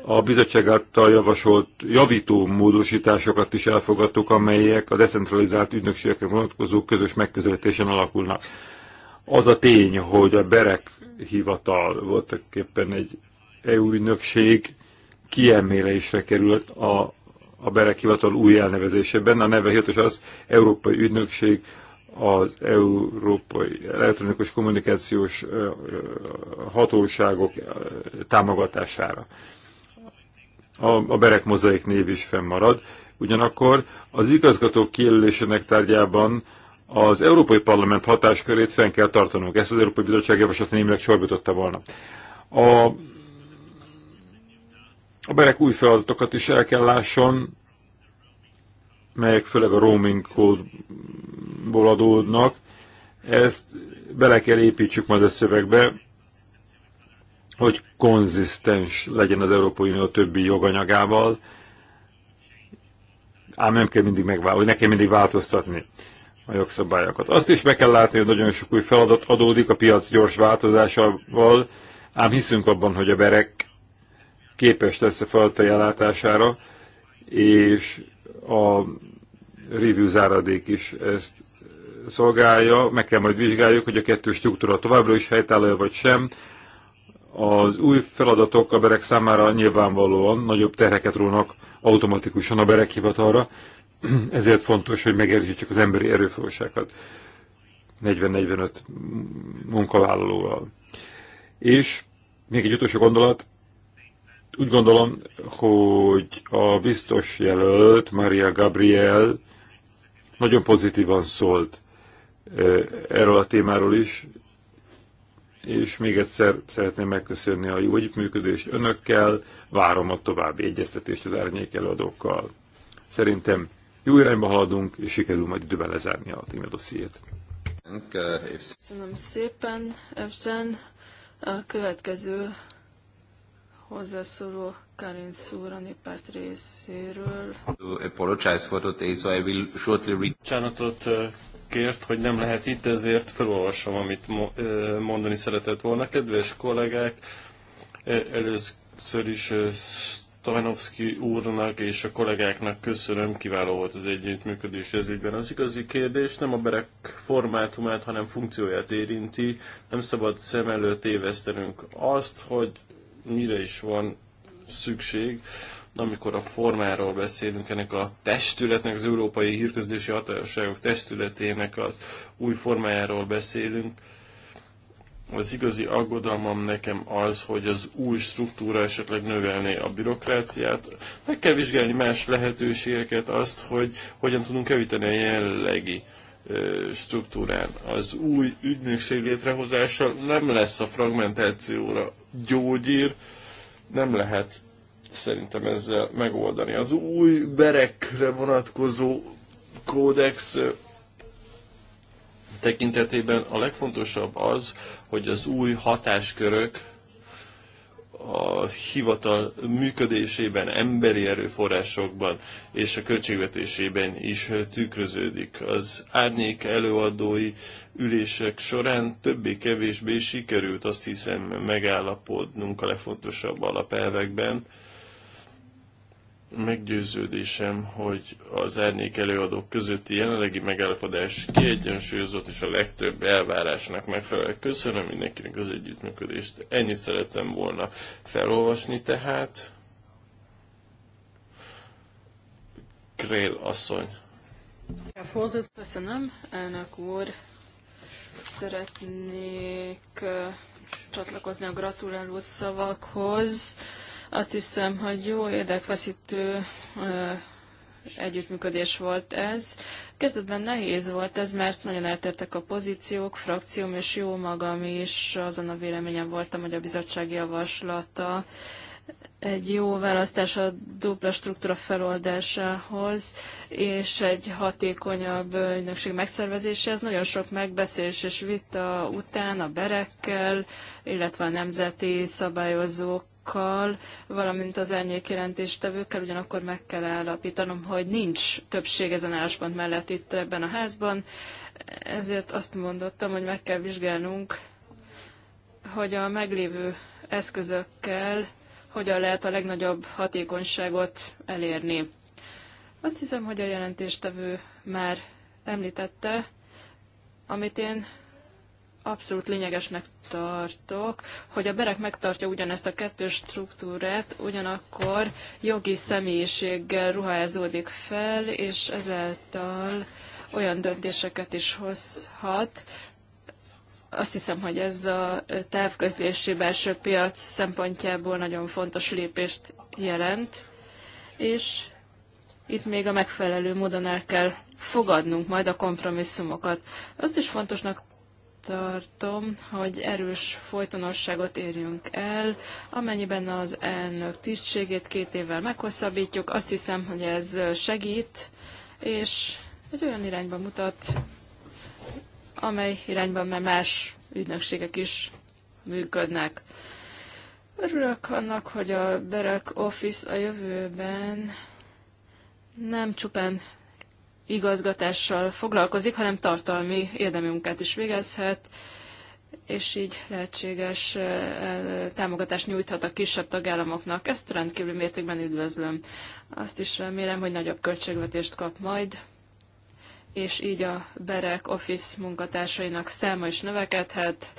a bizottság által javasolt javító módosításokat is elfogadtuk, amelyek a decentralizált ügynökségekre vonatkozó közös megközelítésen alakulnak. Az a tény, hogy a Berek hivatal voltak éppen egy EU ügynökség kiemélésre került a, a Berek hivatal új elnevezésében. A neve hivatalos az Európai Ügynökség az Európai Elektronikus Kommunikációs Hatóságok támogatására. A, a Berek mozaik név is fennmarad. Ugyanakkor az igazgatók kijelölésének tárgyában az Európai Parlament hatáskörét fenn kell tartanunk. Ezt az Európai Bizottság javaslat némileg sorbította volna. A, a berek új feladatokat is el kell lásson, melyek főleg a roaming kódból adódnak. Ezt bele kell építsük majd a szövegbe, hogy konzisztens legyen az Európai Unió többi joganyagával, ám nem kell mindig megváltozni, hogy ne kell mindig változtatni a jogszabályokat. Azt is meg kell látni, hogy nagyon sok új feladat adódik a piac gyors változásával, ám hiszünk abban, hogy a berek képes lesz a feladatai ellátására, és a review záradék is ezt szolgálja, meg kell majd vizsgáljuk, hogy a kettő struktúra továbbra is helytálló vagy sem. Az új feladatok a berek számára nyilvánvalóan nagyobb terheket rónak automatikusan a berek hivatalra, ezért fontos, hogy megerősítsük az emberi erőforrásokat 40-45 munkavállalóval. És még egy utolsó gondolat, úgy gondolom, hogy a biztos jelölt, Maria Gabriel, nagyon pozitívan szólt e, erről a témáról is, és még egyszer szeretném megköszönni a jó együttműködést önökkel, várom a további egyeztetést az árnyék előadókkal. Szerintem jó irányba haladunk, és sikerül majd időben lezárni a téma dossziét. Köszönöm szépen, Evzen. A következő hozzászóló Karin Szúra néppárt részéről. Apologize Bocsánatot kért, hogy nem lehet itt, ezért felolvasom, amit mondani szeretett volna. Kedves kollégák, e, először is Tomenovszki úrnak és a kollégáknak köszönöm, kiváló volt az együttműködés ez ügyben. Az igazi kérdés nem a berek formátumát, hanem funkcióját érinti. Nem szabad szem előtt évesztenünk azt, hogy mire is van szükség, amikor a formáról beszélünk, ennek a testületnek, az Európai Hírközlési Hatóságok testületének az új formájáról beszélünk, az igazi aggodalmam nekem az, hogy az új struktúra esetleg növelné a bürokráciát. Meg kell vizsgálni más lehetőségeket, azt, hogy hogyan tudunk javítani a jelenlegi struktúrán. Az új ügynökség létrehozása nem lesz a fragmentációra gyógyír, nem lehet szerintem ezzel megoldani. Az új berekre vonatkozó kódex tekintetében a legfontosabb az, hogy az új hatáskörök a hivatal működésében, emberi erőforrásokban és a költségvetésében is tükröződik. Az árnyék előadói ülések során többé-kevésbé sikerült azt hiszem megállapodnunk a legfontosabb alapelvekben, meggyőződésem, hogy az árnyék előadók közötti jelenlegi megállapodás kiegyensúlyozott és a legtöbb elvárásnak megfelel. Köszönöm mindenkinek az együttműködést. Ennyit szerettem volna felolvasni tehát. Krél asszony. Köszönöm, elnök úr. Szeretnék csatlakozni a gratuláló szavakhoz. Azt hiszem, hogy jó érdekfeszítő együttműködés volt ez. Kezdetben nehéz volt ez, mert nagyon eltértek a pozíciók, frakcióm és jó magam is azon a véleményen voltam, hogy a bizottság javaslata egy jó választás a dupla struktúra feloldásához, és egy hatékonyabb ügynökség Ez Nagyon sok megbeszélés és vita után a berekkel, illetve a nemzeti szabályozók tagokkal, valamint az árnyék jelentéstevőkkel, ugyanakkor meg kell állapítanom, hogy nincs többség ezen álláspont mellett itt ebben a házban, ezért azt mondottam, hogy meg kell vizsgálnunk, hogy a meglévő eszközökkel hogyan lehet a legnagyobb hatékonyságot elérni. Azt hiszem, hogy a jelentéstevő már említette, amit én abszolút lényegesnek tartok, hogy a berek megtartja ugyanezt a kettős struktúrát, ugyanakkor jogi személyiséggel ruházódik fel, és ezáltal olyan döntéseket is hozhat. Azt hiszem, hogy ez a távközlési belső piac szempontjából nagyon fontos lépést jelent, és itt még a megfelelő módon el kell fogadnunk majd a kompromisszumokat. Azt is fontosnak tartom, hogy erős folytonosságot érjünk el. Amennyiben az elnök tisztségét két évvel meghosszabbítjuk, azt hiszem, hogy ez segít, és egy olyan irányba mutat, amely irányban már más ügynökségek is működnek. Örülök annak, hogy a Berek Office a jövőben nem csupán igazgatással foglalkozik, hanem tartalmi érdemi munkát is végezhet, és így lehetséges támogatást nyújthat a kisebb tagállamoknak. Ezt rendkívül mértékben üdvözlöm. Azt is remélem, hogy nagyobb költségvetést kap majd, és így a Berek Office munkatársainak száma is növekedhet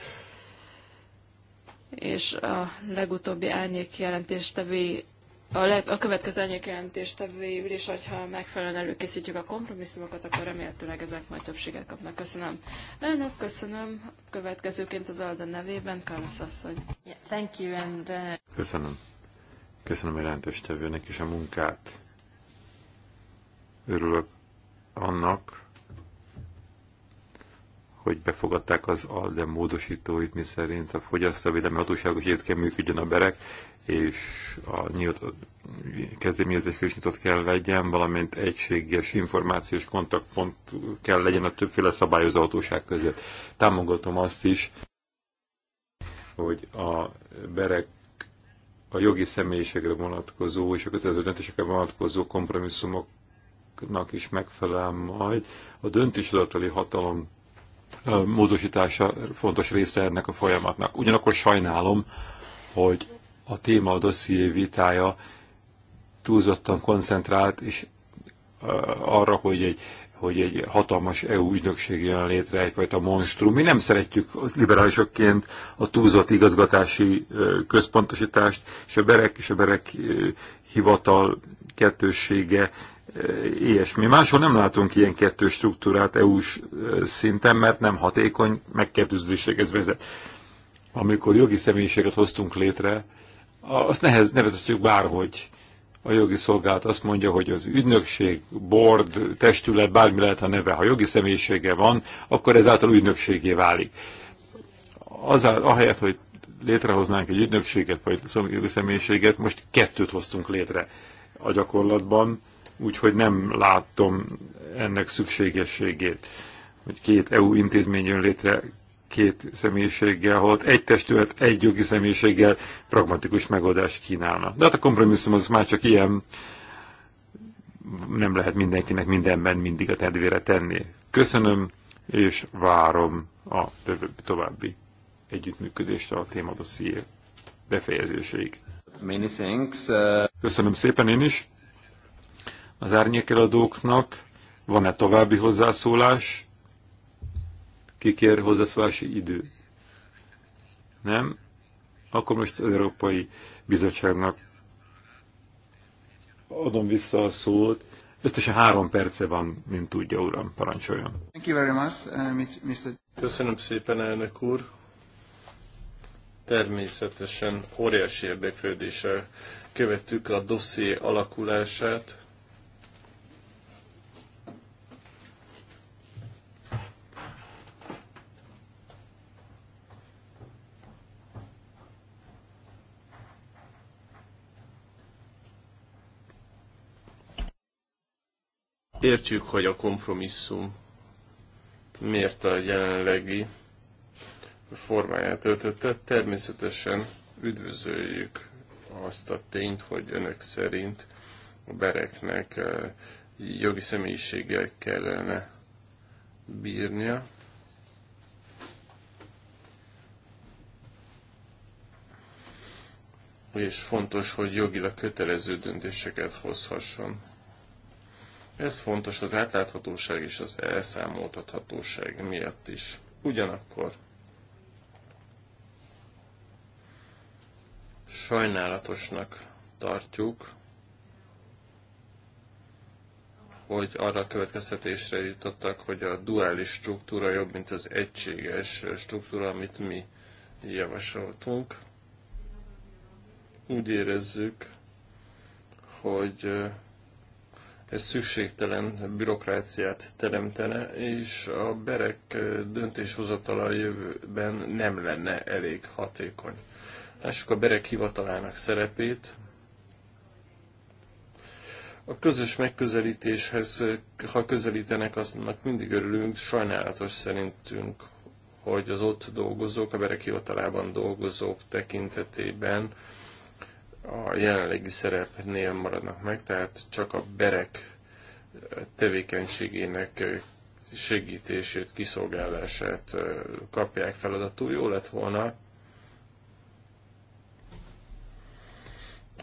és a legutóbbi árnyék jelentéstevői a, leg, a következő anyagjelentéstevői ülés, hogyha megfelelően előkészítjük a kompromisszumokat, akkor remélhetőleg ezek majd többséget kapnak. Köszönöm. Elnök, köszönöm. Következőként az Alda nevében, Carlos asszony. Yeah, thank you and, uh... Köszönöm. Köszönöm a jelentéstevőnek is a munkát. Örülök annak, hogy befogadták az ALDE módosítóit, mi szerint a fogyasztóvédelmi hatóságos egyet működjön a berek, és a nyílt kezdeményezésre is nyitott kell legyen, valamint egységes információs kontaktpont kell legyen a többféle szabályozó hatóság között. Támogatom azt is, hogy a berek a jogi személyiségre vonatkozó és a kötelező döntésekre vonatkozó kompromisszumoknak is megfelel majd. A döntésadatali hatalom módosítása fontos része ennek a folyamatnak. Ugyanakkor sajnálom, hogy a téma a dosszié vitája túlzottan koncentrált, és arra, hogy egy, hogy egy hatalmas EU ügynökség jön létre, egyfajta monstrum. Mi nem szeretjük az liberálisokként a túlzott igazgatási központosítást, és a berek és a berek hivatal kettőssége ilyesmi. Máshol nem látunk ilyen kettős struktúrát EU-s szinten, mert nem hatékony, megkettőződésekhez vezet. Amikor jogi személyiséget hoztunk létre, azt nehez, nevezhetjük bárhogy. A jogi szolgálat azt mondja, hogy az ügynökség, board, testület, bármi lehet a neve, ha jogi személyisége van, akkor ezáltal ügynökségé válik. Azáltal, ahelyett, hogy létrehoznánk egy ügynökséget, vagy jogi személyiséget, most kettőt hoztunk létre a gyakorlatban, úgyhogy nem látom ennek szükségességét, hogy két EU intézmény jön létre két személyiséggel, holott egy testület, egy jogi személyiséggel pragmatikus megoldást kínálna. De hát a kompromisszum az már csak ilyen, nem lehet mindenkinek mindenben mindig a tedvére tenni. Köszönöm, és várom a további együttműködést a témadosszié befejezéséig. Many thanks. Uh, Köszönöm szépen én is. Az árnyékeladóknak van-e további hozzászólás? kikér hozzászólási idő. Nem? Akkor most az Európai Bizottságnak adom vissza a szót. Összesen három perce van, mint tudja, uram, parancsoljon. Thank you very much, uh, Mr. Köszönöm szépen, elnök úr. Természetesen óriási érdeklődéssel követtük a dosszié alakulását, Értjük, hogy a kompromisszum miért a jelenlegi formáját öltötte. Természetesen üdvözöljük azt a tényt, hogy önök szerint a bereknek eh, jogi személyiséggel kellene bírnia. És fontos, hogy jogilag kötelező döntéseket hozhasson. Ez fontos az átláthatóság és az elszámoltathatóság miatt is. Ugyanakkor sajnálatosnak tartjuk, hogy arra a következtetésre jutottak, hogy a duális struktúra jobb, mint az egységes struktúra, amit mi javasoltunk. Úgy érezzük, hogy ez szükségtelen bürokráciát teremtene, és a berek döntéshozatala a jövőben nem lenne elég hatékony. Lássuk a berek hivatalának szerepét. A közös megközelítéshez, ha közelítenek, aznak mindig örülünk, sajnálatos szerintünk, hogy az ott dolgozók, a berek hivatalában dolgozók tekintetében a jelenlegi szerepnél maradnak meg, tehát csak a berek eh, tevékenységének eh, segítését, kiszolgálását eh, kapják feladatul. Jó lett volna,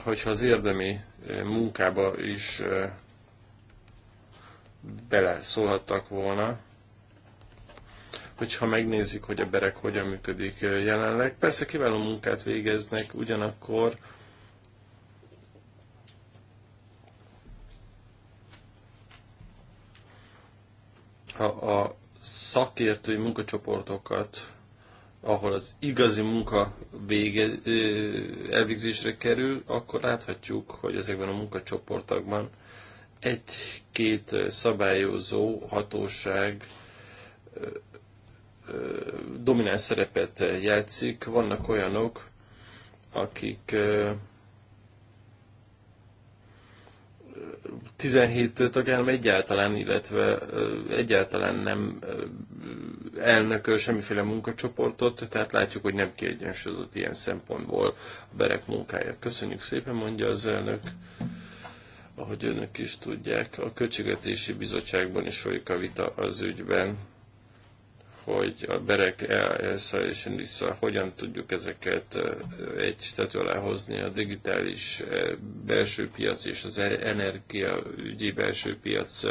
hogyha az érdemi munkába is beleszólhattak volna, hogyha megnézik, hogy a berek hogyan működik jelenleg. Persze kiváló munkát végeznek, ugyanakkor hogyha a, a szakértői munkacsoportokat, ahol az igazi munka vége, elvégzésre kerül, akkor láthatjuk, hogy ezekben a munkacsoportokban egy-két szabályozó hatóság domináns szerepet játszik. Vannak olyanok, akik 17 tagállam egyáltalán, illetve egyáltalán nem elnököl semmiféle munkacsoportot, tehát látjuk, hogy nem kiegyensúlyozott ilyen szempontból a berek munkája. Köszönjük szépen, mondja az elnök. Ahogy önök is tudják, a Költségvetési Bizottságban is folyik a vita az ügyben hogy a Berek, elszáll és vissza, hogyan tudjuk ezeket egy tető alá hozni a digitális belső piac és az e- energia ügyi belső piac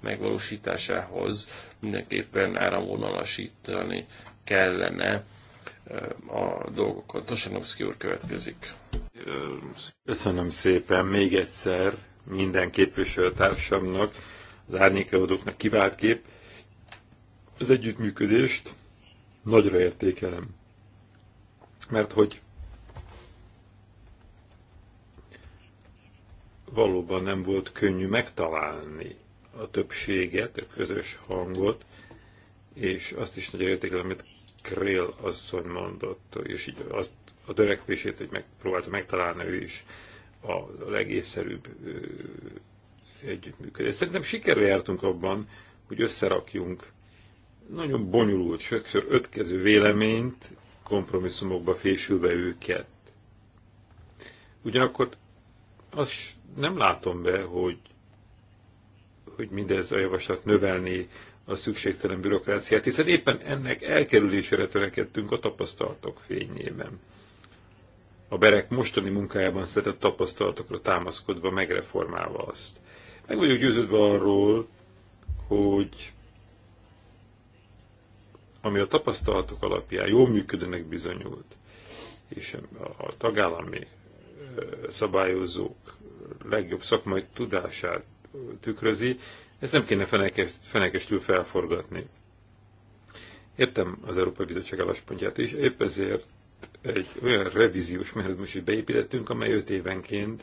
megvalósításához mindenképpen áramvonalasítani kellene a dolgokat. Tosanovszki úr következik. Köszönöm szépen még egyszer minden képviselőtársamnak, az árnyékeadóknak kivált kép az együttműködést nagyra értékelem. Mert hogy valóban nem volt könnyű megtalálni a többséget, a közös hangot, és azt is nagyon értékelem, amit Krél asszony mondott, és így azt a törekvését, hogy megpróbálta megtalálni ő is a, legészszerűbb ö, együttműködést. Szerintem sikerül jártunk abban, hogy összerakjunk nagyon bonyolult, sokszor ötkező véleményt kompromisszumokba fésülve őket. Ugyanakkor azt nem látom be, hogy, hogy mindez a javaslat növelni a szükségtelen bürokráciát, hiszen éppen ennek elkerülésére törekedtünk a tapasztalatok fényében. A Berek mostani munkájában szeretett tapasztalatokra támaszkodva megreformálva azt. Meg vagyok győződve arról, hogy ami a tapasztalatok alapján jól működőnek bizonyult, és a tagállami szabályozók legjobb szakmai tudását tükrözi, ezt nem kéne fenekestül felforgatni. Értem az Európai Bizottság álláspontját is, épp ezért egy olyan revíziós mechanizmus is beépítettünk, amely öt évenként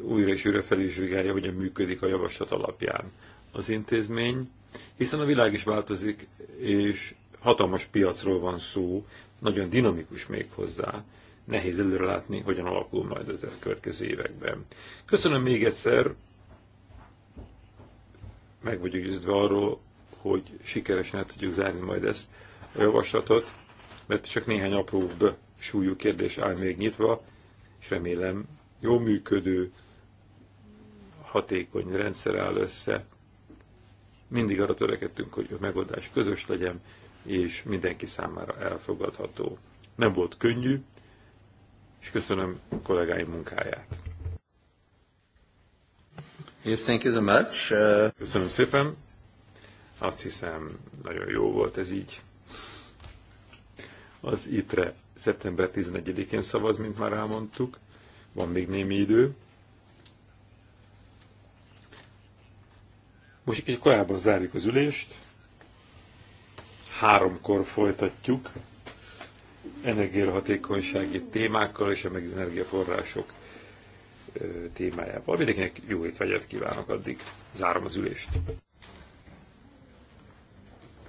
újra és újra felvizsgálja, hogyan működik a javaslat alapján az intézmény, hiszen a világ is változik, és hatalmas piacról van szó, nagyon dinamikus még hozzá. Nehéz látni, hogyan alakul majd ez a következő években. Köszönöm még egyszer, meg vagyok győződve arról, hogy sikeresen el tudjuk zárni majd ezt a javaslatot, mert csak néhány apró súlyú kérdés áll még nyitva, és remélem jó működő, hatékony rendszer áll össze. Mindig arra törekedtünk, hogy a megoldás közös legyen, és mindenki számára elfogadható. Nem volt könnyű, és köszönöm kollégáim munkáját. Yes, thank you so much. Uh... Köszönöm szépen. Azt hiszem, nagyon jó volt ez így. Az ITRE szeptember 11-én szavaz, mint már elmondtuk. Van még némi idő. Most egy korábban zárjuk az ülést háromkor folytatjuk energiahatékonysági témákkal és a meg energiaforrások témájával. Mindenkinek jó étvágyat kívánok addig. Zárom az ülést.